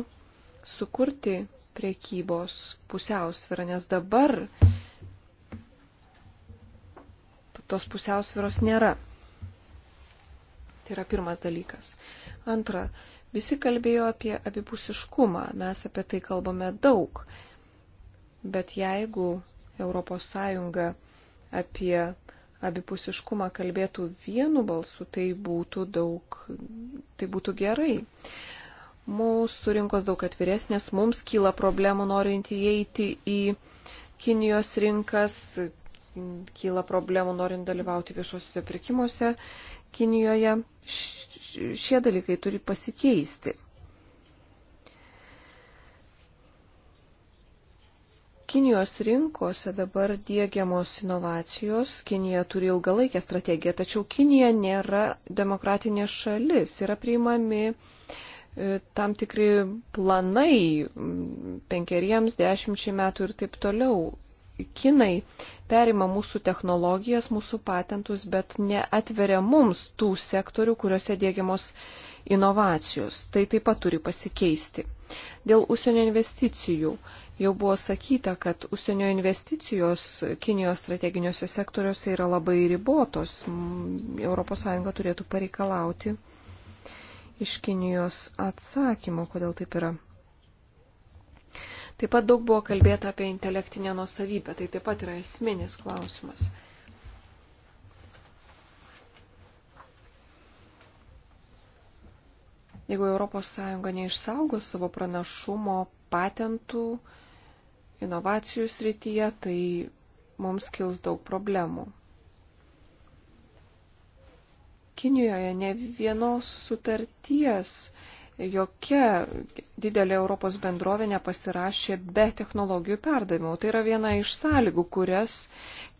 sukurti priekybos pusiausvyrą, nes dabar tos pusiausviros nėra. Tai yra pirmas dalykas. Antra, visi kalbėjo apie abipusiškumą, mes apie tai kalbame daug. Bet jeigu ES apie abipusiškumą kalbėtų vienu balsu, tai būtų daug, tai būtų gerai. Mūsų rinkos daug atviresnės, mums kyla problemų norint įeiti į Kinijos rinkas, kyla problemų norint dalyvauti viešuosiuose pirkimuose Kinijoje. Šie dalykai turi pasikeisti. Kinijos rinkose dabar dėgiamos inovacijos, Kinija turi ilgalaikę strategiją, tačiau Kinija nėra demokratinė šalis, yra priimami e, tam tikri planai penkeriems, dešimčiai metų ir taip toliau. Kinai perima mūsų technologijas, mūsų patentus, bet neatveria mums tų sektorių, kuriuose dėgiamos inovacijos. Tai taip pat turi pasikeisti. Dėl užsienio investicijų jau buvo sakyta, kad užsienio investicijos Kinijos strateginiuose sektoriuose yra labai ribotos. ES turėtų pareikalauti iš Kinijos atsakymo, kodėl taip yra. Taip pat daug buvo kalbėta apie intelektinę nusavybę, tai taip pat yra esminis klausimas. Jeigu ES neišsaugo savo pranašumo patentų, inovacijų srityje, tai mums kils daug problemų. Kinijoje ne vienos sutarties jokia didelė Europos bendrovė nepasirašė be technologijų perdavimo. Tai yra viena iš sąlygų, kurias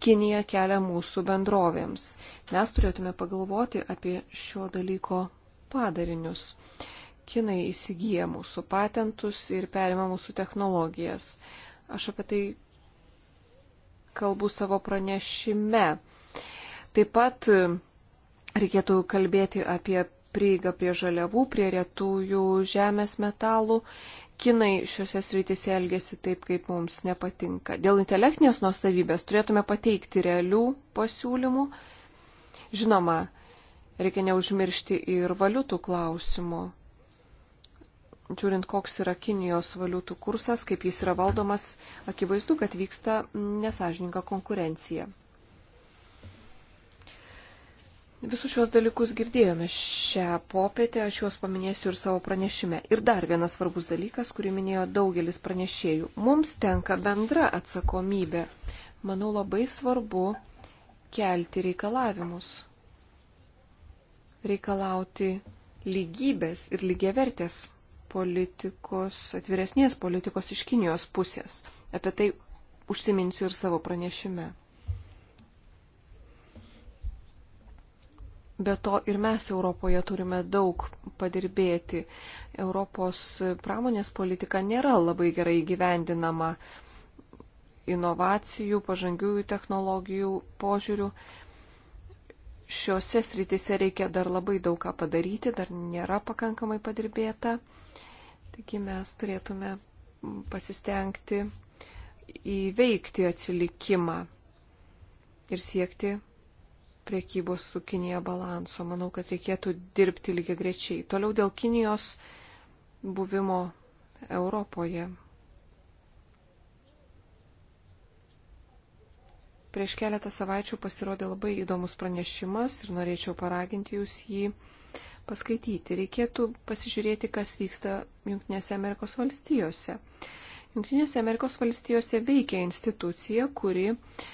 Kinija kelia mūsų bendrovėms. Mes turėtume pagalvoti apie šio dalyko padarinius. Kinai įsigyja mūsų patentus ir perima mūsų technologijas. Aš apie tai kalbu savo pranešime. Taip pat reikėtų kalbėti apie prieigą prie žaliavų, prie retųjų žemės metalų. Kinai šiuose srityse elgesi taip, kaip mums nepatinka. Dėl intelektinės nuostabybės turėtume pateikti realių pasiūlymų. Žinoma, reikia neužmiršti ir valiutų klausimo. Žiūrint, koks yra Kinijos valiutų kursas, kaip jis yra valdomas, akivaizdu, kad vyksta nesažininga konkurencija. Visus šios dalykus girdėjome šią popietę, aš juos paminėsiu ir savo pranešime. Ir dar vienas svarbus dalykas, kurį minėjo daugelis pranešėjų. Mums tenka bendra atsakomybė. Manau, labai svarbu kelti reikalavimus. Reikalauti lygybės ir lygiavertės politikos, atviresnės politikos iš Kinijos pusės. Apie tai užsiminsiu ir savo pranešime. Be to ir mes Europoje turime daug padirbėti. Europos pramonės politika nėra labai gerai gyvendinama inovacijų, pažangiųjų technologijų požiūrių. Šiuose srityse reikia dar labai daug ką padaryti, dar nėra pakankamai padirbėta. Taigi mes turėtume pasistengti įveikti atsilikimą ir siekti priekybos su Kinija balanso. Manau, kad reikėtų dirbti lygiai grečiai. Toliau dėl Kinijos buvimo Europoje. Prieš keletą savaičių pasirodė labai įdomus pranešimas ir norėčiau paraginti jūs jį paskaityti. Reikėtų pasižiūrėti, kas vyksta Junktinėse Amerikos valstijose. Junktinėse Amerikos valstijose veikia institucija, kuri uh,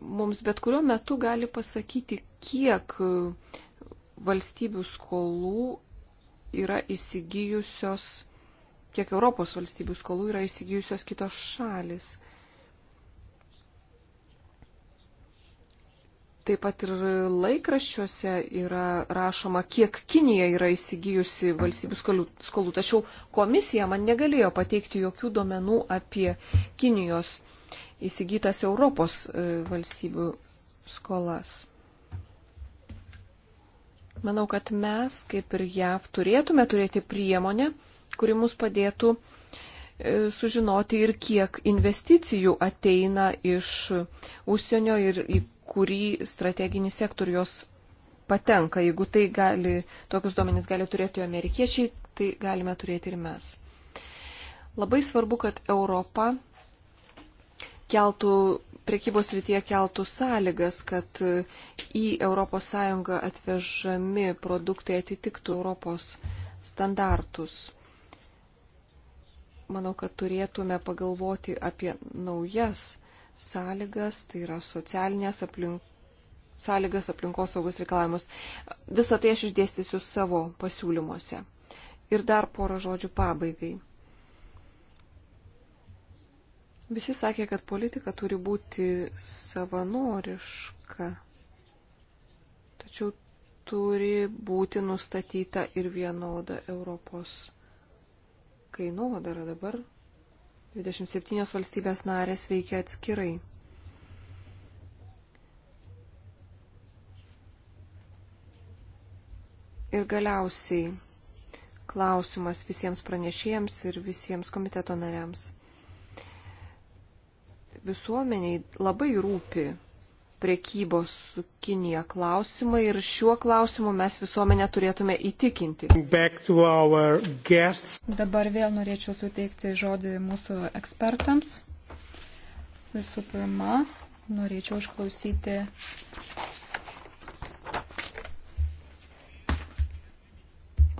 mums bet kuriuo metu gali pasakyti, kiek e, valstybių skolų yra įsigijusios, kiek Europos valstybių skolų yra įsigijusios kitos šalis. Taip pat ir laikraščiuose yra rašoma, kiek Kinija yra įsigijusi valstybių skolų, skolų. Tačiau komisija man negalėjo pateikti jokių duomenų apie Kinijos įsigytas Europos e, valstybių skolas. Manau, kad mes, kaip ir JAV, turėtume turėti priemonę, kuri mus padėtų e, sužinoti ir kiek investicijų ateina iš užsienio ir į kurį strateginį sektorių jos patenka. Jeigu tai gali, tokius duomenys gali turėti amerikiečiai, tai galime turėti ir mes. Labai svarbu, kad Europa keltų, priekybos rytyje keltų sąlygas, kad į ES atvežami produktai atitiktų Europos standartus. Manau, kad turėtume pagalvoti apie naujas sąlygas, tai yra socialinės aplinkos sąlygas aplinkosaugos reikalavimus. Visą tai aš išdėstysiu savo pasiūlymuose. Ir dar porą žodžių pabaigai. Visi sakė, kad politika turi būti savanoriška, tačiau turi būti nustatyta ir vienoda Europos kainodara dabar. 27 valstybės narės veikia atskirai. Ir galiausiai klausimas visiems pranešėjams ir visiems komiteto nariams visuomeniai labai rūpi priekybos su Kinija klausimai ir šiuo klausimu mes visuomenę turėtume įtikinti. Dabar vėl norėčiau suteikti žodį mūsų ekspertams. Visų pirma, norėčiau išklausyti.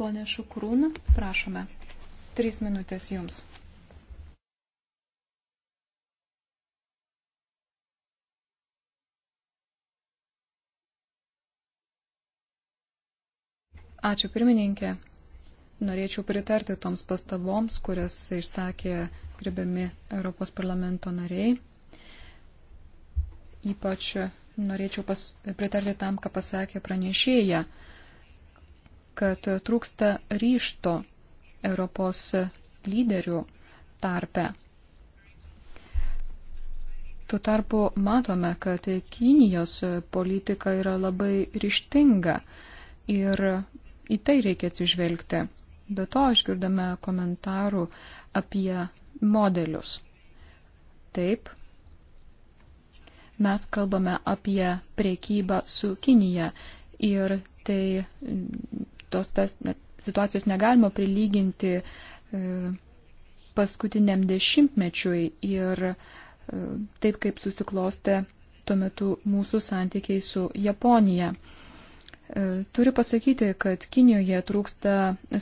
Pone Šukrūn, prašome. Trys minutės jums. Ačiū pirmininkė. Norėčiau pritarti toms pastaboms, kurias išsakė gerbiami Europos parlamento nariai. Ypač norėčiau pas, pritarti tam, ką pasakė pranešėja, kad trūksta ryšto Europos lyderių tarpe. Tuo tarpu matome, kad Kinijos politika yra labai ryštinga ir į tai reikia atsižvelgti. Be to išgirdome komentarų apie modelius. Taip, mes kalbame apie priekybą su Kinija ir tai tos tas net, situacijos negalima prilyginti e, paskutiniam dešimtmečiui ir e, taip kaip susiklostė tuo metu mūsų santykiai su Japonija. E, E, turiu pasakyti, kad Kinijoje trūksta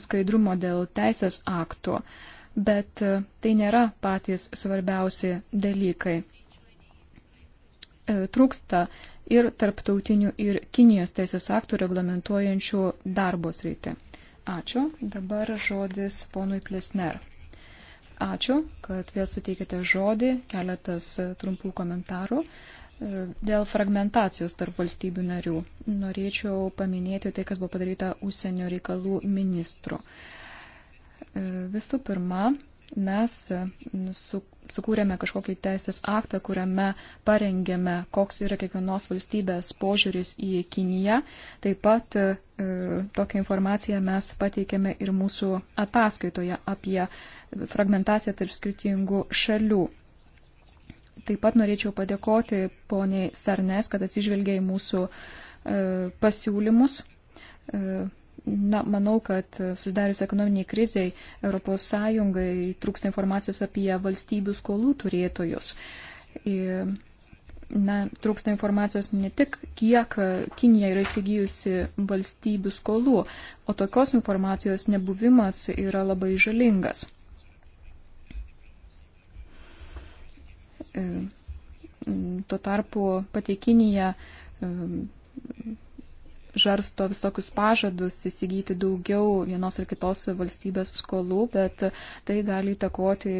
skaidrumo dėl teisės aktų, bet e, tai nėra patys svarbiausi dalykai. E, trūksta ir tarptautinių, ir Kinijos teisės aktų reglamentuojančių darbos rytį. Ačiū. Dabar žodis ponui Plesner. Ačiū, kad vėl suteikėte žodį, keletas trumpų komentarų. Uh, Dėl fragmentacijos tarp valstybių narių norėčiau paminėti tai, kas buvo padaryta užsienio reikalų ministru. Visų pirma, mes su, sukūrėme kažkokį teisės aktą, kuriame parengėme, koks yra kiekvienos valstybės požiūris į Kiniją. Taip pat e, tokią informaciją mes pateikėme ir mūsų ataskaitoje apie fragmentaciją tarp skirtingų šalių. Taip pat norėčiau padėkoti poniai Sarnes, kad atsižvelgia į mūsų e, pasiūlymus. E, na, manau, kad susidarius ekonominiai kriziai ES trūksta informacijos apie valstybių skolų turėtojus. Ir e, na, trūksta informacijos ne tik, kiek Kinija yra įsigijusi valstybių skolų, o tokios informacijos nebuvimas yra labai žalingas. E, tuo tarpu pati Kinija e, žarsto visokius pažadus įsigyti daugiau vienos ar kitos valstybės skolų, bet tai gali įtakoti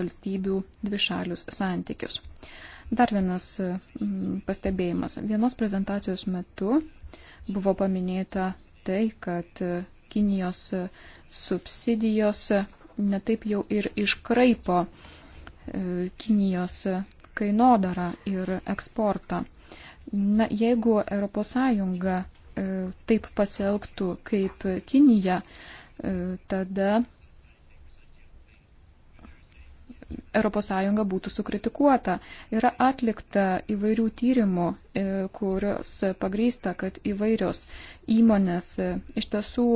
valstybių dvišalius santykius. Dar vienas pastebėjimas. Vienos prezentacijos metu buvo paminėta tai, kad Kinijos subsidijos netaip jau ir iškraipo uh, E, Kinijos kainodarą ir eksportą. Na, jeigu ES e, taip pasielgtų kaip Kinija, e, tada ES būtų sukritikuota. Yra atlikta įvairių tyrimų, kurios pagrysta, kad įvairios įmonės iš tiesų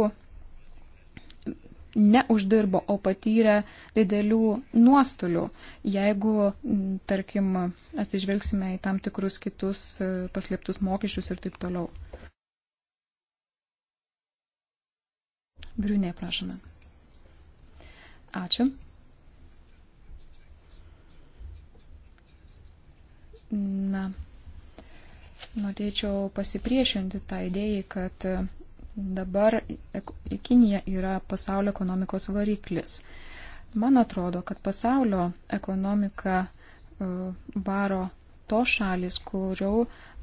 neuždirbo, o patyrė didelių nuostolių. Jeigu, tarkim, atsižvelgsime į tam tikrus kitus e, paslėptus mokesčius ir taip toliau. Briunė, prašome. Ačiū. Na, norėčiau pasipriešinti tą tai idėją, kad Dabar Kinija yra pasaulio ekonomikos variklis. Man atrodo, kad pasaulio ekonomika e, varo to šalis, kurių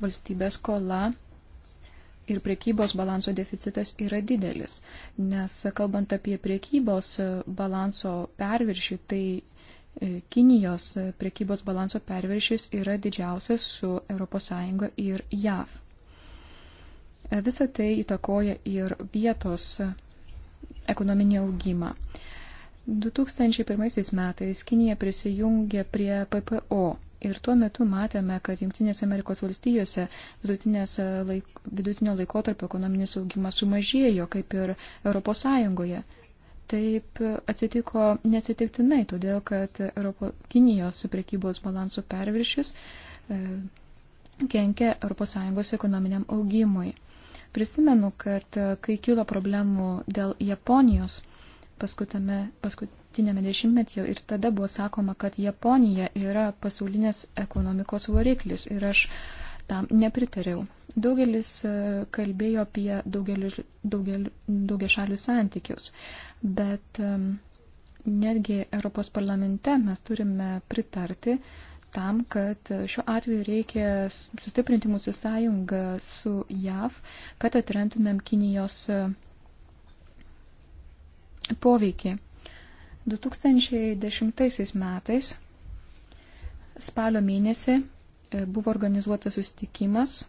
valstybės skola ir priekybos balanso deficitas yra didelis. Nes kalbant apie priekybos e, balanso perviršį, tai e, Kinijos priekybos balanso perviršis yra didžiausias su ES ir JAV. Visą tai įtakoja ir vietos ekonominį augimą. 2001 metais Kinija prisijungė prie PPO ir tuo metu matėme, kad Junktinės Amerikos valstijose laik, vidutinio laikotarpio ekonominis augimas sumažėjo, kaip ir Europos Sąjungoje. Taip atsitiko neatsitiktinai, todėl kad Europo, Kinijos prekybos balansų perviršis e, kenkia ES ekonominiam augimui. Prisimenu, kad e, kai kilo problemų dėl Japonijos paskutinėme dešimtmetyje ir tada buvo sakoma, kad Japonija yra pasaulinės ekonomikos variklis ir aš tam nepritariau. Daugelis e, kalbėjo apie daugelį, daugelį, daugia šalių santykius, bet netgi Europos parlamente mes turime pritarti tam, kad šiuo atveju reikia sustiprinti mūsų sąjungą su JAV, kad atrentumėm Kinijos e, poveikį. 2010 metais spalio mėnesį e, buvo organizuotas susitikimas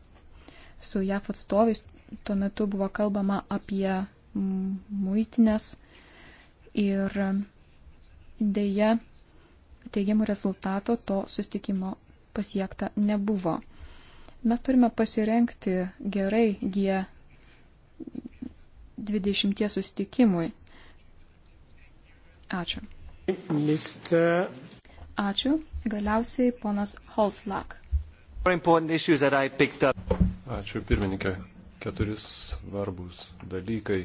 su JAF atstovais. Tuo metu buvo kalbama apie muitinės ir e, dėja teigiamų rezultato to sustikimo pasiekta nebuvo. Mes turime pasirenkti gerai G20 sustikimui. Ačiū. Mister... Ačiū. Galiausiai ponas Holslak. Ačiū pirmininkė. Keturis svarbus dalykai.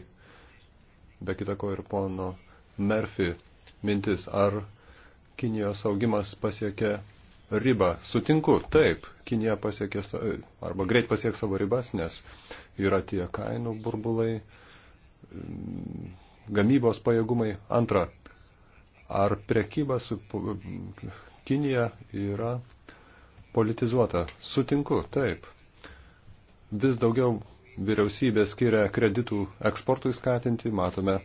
Be kita ko ir pono Murphy mintis, ar Kinijos augimas pasiekė ribą. Sutinku, taip, Kinija pasiekė arba greit pasieks savo ribas, nes yra tie kainų burbulai, mm, gamybos pajėgumai. Antra, ar prekyba su Kinija yra politizuota? Sutinku, taip. Vis daugiau vyriausybė skiria kreditų eksportui skatinti, matome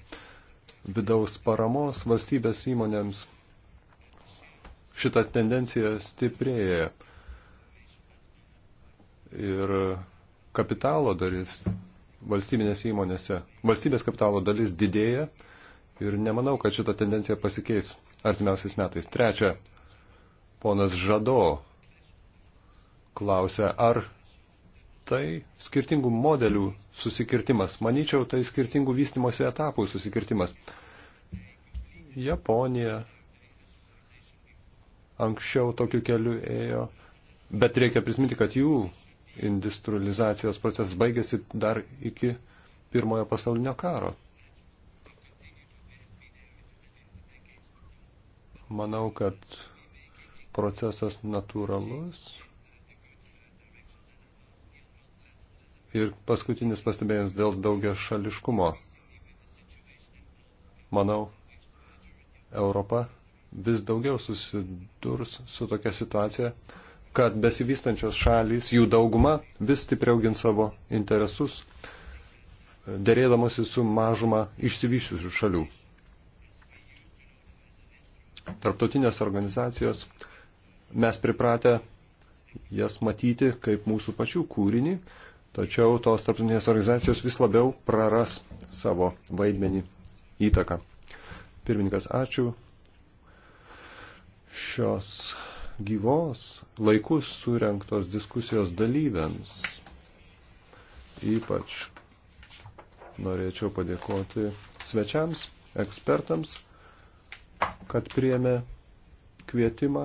vidaus paramos valstybės įmonėms šita tendencija stiprėja. Ir kapitalo dalis valstybinės įmonėse, valstybės kapitalo dalis didėja ir nemanau, kad šita tendencija pasikeis artimiausiais metais. Trečia, ponas Žado klausia, ar tai skirtingų modelių susikirtimas. Manyčiau, tai skirtingų vystimosi etapų susikirtimas. Japonija, anksčiau tokiu keliu ėjo, bet reikia prisiminti, kad jų industrializacijos procesas baigėsi dar iki pirmojo pasaulinio karo. Manau, kad procesas natūralus. Ir paskutinis pastebėjimas dėl daugia šališkumo. Manau, Europa vis daugiau susidurs su tokia situacija, kad besivystančios šalys, jų dauguma, vis stipriau gins savo interesus, dėrėdamosi su mažuma išsivyščiusių šalių. Tarptautinės organizacijos mes pripratę jas matyti kaip mūsų pačių kūrinį, tačiau tos tarptautinės organizacijos vis labiau praras savo vaidmenį įtaką. Pirmininkas, ačiū šios gyvos laikus surenktos diskusijos dalyviams. Ypač norėčiau padėkoti svečiams, ekspertams, kad priėmė kvietimą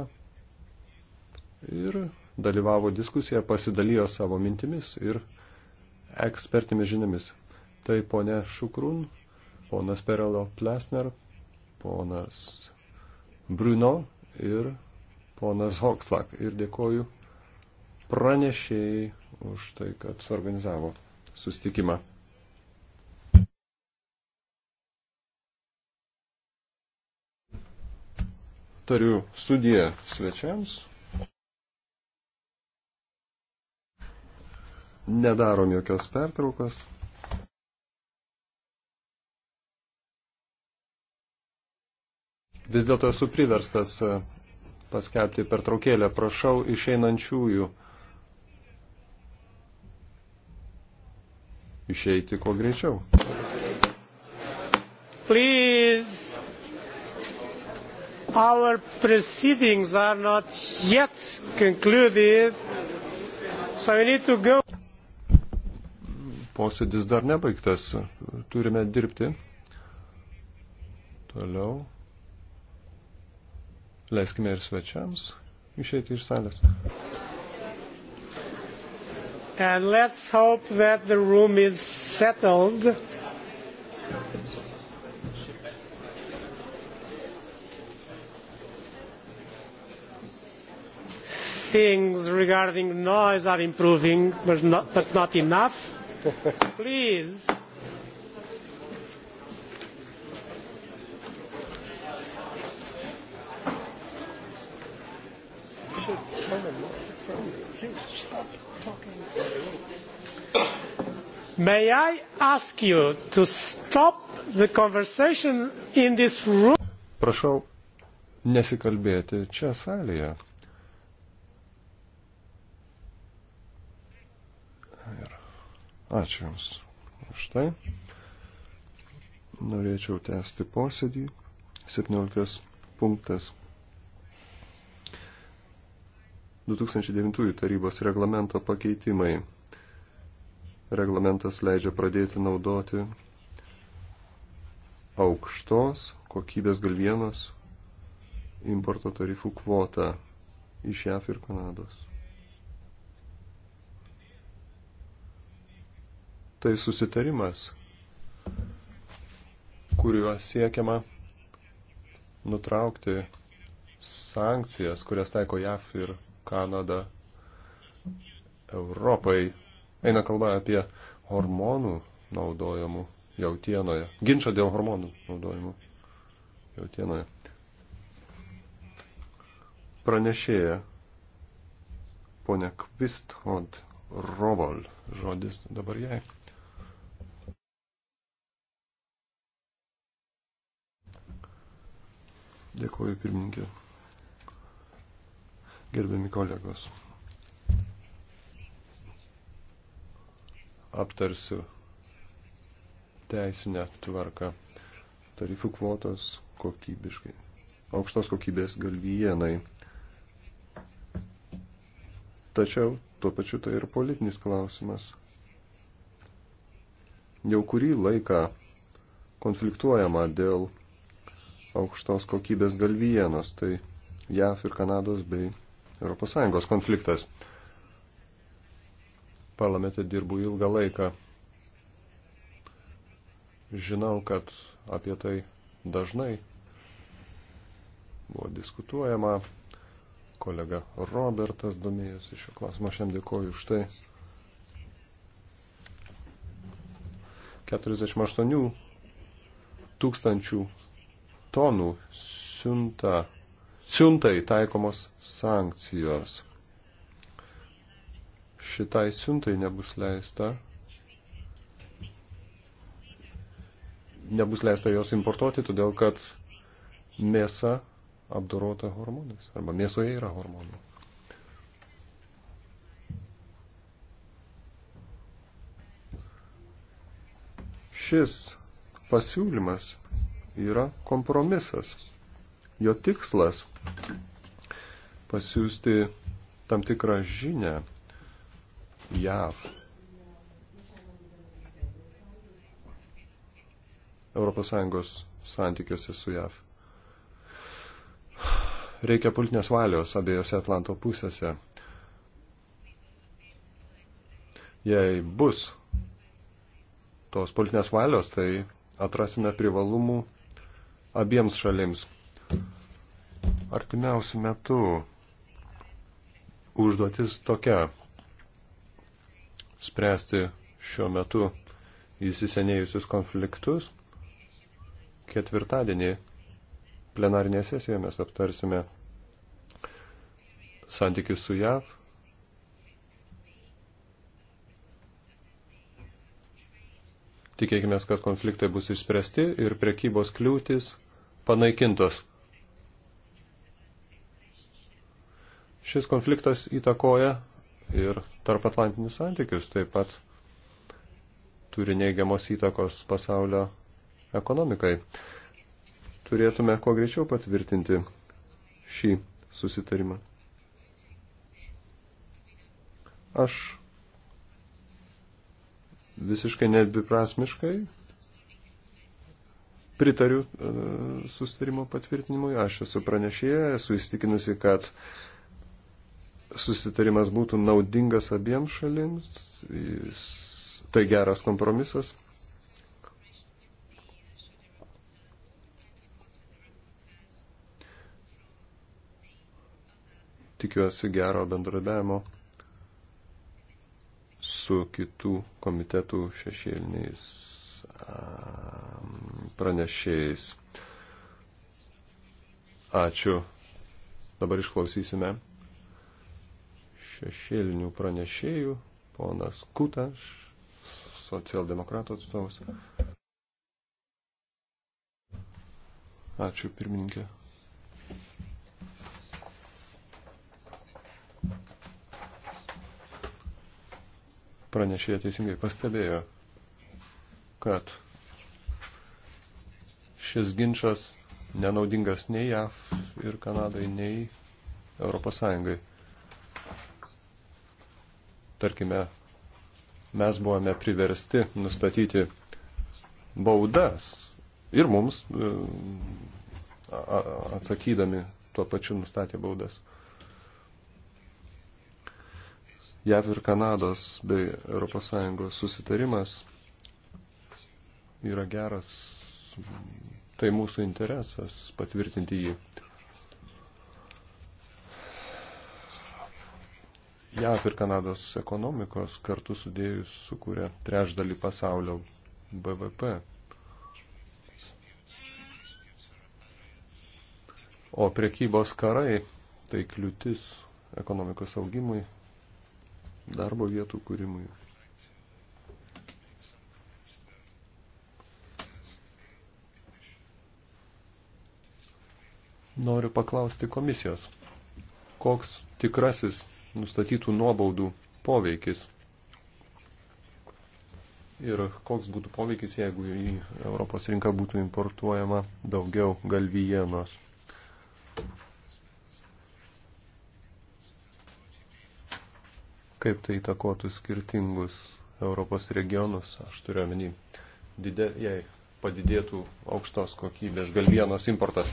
ir dalyvavo diskusiją, pasidalijo savo mintimis ir ekspertimis žiniomis. Tai ponė Šukrun, ponas Perelo Plesner, ponas Bruno ir ponas Hokstlak. Ir dėkoju pranešėjai už tai, kad suorganizavo sustikimą. Tariu sudie svečiams. Nedarom jokios pertraukos. Vis dėlto esu priverstas e, paskelbti pertraukėlę. Prašau išeinančiųjų išeiti kuo greičiau. Please. Our proceedings are not yet concluded, so we need to go. Posėdis dar nebaigtas, turime dirbti. Toliau. Leiskime ir svečiams išeiti iš salės. And let's hope that the room is settled. Things regarding noise are improving, but not, but not enough. Please. May I ask you to stop the conversation in this room? Prašau nesikalbėti čia salėje. Ir ačiū Jums už tai. Norėčiau tęsti posėdį. 17 punktas. 2009 tarybos reglamento pakeitimai reglamentas leidžia pradėti naudoti aukštos kokybės galvienos importo tarifų kvotą iš JAF ir Kanados. Tai susitarimas, kuriuo siekiama nutraukti sankcijas, kurias taiko JAF ir Kanada Europai Eina kalba apie hormonų naudojamų jautienoje. Ginčą dėl hormonų naudojimų jautienoje. Pranešėja ponia Kvistod Rovol. Žodis dabar jai. Dėkuoju pirmininkė. Gerbiami kolegos. aptarsiu teisinę tvarką. Tarifų kvotos kokybiškai. Aukštos kokybės galvijienai. Tačiau tuo pačiu tai ir politinis klausimas. Jau kurį laiką konfliktuojama dėl aukštos kokybės galvijienos, tai JAF ir Kanados bei ES konfliktas parlamente dirbu ilgą laiką. Žinau, kad apie tai dažnai buvo diskutuojama. Kolega Robertas domėjosi šio klausimo. Aš jam dėkoju už tai. 48 tūkstančių tonų siunta, siuntai taikomos sankcijos šitai siuntai nebus leista, nebus leista jos importuoti, todėl kad mėsa apdorota hormonais arba mėsoje yra hormonų. Šis pasiūlymas yra kompromisas. Jo tikslas pasiūsti tam tikrą žinę JAV. ES santykiuose su JAV. Reikia politinės valios abiejose Atlanto pusėse. Jei bus tos politinės valios, tai atrasime privalumų abiems šalims. Artimiausių metų užduotis tokia spręsti šiuo metu įsisenėjusius konfliktus. Ketvirtadienį plenarinėje sesijoje mes aptarsime santykius su JAV. Tikėkime, kad konfliktai bus išspręsti ir prekybos kliūtis panaikintos. Šis konfliktas įtakoja ir tarp atlantinius santykius taip pat turi neigiamos įtakos pasaulio ekonomikai. Turėtume kuo greičiau patvirtinti šį susitarimą. Aš visiškai nedviprasmiškai pritariu e, sustarimo patvirtinimui. Aš esu pranešėja, esu įstikinusi, kad uh, susitarimas būtų naudingas abiems šalims, jis, tai geras kompromisas. Tikiuosi gero bendradavimo su kitų komitetų šešėliniais pranešėjais. Ačiū. Dabar išklausysime šešėlinių pranešėjų, ponas Kutaš, socialdemokratų atstovas. Ačiū, pirmininkė. Pranešėja teisingai pastebėjo, kad šis ginčas nenaudingas nei JAV ir Kanadai, nei Europos Sąjungai. Tarkime, mes buvome priversti nustatyti baudas ir mums e, atsakydami tuo pačiu nustatė baudas. JAV ir Kanados bei ES susitarimas yra geras, tai mūsų interesas patvirtinti jį. JAV ir Kanados ekonomikos kartu sudėjus sukūrė trešdalį pasaulio BVP. O priekybos karai tai kliūtis ekonomikos augimui, darbo vietų kūrimui. Noriu paklausti komisijos, koks tikrasis nustatytų nuobaudų poveikis. Ir koks būtų poveikis, jeigu į Europos rinką būtų importuojama daugiau galvijienos. Kaip tai įtakotų skirtingus Europos regionus, aš turiu omeny, jei padidėtų aukštos kokybės galvienos importas.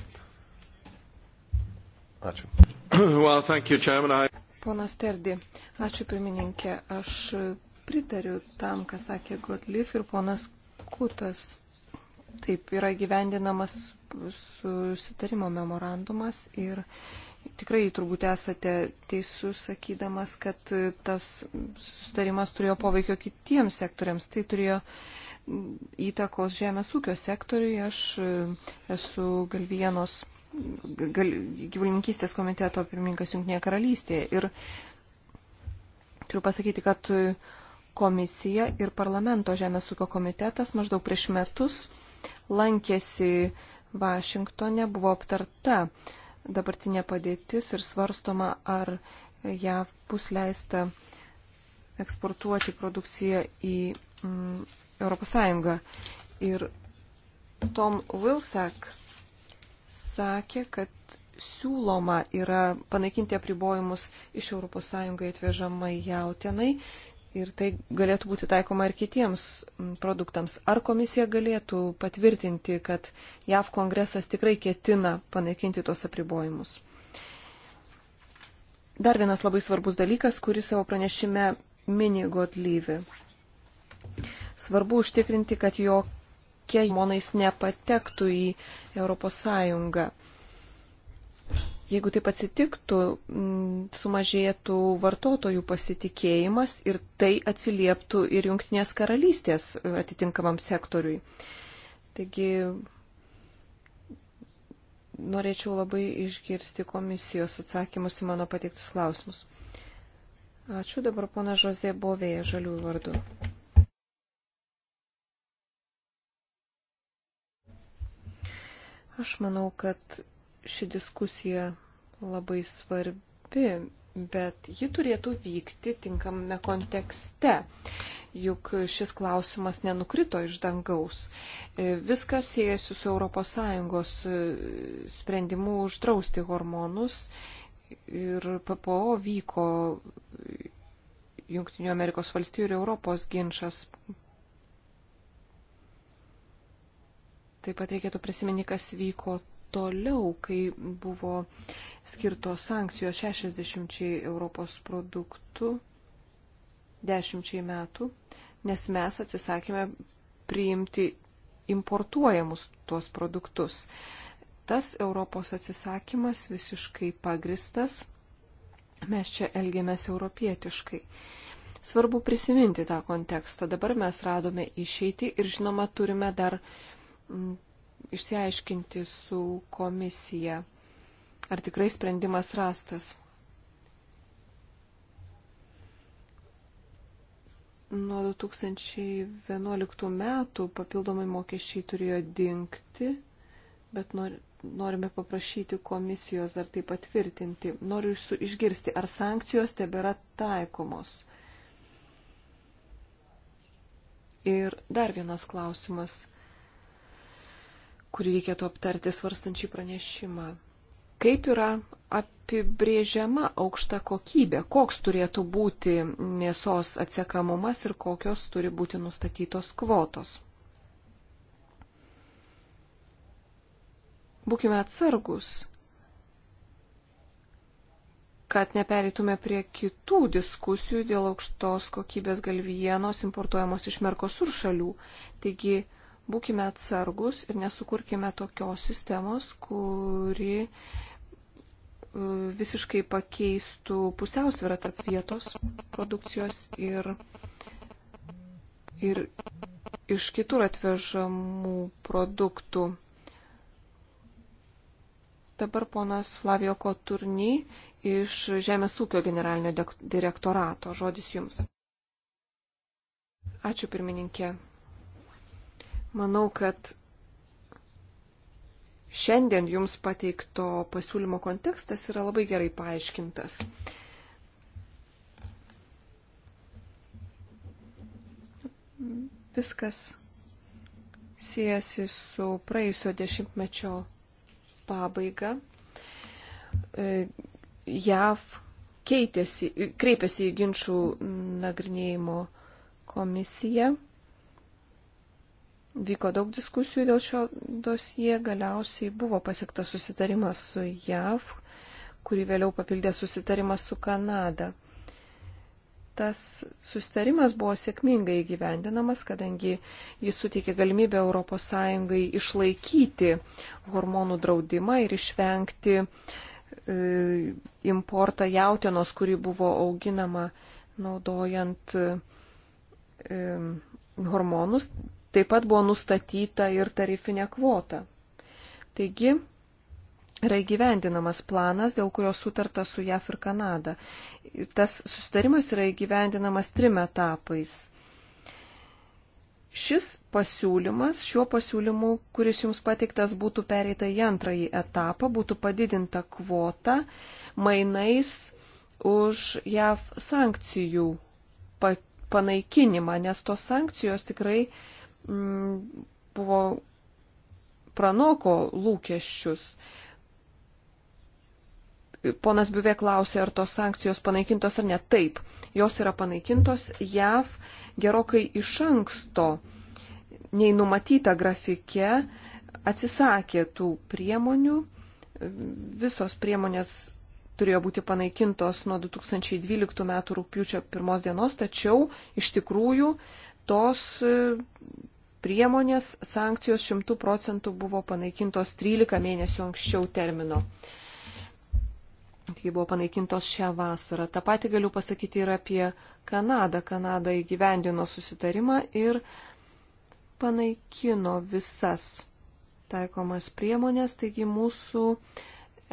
Ačiū. Well, thank you, Chairman. I... Ponas Terdi, ačiū pirmininkė. Aš pritariu tam, ką sakė Gotlif ir ponas Kutas. Taip yra gyvendinamas susitarimo memorandumas ir tikrai turbūt esate teisus, sakydamas, kad tas susitarimas turėjo poveikio kitiems sektoriams. Tai turėjo įtakos žemės ūkio sektoriui. Aš esu Galvienos gyvulininkystės komiteto pirmininkas Junktinėje karalystėje. Ir turiu pasakyti, kad komisija ir parlamento žemės ūkio komitetas maždaug prieš metus lankėsi Vašingtone, buvo aptarta dabartinė padėtis ir svarstoma, ar JAV bus leista eksportuoti produkciją į mm, ES. Ir Tom Vilsack sakė, kad siūloma yra panaikinti apribojimus iš ES atvežamai jautienai ir tai galėtų būti taikoma ir kitiems produktams. Ar komisija galėtų patvirtinti, kad JAV kongresas tikrai ketina panaikinti tos apribojimus? Dar vienas labai svarbus dalykas, kurį savo pranešime mini Godlyvi. Svarbu užtikrinti, kad jok jokie žmonais nepatektų į ES. Jeigu taip atsitiktų, mm, sumažėtų vartotojų pasitikėjimas ir tai atsilieptų ir Junktinės karalystės atitinkamam sektoriui. Taigi norėčiau labai išgirsti komisijos atsakymus į mano pateiktus klausimus. Ačiū dabar pana Žozė Bovėje žaliųjų vardu. Aš manau, kad ši diskusija labai svarbi, bet ji turėtų vykti tinkamame kontekste, juk šis klausimas nenukrito iš dangaus. E, viskas siejasi su ES e, sprendimu uždrausti hormonus ir PPO vyko Junktinių Amerikos valstybių ir Europos ginčas Taip pat reikėtų prisiminti, kas vyko toliau, kai buvo skirtos sankcijos 60 Europos produktų 10 metų, nes mes atsisakėme priimti importuojamus tuos produktus. Tas Europos atsisakymas visiškai pagristas. Mes čia elgiamės europietiškai. Svarbu prisiminti tą kontekstą. Dabar mes radome išeitį ir žinoma turime dar uh, išsiaiškinti su komisija, ar tikrai sprendimas rastas. Nuo 2011 metų papildomai mokesčiai turėjo dinkti, bet nor, norime paprašyti komisijos dar tai patvirtinti. Noriu išgirsti, ar sankcijos tebėra taikomos. Ir dar vienas klausimas kurį reikėtų aptarti svarstančiį pranešimą. Kaip yra apibrėžiama aukšta kokybė, koks turėtų būti mėsos atsiekamumas ir kokios turi būti nustatytos kvotos. Būkime atsargus, kad nepereitume prie kitų diskusijų dėl aukštos kokybės galvijienos importuojamos iš Merkosur šalių. Taigi būkime atsargus ir nesukurkime tokios sistemos, kuri e, visiškai pakeistų pusiausvyrą tarp vietos produkcijos ir, ir iš kitur atvežamų produktų. Dabar ponas Flavio Koturny iš Žemės ūkio generalinio direktorato. Žodis jums. Ačiū pirmininkė. Manau, kad šiandien jums pateikto pasiūlymo kontekstas yra labai gerai paaiškintas. Viskas siejasi su praėjusio dešimtmečio pabaiga. E, JAV keitėsi, kreipėsi į ginčių nagrinėjimo komisiją Vyko daug diskusijų dėl šio dosie, galiausiai buvo pasiektas susitarimas su JAV, kurį vėliau papildė susitarimas su Kanada. Tas susitarimas buvo sėkmingai įgyvendinamas, kadangi jis suteikė galimybę ES išlaikyti hormonų draudimą ir išvengti e, importą jautienos, kuri buvo auginama naudojant e, hormonus, Taip pat buvo nustatyta ir tarifinė kvota. Taigi, yra įgyvendinamas planas, dėl kurio sutarta su JAF ir Kanada. Tas susitarimas yra įgyvendinamas trim etapais. Šis pasiūlymas, šiuo pasiūlymu, kuris jums pateiktas, būtų pereita į antrąjį etapą, būtų padidinta kvota mainais už JAV sankcijų panaikinimą, nes tos sankcijos tikrai uh, Mm, buvo pranoko lūkesčius. Ponas Biuvė klausė, ar tos sankcijos panaikintos ar ne. Taip, jos yra panaikintos JAV gerokai iš anksto, nei numatyta grafike, atsisakė tų priemonių. Visos priemonės turėjo būti panaikintos nuo 2012 m. rūpiučio 1 dienos, tačiau iš tikrųjų tos priemonės sankcijos 100 procentų buvo panaikintos 13 mėnesių anksčiau termino. Tai buvo panaikintos šią vasarą. Ta pati galiu pasakyti ir apie Kanadą. Kanada įgyvendino susitarimą ir panaikino visas taikomas priemonės, taigi mūsų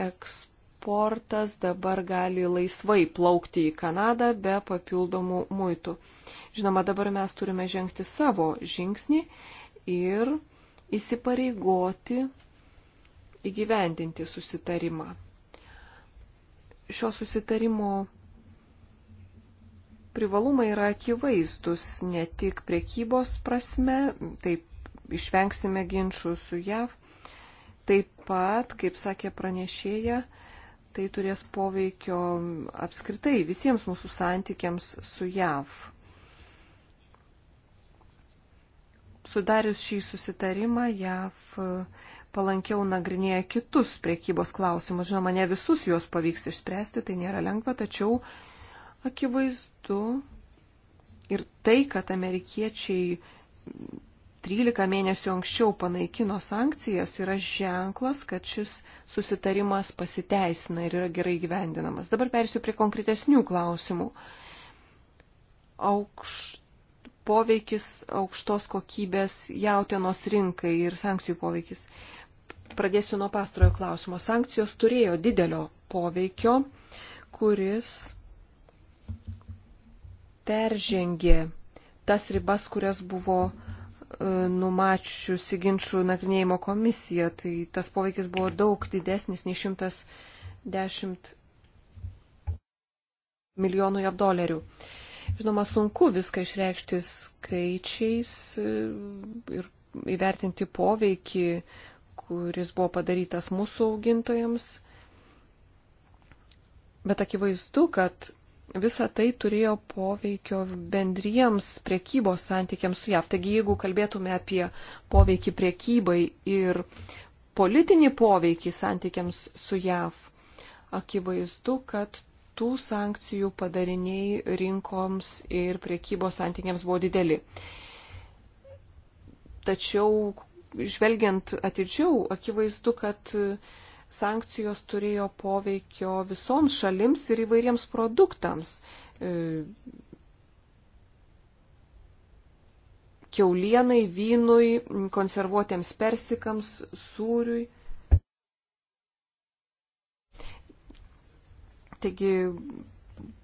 eks, transportas dabar gali laisvai plaukti į Kanadą be papildomų muitų. Žinoma, dabar mes turime žengti savo žingsnį ir įsipareigoti įgyvendinti susitarimą. Šio susitarimo privalumai yra akivaizdus ne tik priekybos prasme, taip išvengsime ginčių su JAV, taip pat, kaip sakė pranešėja, tai turės poveikio apskritai visiems mūsų santykiams su JAV. Sudarius šį susitarimą, JAV e, palankiau nagrinėja kitus priekybos klausimus. Žinoma, ne visus juos pavyks išspręsti, tai nėra lengva, tačiau akivaizdu ir tai, kad amerikiečiai 13 mėnesių anksčiau panaikino sankcijas, yra ženklas, kad šis susitarimas pasiteisina ir yra gerai gyvendinamas. Dabar persiu prie konkretesnių klausimų. Aukšt poveikis aukštos kokybės jautienos rinkai ir sankcijų poveikis. Pradėsiu nuo pastarojo klausimo. Sankcijos turėjo didelio poveikio, kuris peržengė tas ribas, kurias buvo E, numačiusi ginčių nagrinėjimo komisija, tai tas poveikis buvo daug didesnis nei 110 milijonų jav dolerių. Žinoma, sunku viską išreikšti skaičiais e, ir įvertinti poveikį, kuris buvo padarytas mūsų augintojams. Bet akivaizdu, kad visa tai turėjo poveikio bendriems priekybos santykiams su JAV. Taigi, jeigu kalbėtume apie poveikį priekybai ir politinį poveikį santykiams su JAV, akivaizdu, kad tų sankcijų padariniai rinkoms ir priekybos santykiams buvo dideli. Tačiau, žvelgiant atidžiau, akivaizdu, kad sankcijos turėjo poveikio visoms šalims ir įvairiems produktams. E, kiaulienai, vynui, konservuotiems persikams, sūriui. Taigi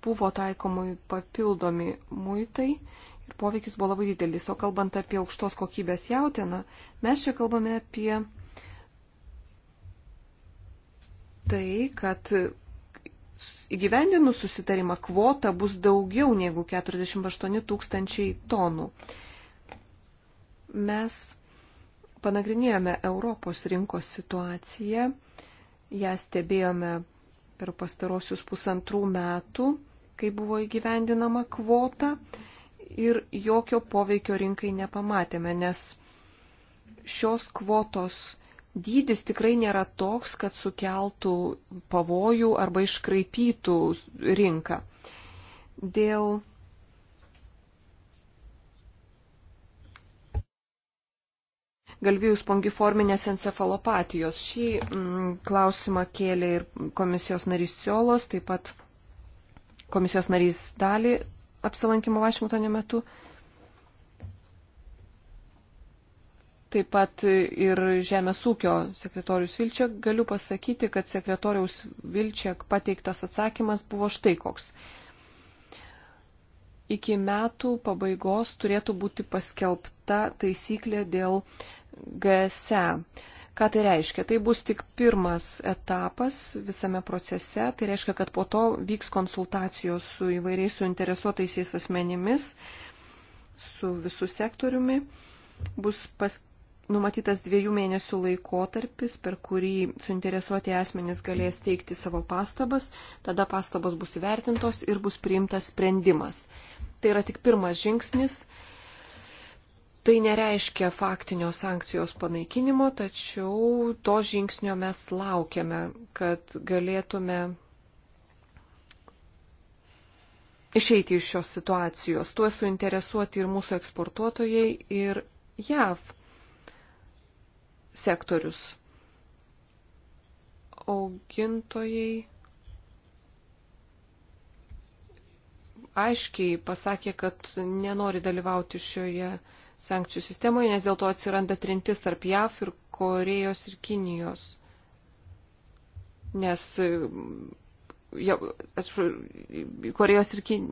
buvo taikomi papildomi muitai ir poveikis buvo labai didelis. O kalbant apie aukštos kokybės jautieną, mes čia kalbame apie tai, kad įgyvendinus susitarimą kvota bus daugiau negu 48 tūkstančiai tonų. Mes panagrinėjome Europos rinkos situaciją, ją stebėjome per pastarosius pusantrų metų, kai buvo įgyvendinama kvota ir jokio poveikio rinkai nepamatėme, nes šios kvotos dydis tikrai nėra toks, kad sukeltų pavojų arba iškraipytų rinką. Dėl galvijų spongiforminės encefalopatijos. Šį mm, klausimą kėlė ir komisijos narys Ciolos, taip pat komisijos narys Dali apsilankimo Vašingtonė metu. Mm, taip pat ir Žemės ūkio sekretorius Vilčiak, galiu pasakyti, kad sekretoriaus Vilčiak pateiktas atsakymas buvo štai koks. Iki metų pabaigos turėtų būti paskelbta taisyklė dėl GSE. Ką tai reiškia? Tai bus tik pirmas etapas visame procese. Tai reiškia, kad po to vyks konsultacijos su įvairiais suinteresuotaisiais asmenimis, su visų sektoriumi bus pas, numatytas dviejų mėnesių laikotarpis, per kurį suinteresuoti asmenys galės teikti savo pastabas, tada pastabos bus įvertintos ir bus priimtas sprendimas. Tai yra tik pirmas žingsnis. Tai nereiškia faktinio sankcijos panaikinimo, tačiau to žingsnio mes laukiame, kad galėtume išeiti iš šios situacijos. Tuo suinteresuoti ir mūsų eksportuotojai, ir JAV sektorius. Augintojai aiškiai pasakė, kad nenori dalyvauti šioje sankcijų sistemoje, nes dėl to atsiranda trintis tarp JAV ir Korejos ir Kinijos. Nes ja, atsiprašau, Korejos ir Kin...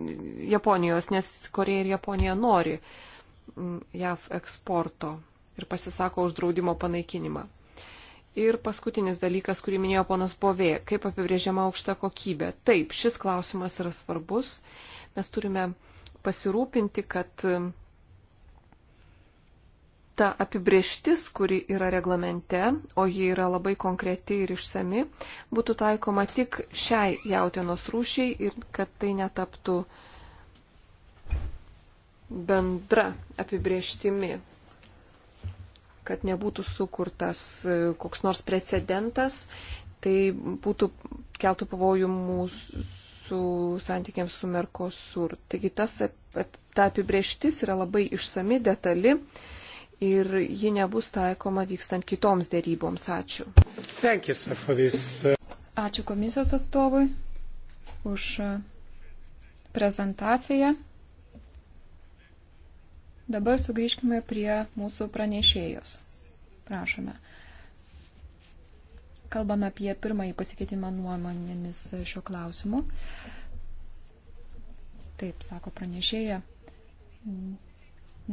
Japonijos, nes Koreja ir Japonija nori mm, JAV eksporto ir pasisako už draudimo panaikinimą. Ir paskutinis dalykas, kurį minėjo ponas Bovė, kaip apibrėžiama aukšta kokybė. Taip, šis klausimas yra svarbus. Mes turime pasirūpinti, kad um, ta apibrieštis, kuri yra reglamente, o ji yra labai konkreti ir išsami, būtų taikoma tik šiai jautienos rūšiai ir kad tai netaptų bendra apibrieštimi kad nebūtų sukurtas e, koks nors precedentas, tai būtų keltų pavojų mūsų santykiams su Merkosur. Taigi tas, ta apibrieštis yra labai išsami, detali ir ji nebus taikoma vykstant kitoms dėryboms. Ačiū. You, sir, uh, Ačiū komisijos atstovui už uh, prezentaciją. Dabar sugrįžkime prie mūsų pranešėjos. Prašome. Kalbame apie pirmąjį pasikeitimą nuomonėmis šio klausimu. Taip, sako pranešėja.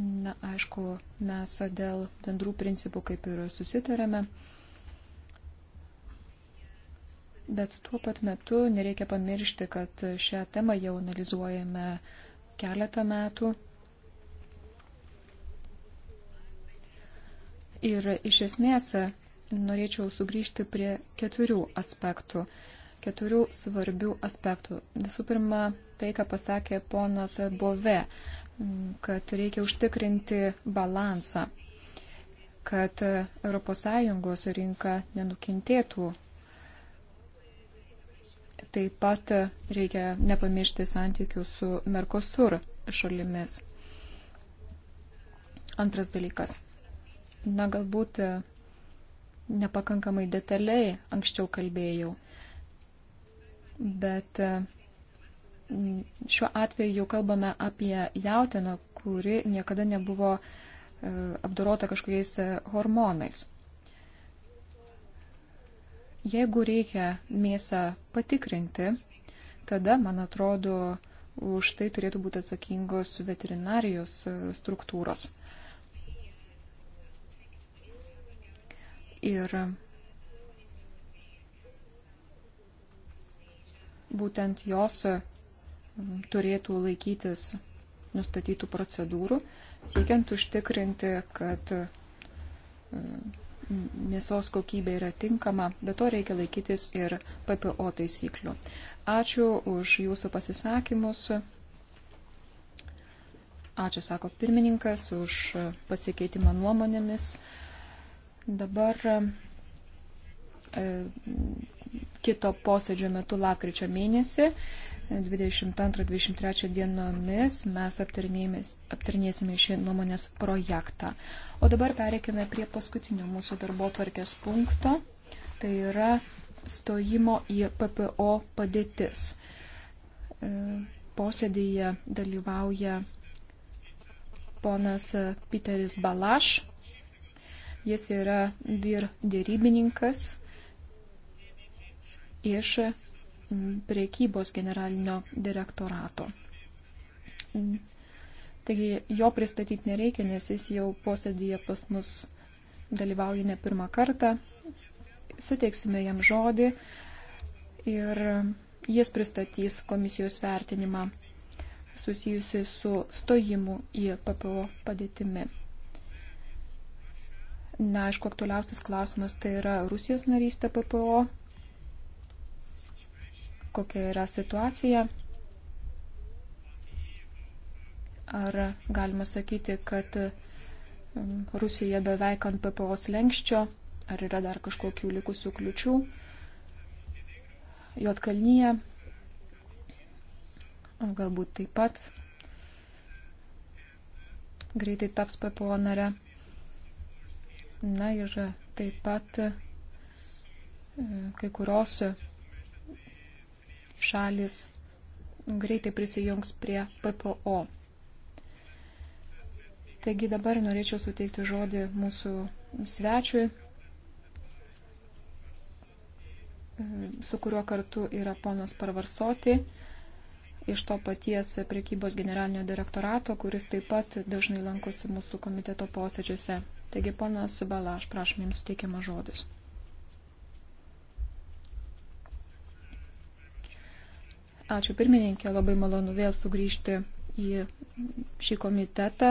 Na, aišku, mes dėl bendrų principų kaip ir susitarėme. Bet tuo pat metu nereikia pamiršti, kad šią temą jau analizuojame keletą metų Ir iš esmės e, norėčiau sugrįžti prie keturių aspektų, keturių svarbių aspektų. Visų pirma, tai, ką pasakė ponas Bove, kad reikia užtikrinti balansą, kad ES rinka nenukentėtų. Taip pat e, reikia nepamiršti santykių su Mercosur šalimis. Antras dalykas na galbūt e, nepakankamai detaliai anksčiau kalbėjau, bet e, šiuo atveju kalbame apie jautiną, kuri niekada nebuvo e, apdorota kažkokiais hormonais. Jeigu reikia mėsą patikrinti, tada, man atrodo, už tai turėtų būti atsakingos veterinarijos struktūros. Ir būtent jos mm, turėtų laikytis nustatytų procedūrų, siekiant užtikrinti, kad mm, mėsos kokybė yra tinkama, bet to reikia laikytis ir PPO taisyklių. Ačiū už jūsų pasisakymus. Ačiū, sako pirmininkas, už pasikeitimą nuomonėmis. Dabar e, kito posėdžio metu lakryčio mėnesį 22-23 dienomis mes aptarnėsime šį nuomonės projektą. O dabar pereikime prie paskutinio mūsų darbo tvarkės punkto. Tai yra stojimo į PPO padėtis. E, Posėdėje dalyvauja ponas Piteris Balaš, Jis yra ir dėrybininkas iš priekybos generalinio direktorato. Taigi jo pristatyti nereikia, nes jis jau posėdėje pas mus dalyvauja ne pirmą kartą. Suteiksime jam žodį ir jis pristatys komisijos vertinimą susijusi su stojimu į PPO padėtimi. Na, aišku, aktualiausias klausimas tai yra Rusijos narystė PPO. Kokia yra situacija? Ar galima sakyti, kad mm, Rusija beveik ant PPO slengščio? Ar yra dar kažkokių likusių kliučių? Jotkalnyje galbūt taip pat greitai taps PPO nare. Na ir taip pat e, kai kurios šalis greitai prisijungs prie PPO. Taigi dabar norėčiau suteikti žodį mūsų svečiui, e, su kuriuo kartu yra ponas Parvarsoti iš to paties prekybos generalinio direktorato, kuris taip pat dažnai lankosi mūsų komiteto posėdžiuose. Taigi, ponas Balaš, prašom jums suteikiamas žodis. Ačiū pirmininkė, labai malonu vėl sugrįžti į šį komitetą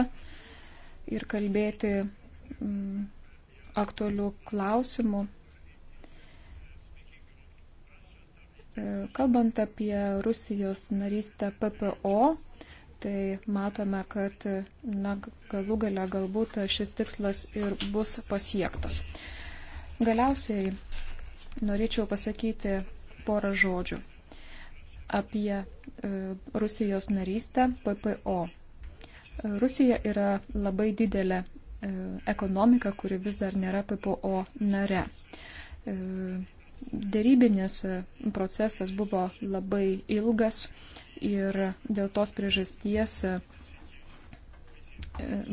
ir kalbėti m, mm, aktualių klausimų. E, kalbant apie Rusijos narystę PPO, tai matome, kad na, galų gale galbūt šis tikslas ir bus pasiektas. Galiausiai norėčiau pasakyti porą žodžių apie e, Rusijos narystę PPO. Rusija yra labai didelė e, ekonomika, kuri vis dar nėra PPO nare. E, Dėrybinis procesas buvo labai ilgas. E, Ir dėl tos priežasties e,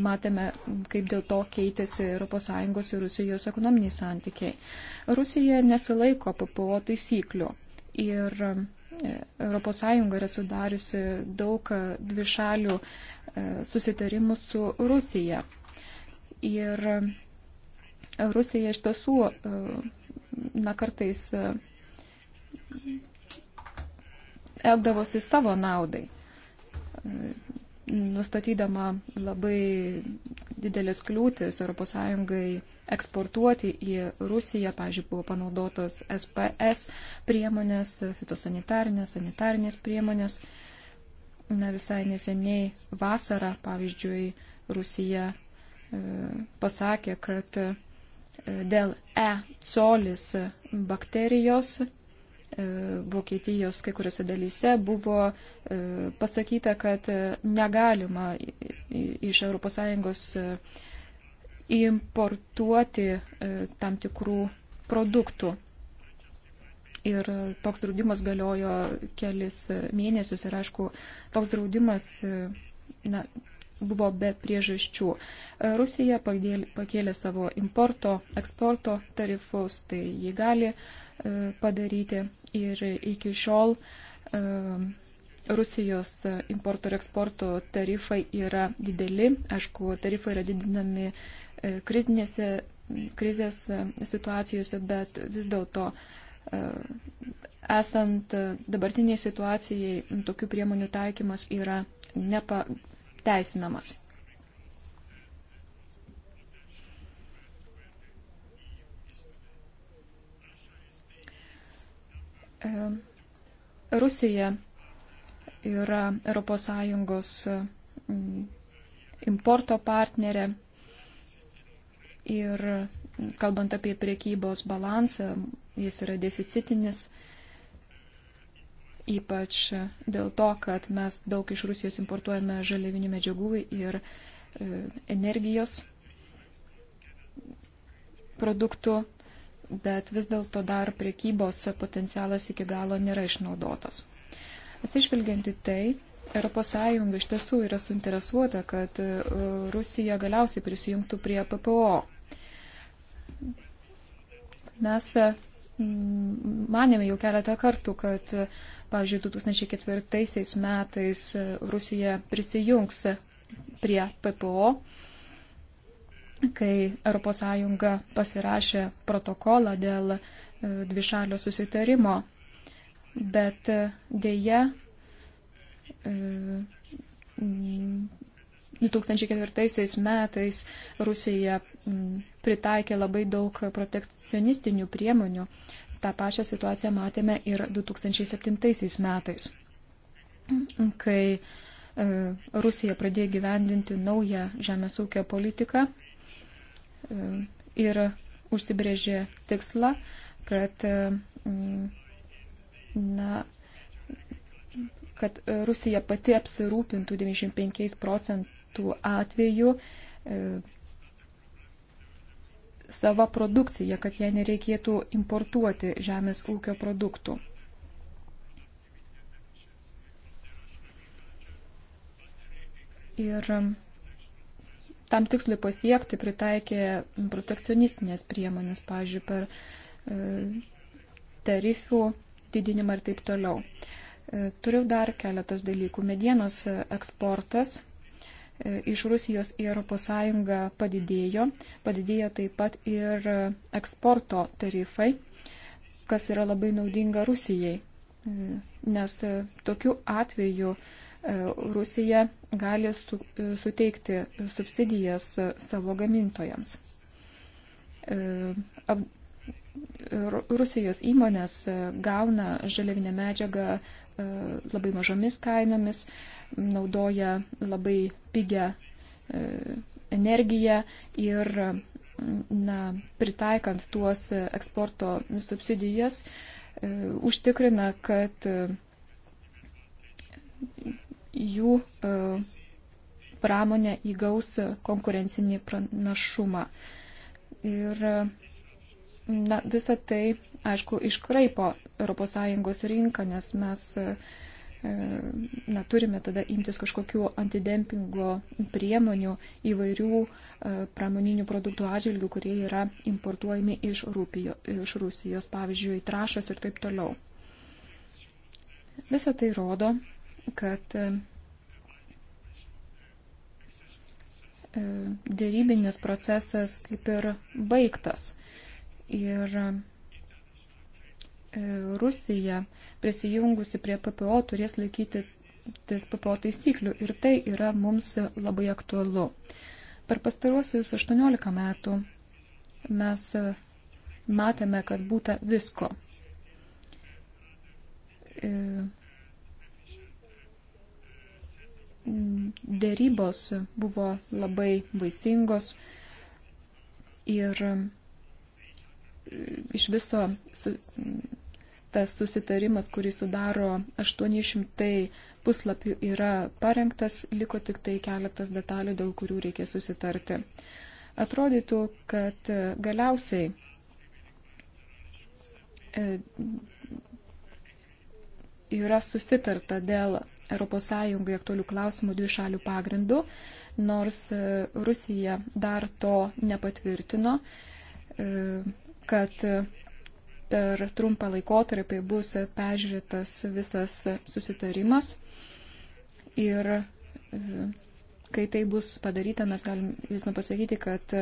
matėme, kaip dėl to keitėsi ES ir Rusijos ekonominiai santykiai. Rusija nesilaiko PPO taisyklių ir e, ES yra sudariusi daug e, dvišalių susitarimų su Rusija. Ir Rusija iš tiesų, na kartais elgdavosi savo naudai, nustatydama labai didelės kliūtis ES eksportuoti į Rusiją. Pavyzdžiui, buvo panaudotos SPS priemonės, fitosanitarinės, sanitarinės priemonės. Na, visai neseniai vasarą, pavyzdžiui, Rusija e, pasakė, kad e, dėl E. colis bakterijos e, E, Vokietijos kai kuriuose dalyse buvo e, pasakyta, kad negalima iš ES e, importuoti tam tikrų produktų. Ir toks draudimas galiojo kelis mėnesius ir, aišku, toks draudimas na, buvo be priežasčių. Rusija pakėlė savo importo, eksporto tarifus, tai jį gali uh, E, padaryti ir iki šiol e, Rusijos importo ir eksporto tarifai yra dideli. Aišku, tarifai yra didinami e, krizinėse, krizės situacijose, bet vis dėlto esant dabartiniai situacijai, tokių priemonių taikymas yra nepateisinamas. E, Rusija yra ES importo partnerė ir kalbant apie priekybos balansą, jis yra deficitinis, ypač dėl to, kad mes daug iš Rusijos importuojame žaliavinių medžiagų ir e, energijos produktų bet vis dėlto dar priekybos potencialas iki galo nėra išnaudotas. Atsižvelgiant į tai, ES iš tiesų yra suinteresuota, kad e, Rusija galiausiai prisijungtų prie PPO. Mes e, manėme jau keletą kartų, kad, pavyzdžiui, 2004 metais e, Rusija prisijungs prie PPO kai ES pasirašė protokolą dėl e, dvišalio susitarimo. Bet e, dėja 2004 e, metais Rusija pritaikė labai daug protekcionistinių priemonių. Ta pačią situaciją matėme ir 2007 metais, kai Rusija pradėjo gyvendinti naują žemės ūkio politiką ir užsibrėžė tikslą, kad, mm, na, kad Rusija pati apsirūpintų 95 procentų atveju e, savo produkciją, kad jai nereikėtų importuoti žemės ūkio produktų. Ir tam tikslui pasiekti pritaikė protekcionistinės priemonės, pavyzdžiui, per e, tarifų didinimą ir taip toliau. E, turiu dar keletas dalykų. Medienos eksportas e, iš Rusijos į ES padidėjo, padidėjo taip pat ir eksporto tarifai, kas yra labai naudinga Rusijai, nes tokiu atveju uh, E, Rusija gali su, e, suteikti subsidijas savo gamintojams. E, ab, Rusijos įmonės gauna žaliavinę medžiagą labai mažomis kainomis, naudoja labai pigią energiją ir na, pritaikant tuos eksporto subsidijas, užtikrina, kad jų e, pramonė įgaus konkurencinį pranašumą. Ir na, visa tai, aišku, iškraipo ES rinką, nes mes e, na, turime tada imtis kažkokių antidempingo priemonių įvairių e, pramoninių produktų atžvilgių, kurie yra importuojami iš, Rūpijo, iš Rusijos, pavyzdžiui, trašos ir taip toliau. Visa tai rodo, kad e, e, dėrybinis procesas kaip ir baigtas. Ir e, Rusija prisijungusi prie PPO turės laikyti ties PPO taisyklių ir tai yra mums labai aktualu. Per pastaruosius 18 metų mes matėme, kad būta visko. Mm, dėrybos buvo labai vaisingos ir mm, iš viso su, mm, tas susitarimas, kurį sudaro 800 puslapių, yra parengtas, liko tik tai keletas detalių, dėl kurių reikia susitarti. Atrodytų, kad e, galiausiai e, yra susitarta dėl ES aktualių klausimų dvi šalių pagrindų, nors e, Rusija dar to nepatvirtino, e, kad per trumpą laikotarpį bus peržiūrėtas visas susitarimas ir e, kai tai bus padaryta, mes galime pasakyti, kad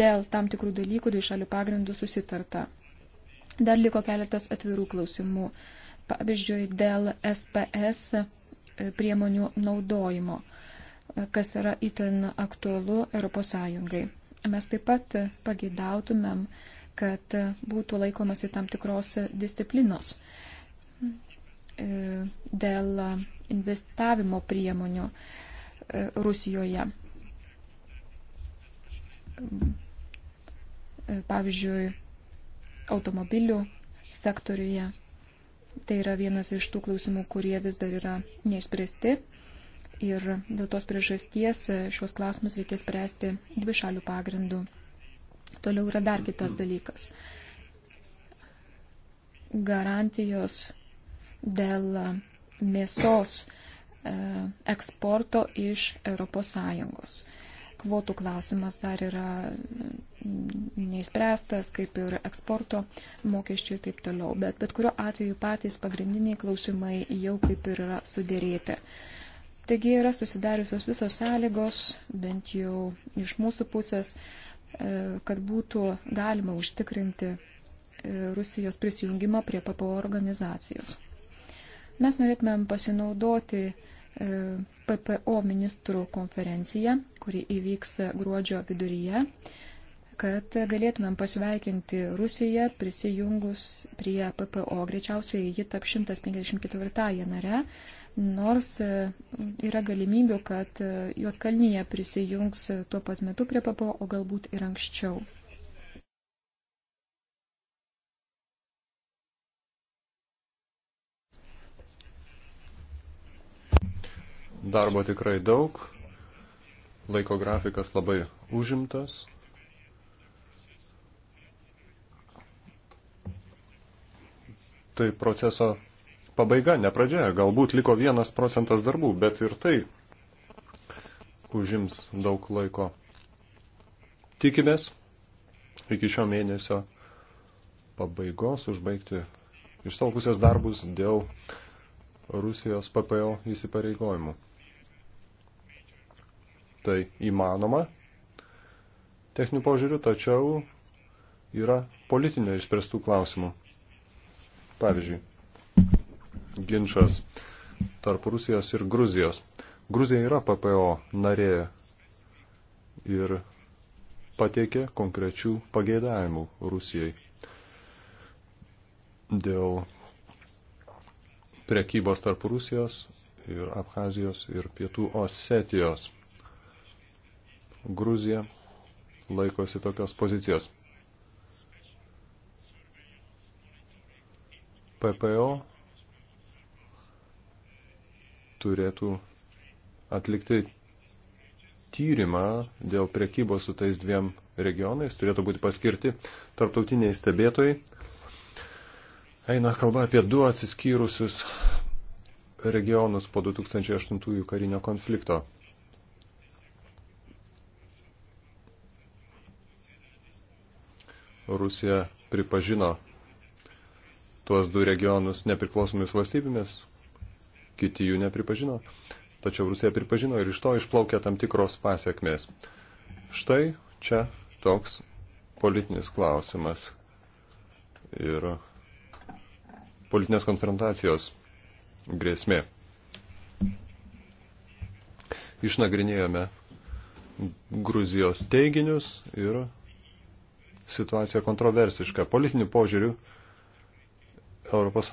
dėl tam tikrų dalykų dvišalių pagrindų susitarta. Dar liko keletas atvirų klausimų pavyzdžiui, dėl SPS e, priemonių naudojimo, e, kas yra itin aktualu ES. Mes taip pat pagėdautumėm, kad būtų laikomasi tam tikros disciplinos e, dėl investavimo priemonių Rusijoje. Pavyzdžiui, automobilių sektoriuje Tai yra vienas iš tų klausimų, kurie vis dar yra neišspręsti. Ir dėl tos priežasties šios klausimus reikės spręsti dvi šalių pagrindų. Toliau yra dar kitas dalykas. Garantijos dėl mėsos e, eksporto iš ES. Kvotų klausimas dar yra mm, neįspręstas, kaip ir eksporto mokesčių ir taip toliau. Bet bet kuriuo atveju patys pagrindiniai klausimai jau kaip ir yra sudėrėti. Taigi yra susidariusios visos sąlygos, bent jau iš mūsų pusės, e, kad būtų galima užtikrinti e, Rusijos prisijungimą prie PPO organizacijos. Mes norėtumėm pasinaudoti uh, PPO ministrų konferenciją, kuri įvyks gruodžio viduryje, kad galėtumėm pasveikinti Rusiją prisijungus prie PPO. Greičiausiai ji tap 154 nare, nors e, yra galimybių, kad e, Jotkalnyje prisijungs tuo pat metu prie PPO, o galbūt ir anksčiau. Darbo tikrai daug, laiko grafikas labai užimtas. Tai proceso pabaiga, ne pradžia. Galbūt liko vienas procentas darbų, bet ir tai užims daug laiko. Tikimės iki šio mėnesio pabaigos užbaigti iš savo pusės darbus dėl Rusijos PPO įsipareigojimų. Tai įmanoma techninių požiūrių, tačiau yra politinio išspręstų klausimų. Pavyzdžiui, ginčas tarp Rusijos ir Gruzijos. Gruzija yra PPO narė ir pateikė konkrečių pageidavimų Rusijai dėl prekybos tarp Rusijos ir Abhazijos ir Pietų Osetijos. Gruzija laikosi tokios pozicijos. PPO turėtų atlikti tyrimą dėl priekybos su tais dviem regionais, turėtų būti paskirti tarptautiniai stebėtojai Eina kalba apie du atsiskyrusius regionus po 2008 karinio konflikto. Rusija pripažino tuos du regionus nepriklausomis valstybėmis, kiti jų nepripažino, tačiau Rusija pripažino ir iš to išplaukė tam tikros pasiekmės. Štai čia toks politinis klausimas. Ir politinės konfrontacijos grėsmė. Išnagrinėjome Gruzijos teiginius ir situacija kontroversiška. Politiniu požiūriu ES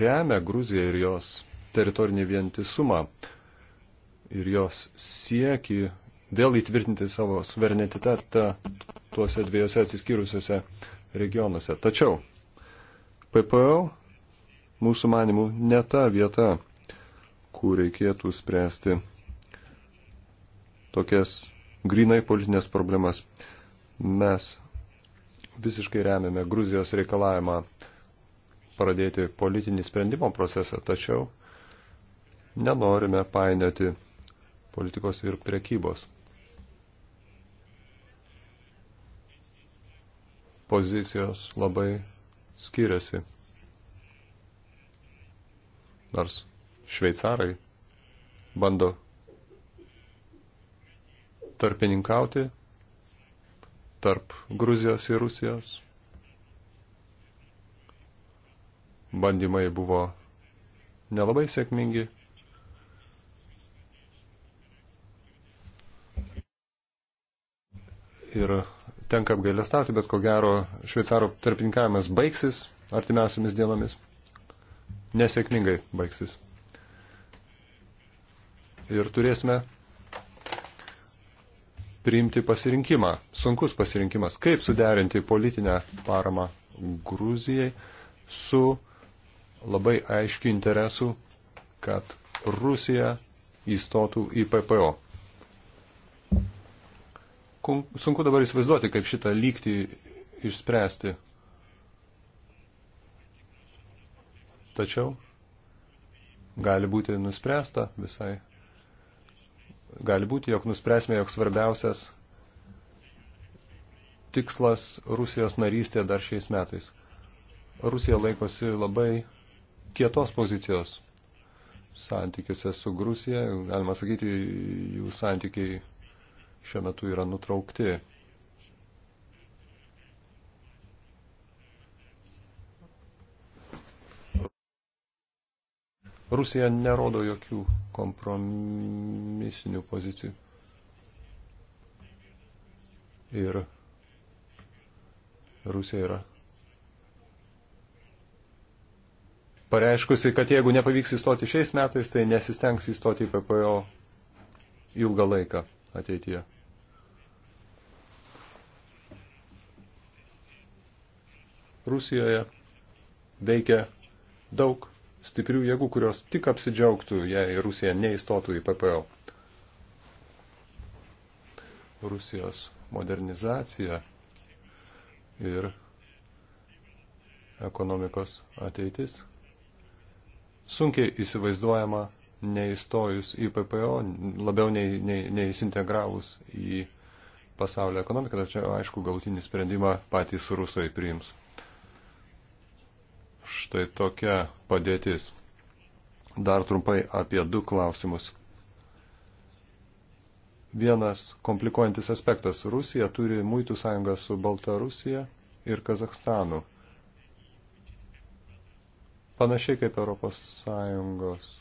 remia Gruziją ir jos teritorinį vientisumą ir jos sieki vėl įtvirtinti savo suverenitetą tuose dviejose atsiskyrusiuose regionuose. Tačiau PPO mūsų manimų ne ta vieta, kur reikėtų spręsti tokias grinai politinės problemas. Mes visiškai remiame Gruzijos reikalavimą pradėti politinį sprendimo procesą, tačiau nenorime painioti politikos ir prekybos. Pozicijos labai skiriasi. Nors šveicarai bando tarpininkauti tarp Gruzijos ir Rusijos. Bandymai buvo nelabai sėkmingi. Ir tenka apgailestauti, bet ko gero šveicaro tarpininkavimas baigsis artimiausiamis dienomis. Nesėkmingai baigsis. Ir turėsime priimti pasirinkimą, sunkus pasirinkimas, kaip suderinti politinę paramą Gruzijai su labai aiškiu interesu, kad Rusija įstotų į PPO sunku dabar įsivaizduoti, kaip šitą lygtį išspręsti. Tačiau gali būti nuspręsta visai. Gali būti, jog nuspręsime, jog svarbiausias tikslas Rusijos narystė dar šiais metais. Rusija laikosi labai kietos pozicijos santykiuose su Grusija. Galima sakyti, jų santykiai šiuo metu yra nutraukti. Rusija nerodo jokių kompromisinių pozicijų. Ir Rusija yra pareiškusi, kad jeigu nepavyks įstoti šiais metais, tai nesistengs įstoti į PPO ilgą laiką ateityje. Rusijoje veikia daug stiprių jėgų, kurios tik apsidžiaugtų, jei Rusija neįstotų į PPO. Rusijos modernizacija ir ekonomikos ateitis sunkiai įsivaizduojama neįstojus į PPO, labiau nei, nei, neįsintegravus į pasaulio ekonomiką, tačiau aišku, galutinį sprendimą patys rusai priims. Štai tokia padėtis. Dar trumpai apie du klausimus. Vienas komplikuojantis aspektas. Rusija turi muitų sąjungą su Baltarusija ir Kazakstanu. Panašiai kaip Europos Sąjungos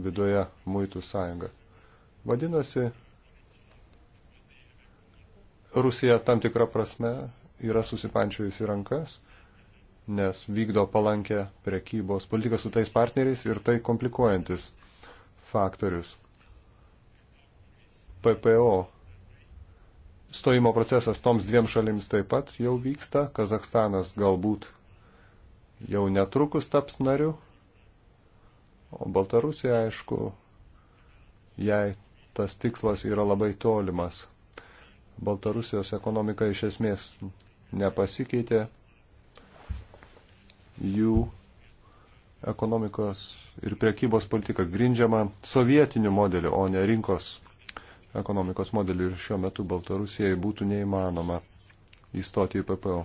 viduje muitų sąjunga. Vadinasi, Rusija tam tikrą prasme yra susipančiojusi rankas, nes vykdo palankę prekybos politiką su tais partneriais ir tai komplikuojantis faktorius. PPO stojimo procesas toms dviem šalims taip pat jau vyksta. Kazakstanas galbūt jau netrukus taps nariu O Baltarusija, aišku, jai tas tikslas yra labai tolimas. Baltarusijos ekonomika iš esmės nepasikeitė, jų ekonomikos ir priekybos politika grindžiama sovietiniu modeliu, o ne rinkos ekonomikos modeliu ir šiuo metu Baltarusijai būtų neįmanoma įstoti į PPO.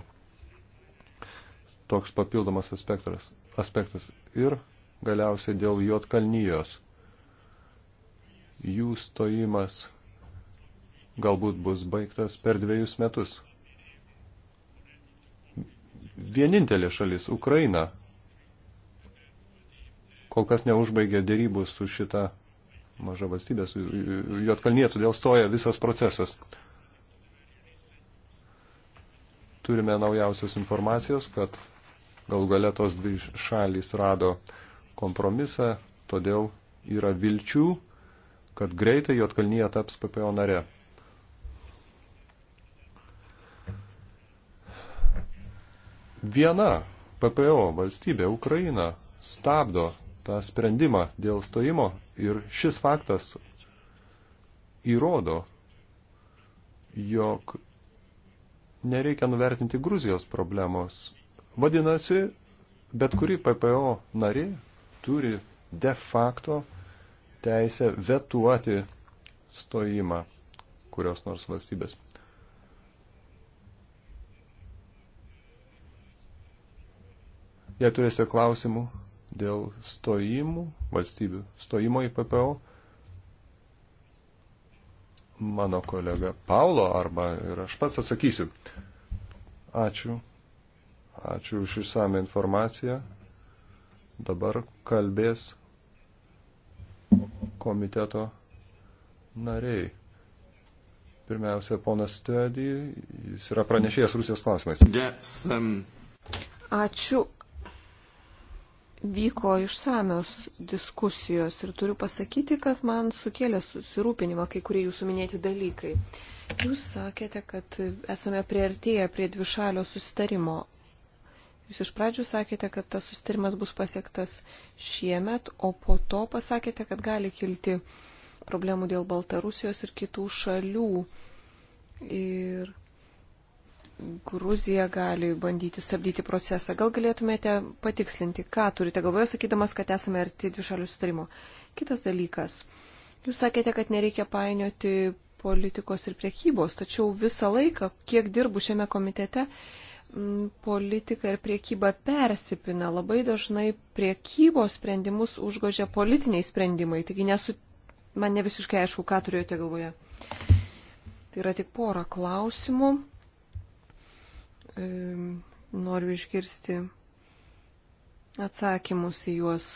Toks papildomas aspektas. aspektas. Ir galiausiai dėl Jotkalnyjos. Jų stojimas galbūt bus baigtas per dviejus metus. Vienintelė šalis - Ukraina. Kol kas neužbaigė dėrybų su šita maža valstybė, su Jotkalnyje, todėl stoja visas procesas. Turime naujausios informacijos, kad gal gale tos dvi šalys rado kompromisą, todėl yra vilčių, kad greitai Jotkalnyje taps PPO nare. Viena PPO valstybė Ukraina stabdo tą sprendimą dėl stojimo ir šis faktas įrodo, jog nereikia nuvertinti Gruzijos problemos. Vadinasi, bet kuri PPO narė turi de facto teisę vetuoti stojimą kurios nors valstybės. Jei turėsite klausimų dėl stojimų, valstybių stojimo į PPO, mano kolega Paulo arba ir aš pats atsakysiu. Ačiū. Ačiū už išsame informaciją. Dabar kalbės komiteto nariai. Pirmiausia, ponas Stedį, jis yra pranešėjas Rusijos klausimais. Yes, um... Ačiū. Vyko išsamios diskusijos ir turiu pasakyti, kad man sukėlė susirūpinimą kai kurie jūsų minėti dalykai. Jūs sakėte, kad esame prieartėję prie dvišalio susitarimo. Jūs iš pradžių sakėte, kad tas sustarimas bus pasiektas šiemet, o po to pasakėte, kad gali kilti problemų dėl Baltarusijos ir kitų šalių. Ir Gruzija gali bandyti stabdyti procesą. Gal galėtumėte patikslinti, ką turite galvoje, sakydamas, kad esame arti dvišalių sustarimo. Kitas dalykas. Jūs sakėte, kad nereikia painioti politikos ir priekybos, tačiau visą laiką, kiek dirbu šiame komitete, politika ir priekyba persipina. Labai dažnai priekybos sprendimus užgožia politiniai sprendimai. Taigi nesu, man ne visiškai aišku, ką turėjote galvoje. Tai yra tik pora klausimų. Noriu išgirsti atsakymus į juos.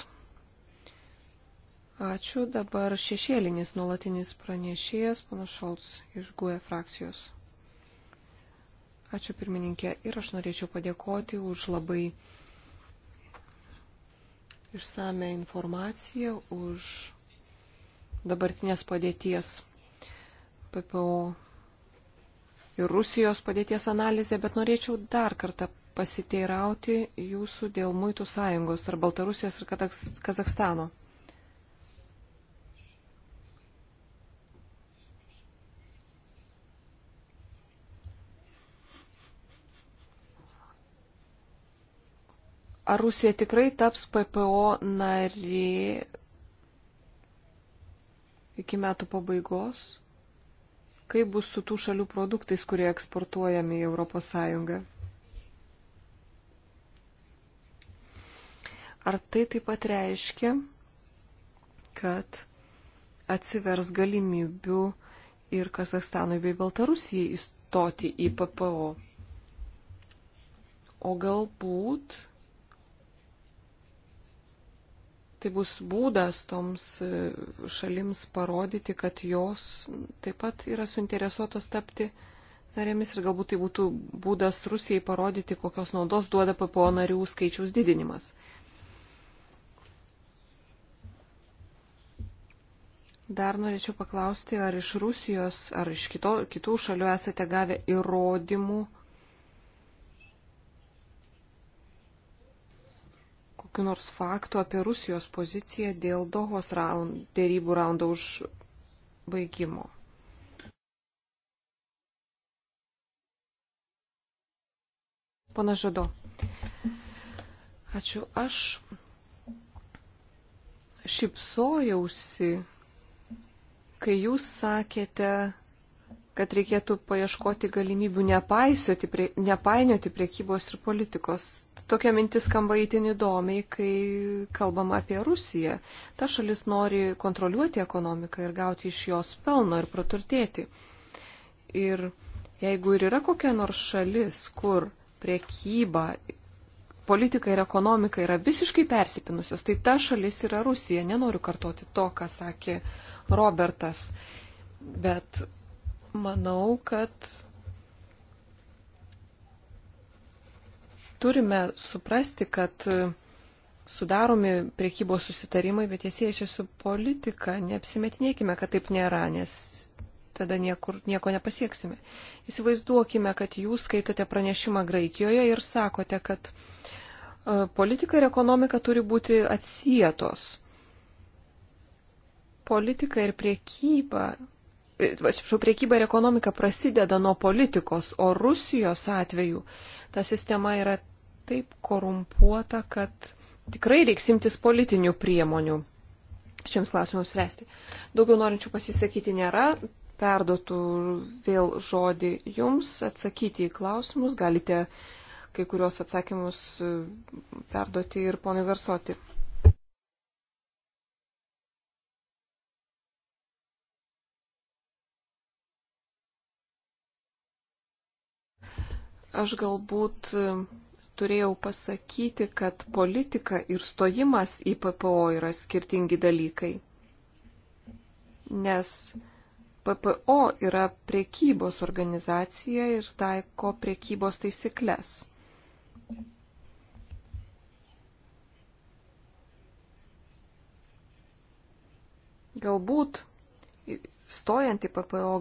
Ačiū. Dabar šešėlinis nuolatinis pranešėjas, panašalts iš GUE frakcijos. Ačiū pirmininkė ir aš norėčiau padėkoti už labai išsame informaciją, už dabartinės padėties PPO ir Rusijos padėties analizę, bet norėčiau dar kartą pasiteirauti jūsų dėl muitų sąjungos ar Baltarusijos ir Kazakstano. ar Rusija tikrai taps PPO narė iki metų pabaigos? Kaip bus su tų šalių produktais, kurie eksportuojami į Europos Sąjungą? Ar tai taip pat reiškia, kad atsivers galimybių ir Kazakstanui bei Baltarusijai įstoti į PPO? O galbūt tai bus būdas toms e, šalims parodyti, kad jos taip pat yra suinteresuotos tapti narėmis ir galbūt tai būtų būdas Rusijai parodyti, kokios naudos duoda PPO narių skaičiaus didinimas. Dar norėčiau paklausti, ar iš Rusijos, ar iš kito, kitų šalių esate gavę įrodymų, kokiu nors faktu apie Rusijos poziciją dėl Dohos raund, dėrybų raundo užbaigimo? Pana Žado. Ačiū. Aš šipsojausi, kai jūs sakėte kad reikėtų paieškoti galimybių prie, nepainioti priekybos ir politikos. Tokia mintis skamba įtin įdomiai, kai kalbam apie Rusiją. Ta šalis nori kontroliuoti ekonomiką ir gauti iš jos pelno ir praturtėti. Ir jeigu ir yra kokia nors šalis, kur priekyba, politika ir ekonomika yra visiškai persipinusios, tai ta šalis yra Rusija. Nenoriu kartoti to, ką sakė Robertas. Bet manau, kad turime suprasti, kad sudaromi priekybos susitarimai, bet jie siejasi su politika. Neapsimetinėkime, kad taip nėra, nes tada niekur, nieko nepasieksime. Įsivaizduokime, kad jūs skaitote pranešimą Graikijoje ir sakote, kad e, politika ir ekonomika turi būti atsietos. Politika ir priekyba atsiprašau, priekyba ir ekonomika prasideda nuo politikos, o Rusijos atveju ta sistema yra taip korumpuota, kad tikrai reiks imtis politinių priemonių šiems klausimams spręsti. Daugiau norinčių pasisakyti nėra, perduotų vėl žodį jums, atsakyti į klausimus, galite kai kurios atsakymus perduoti ir ponui Garsoti. Aš galbūt e, turėjau pasakyti, kad politika ir stojimas į PPO yra skirtingi dalykai. Nes PPO yra priekybos organizacija ir taiko priekybos taisyklės. Galbūt stojant į PPO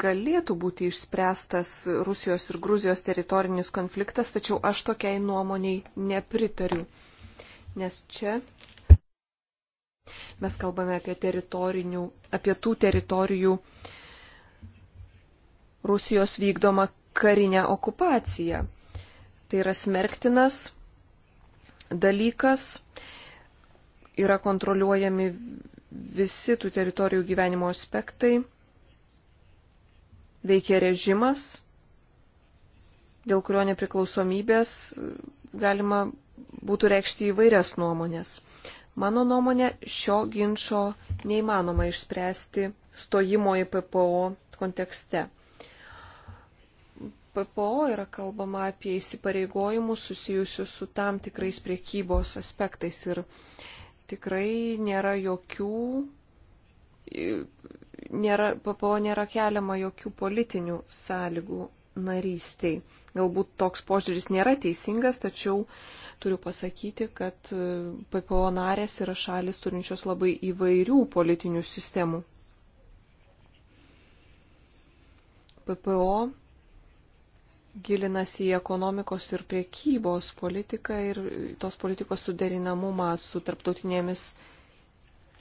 galėtų būti išspręstas Rusijos ir Gruzijos teritorinis konfliktas, tačiau aš tokiai nuomoniai nepritariu. Nes čia mes kalbame apie, apie tų teritorijų Rusijos vykdomą karinę okupaciją. Tai yra smerktinas dalykas, yra kontroliuojami visi tų teritorijų gyvenimo aspektai veikia režimas, dėl kurio nepriklausomybės galima būtų reikšti įvairias nuomonės. Mano nuomonė, šio ginčio neįmanoma išspręsti stojimo į PPO kontekste. PPO yra kalbama apie įsipareigojimus susijusius su tam tikrais priekybos aspektais ir tikrai nėra jokių nėra, PPO nėra keliama jokių politinių sąlygų narystiai. Galbūt toks požiūris nėra teisingas, tačiau turiu pasakyti, kad e, PPO narės yra šalis turinčios labai įvairių politinių sistemų. PPO gilinasi į ekonomikos ir priekybos politiką ir tos politikos suderinamumą su tarptautinėmis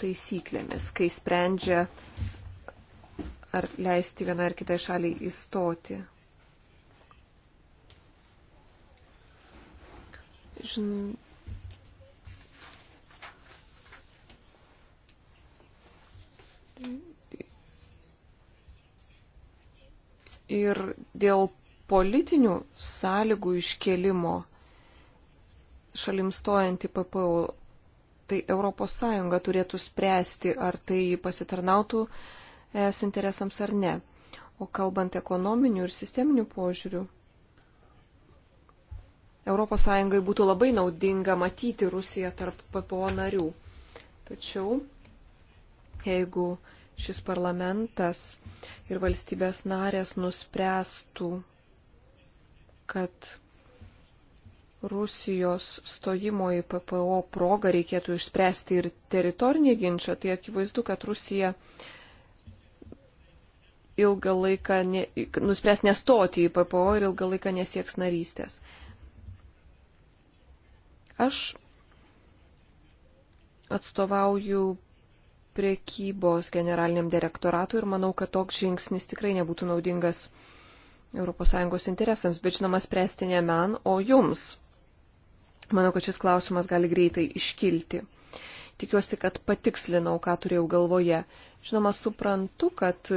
taisyklėmis, kai sprendžia ar leisti vienai ar kitai šaliai įstoti. Žin... Ir dėl politinių sąlygų iškelimo šalims stojant į PPO, tai ES turėtų spręsti, ar tai pasitarnautų uh, es interesams ar ne. O kalbant ekonominių ir sisteminių požiūrių, ES būtų labai naudinga matyti Rusiją tarp PPO narių. Tačiau jeigu šis parlamentas ir valstybės narės nuspręstų, kad Rusijos stojimo į PPO progą reikėtų išspręsti ir teritorinį ginčą, tai akivaizdu, kad Rusija uh, ilgą laiką ne, nuspręs nestoti į PPO ir ilgą laiką nesieks narystės. Aš atstovauju priekybos generaliniam direktoratui ir manau, kad toks žingsnis tikrai nebūtų naudingas ES interesams, bet žinoma, spręsti ne man, o jums. Manau, kad šis klausimas gali greitai iškilti. Tikiuosi, kad patikslinau, ką turėjau galvoje. Žinoma, suprantu, kad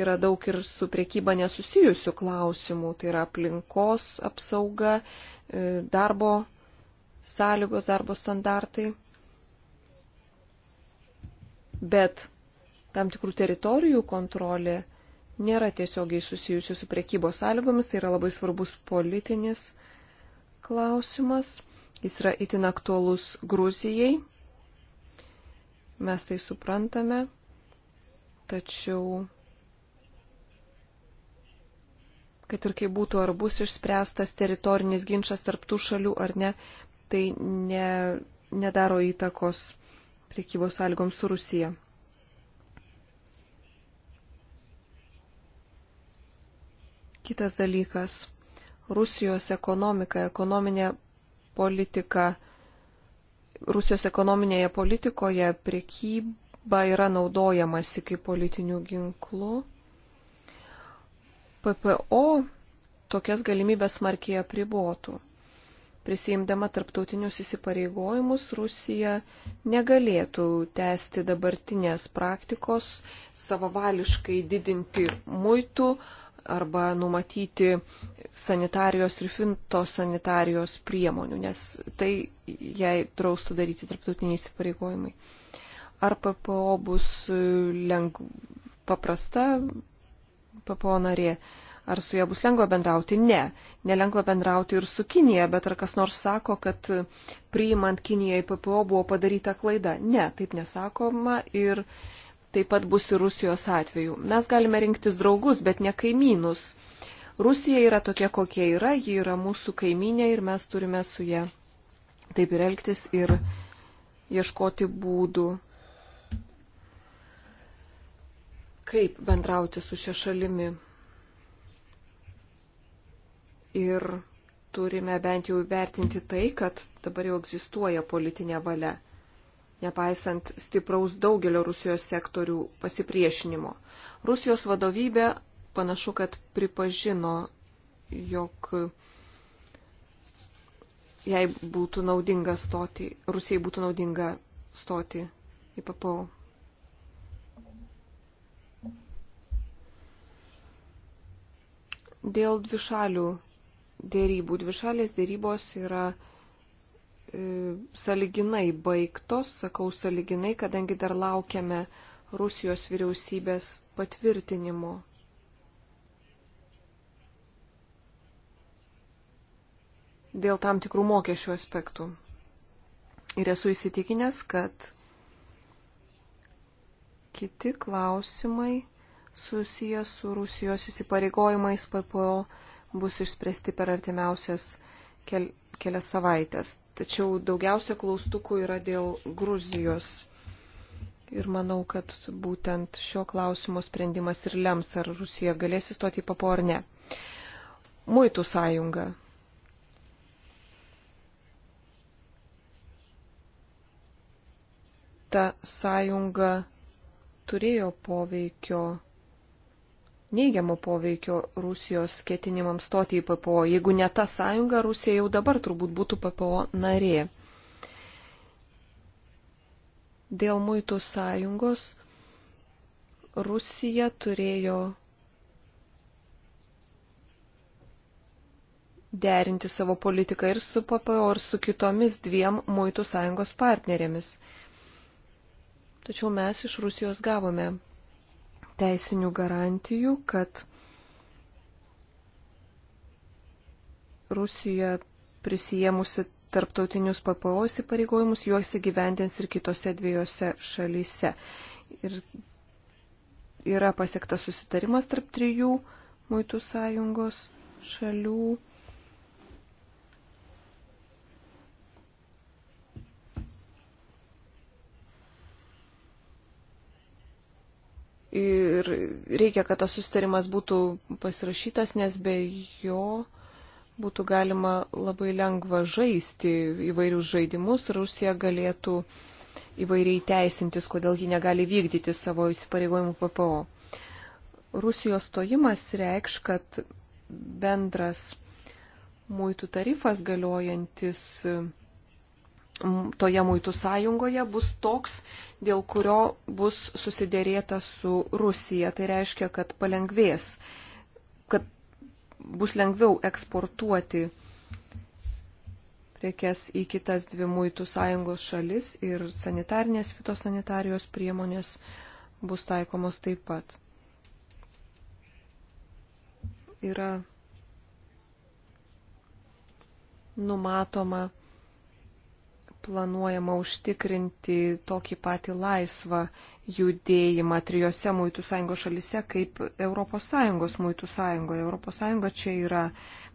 yra daug ir su priekyba nesusijusių klausimų, tai yra aplinkos apsauga, e, darbo sąlygos, darbo standartai. Bet tam tikrų teritorijų kontrolė nėra tiesiogiai susijusi su priekybos sąlygomis, tai yra labai svarbus politinis klausimas. Jis yra itin aktuolus Gruzijai. Mes tai suprantame, tačiau kad ir kaip būtų, ar bus išspręstas teritorinis ginčas tarptų šalių ar ne, tai ne, nedaro įtakos priekybos sąlygoms su Rusija. Kitas dalykas. Rusijos ekonomika, ekonominė politika. Rusijos ekonominėje politikoje priekyba yra naudojamasi kaip politinių ginklų. PPO tokias galimybės smarkiai apribotų. Prisijimdama tarptautinius įsipareigojimus, Rusija negalėtų tęsti dabartinės praktikos savavališkai didinti muitų arba numatyti sanitarijos ir fintosanitarijos priemonių, nes tai jai draustų daryti tarptautiniai įsipareigojimai. Ar PPO bus lengv, paprasta PPO narė. Ar su ja bus lengva bendrauti? Ne. Nelengva bendrauti ir su Kinija, bet ar kas nors sako, kad priimant Kiniją į PPO buvo padaryta klaida? Ne, taip nesakoma ir taip pat bus ir Rusijos atveju. Mes galime rinktis draugus, bet ne kaimynus. Rusija yra tokia, kokia yra, ji yra mūsų kaiminė ir mes turime su ja taip ir elgtis ir ieškoti būdų kaip bendrauti su šia šalimi. Ir turime bent jau vertinti tai, kad dabar jau egzistuoja politinė valia, nepaisant stipraus daugelio Rusijos sektorių pasipriešinimo. Rusijos vadovybė panašu, kad pripažino, jog jai būtų naudinga stoti, Rusijai būtų naudinga stoti į PPO. Dėl dvišalių dėrybų. Dvišalės dėrybos yra e, saliginai baigtos, sakau saliginai, kadangi dar laukiame Rusijos vyriausybės patvirtinimo. Dėl tam tikrų mokesčių aspektų. Ir esu įsitikinęs, kad kiti klausimai susijęs su Rusijos įsipareigojimais PPO bus išspręsti per artimiausias kel kelias savaitės. Tačiau daugiausia klaustukų yra dėl Gruzijos. Ir manau, kad būtent šio klausimo sprendimas ir lems, ar Rusija galės įstoti į papo ar ne. Muitų sąjunga. Ta sąjunga turėjo poveikio neigiamo poveikio Rusijos ketinimams stoti į PPO. Jeigu ne ta sąjunga, Rusija jau dabar turbūt būtų PPO narė. Dėl muitų sąjungos Rusija turėjo derinti savo politiką ir su PPO, ir su kitomis dviem muitų sąjungos partnerėmis. Tačiau mes iš Rusijos gavome teisinių garantijų, kad Rusija prisijėmusi tarptautinius PPO įsipareigojimus, juos įgyvendins ir kitose dviejose šalyse. Ir yra pasiektas susitarimas tarp trijų muitų sąjungos šalių ir reikia, kad tas sustarimas būtų pasirašytas, nes be jo būtų galima labai lengva žaisti įvairius žaidimus, Rusija galėtų įvairiai teisintis, kodėl ji negali vykdyti savo įsipareigojimų PPO. Rusijos stojimas reikš, kad bendras muitų tarifas galiojantis toje muitų sąjungoje bus toks, dėl kurio bus susidėrėta su Rusija. Tai reiškia, kad palengvės, kad bus lengviau eksportuoti prekes į kitas dvi muitų sąjungos šalis ir sanitarnės fitosanitarijos priemonės bus taikomos taip pat. Yra numatoma planuojama užtikrinti tokį patį laisvą judėjimą trijose muitų sąjungos šalise kaip ES muitų sąjungoje. ES čia yra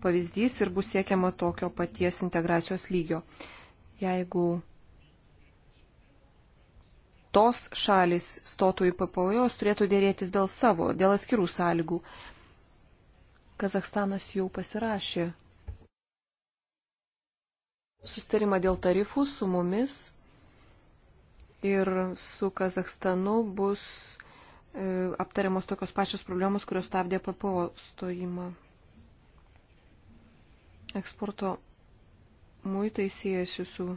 pavyzdys ir bus siekiama tokio paties integracijos lygio. Jeigu tos šalis stotų į PPO, jos turėtų dėrėtis dėl savo, dėl atskirų sąlygų. Kazakstanas jau pasirašė sustarimą dėl tarifų su mumis ir su Kazakstanu bus e, aptariamos tokios pačios problemos, kurios stabdė PPO stojimą. Eksporto muitai siejasi su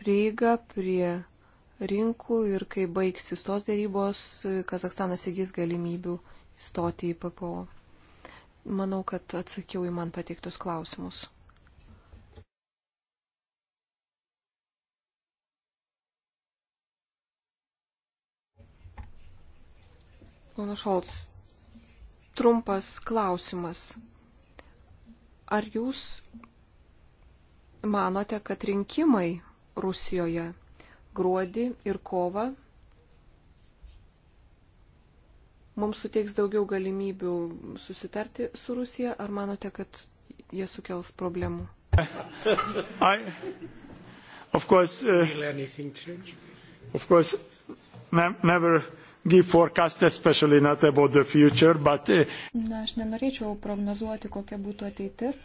prieiga prie rinkų ir kai baigsis tos dėrybos, Kazakstanas įgys galimybių stoti į PPO. Manau, kad atsakiau į man pateiktus klausimus. Pono Šolts, trumpas klausimas. Ar jūs manote, kad rinkimai Rusijoje gruodį ir kovą mums suteiks daugiau galimybių susitarti su Rusija, ar manote, kad jie sukels problemų? I, of course, uh, of course ne, never give forecast, especially not about the future, but... Uh, Na, aš nenorėčiau prognozuoti, kokia būtų ateitis,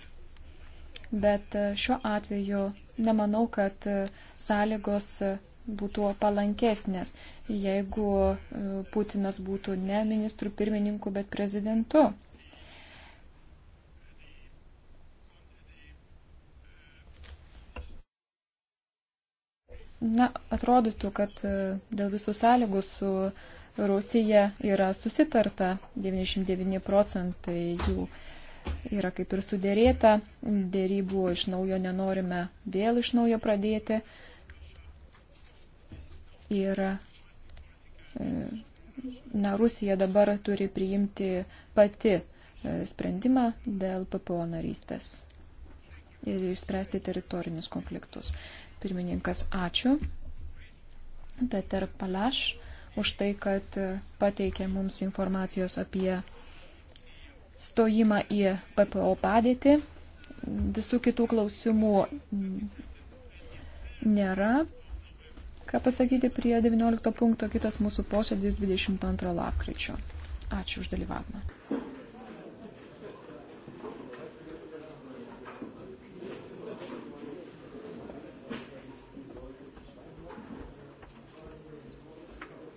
bet uh, šiuo atveju nemanau, kad uh, sąlygos uh, būtų palankesnės jeigu e, Putinas būtų ne ministrų pirmininku, bet prezidentu. Na, atrodytų, kad e, dėl visų sąlygų su Rusija yra susitarta, 99 procentai jų yra kaip ir sudėrėta, dėrybų iš naujo nenorime vėl iš naujo pradėti. Ir Na, Rusija dabar turi priimti pati e, sprendimą dėl PPO narystės ir išspręsti teritorinius konfliktus. Pirmininkas, ačiū. Peter Palaš už tai, kad e, pateikė mums informacijos apie stojimą į PPO padėtį. Visų kitų klausimų nėra ką pasakyti prie 19 punkto kitas mūsų posėdis 22 lapkričio. Ačiū už dalyvavimą.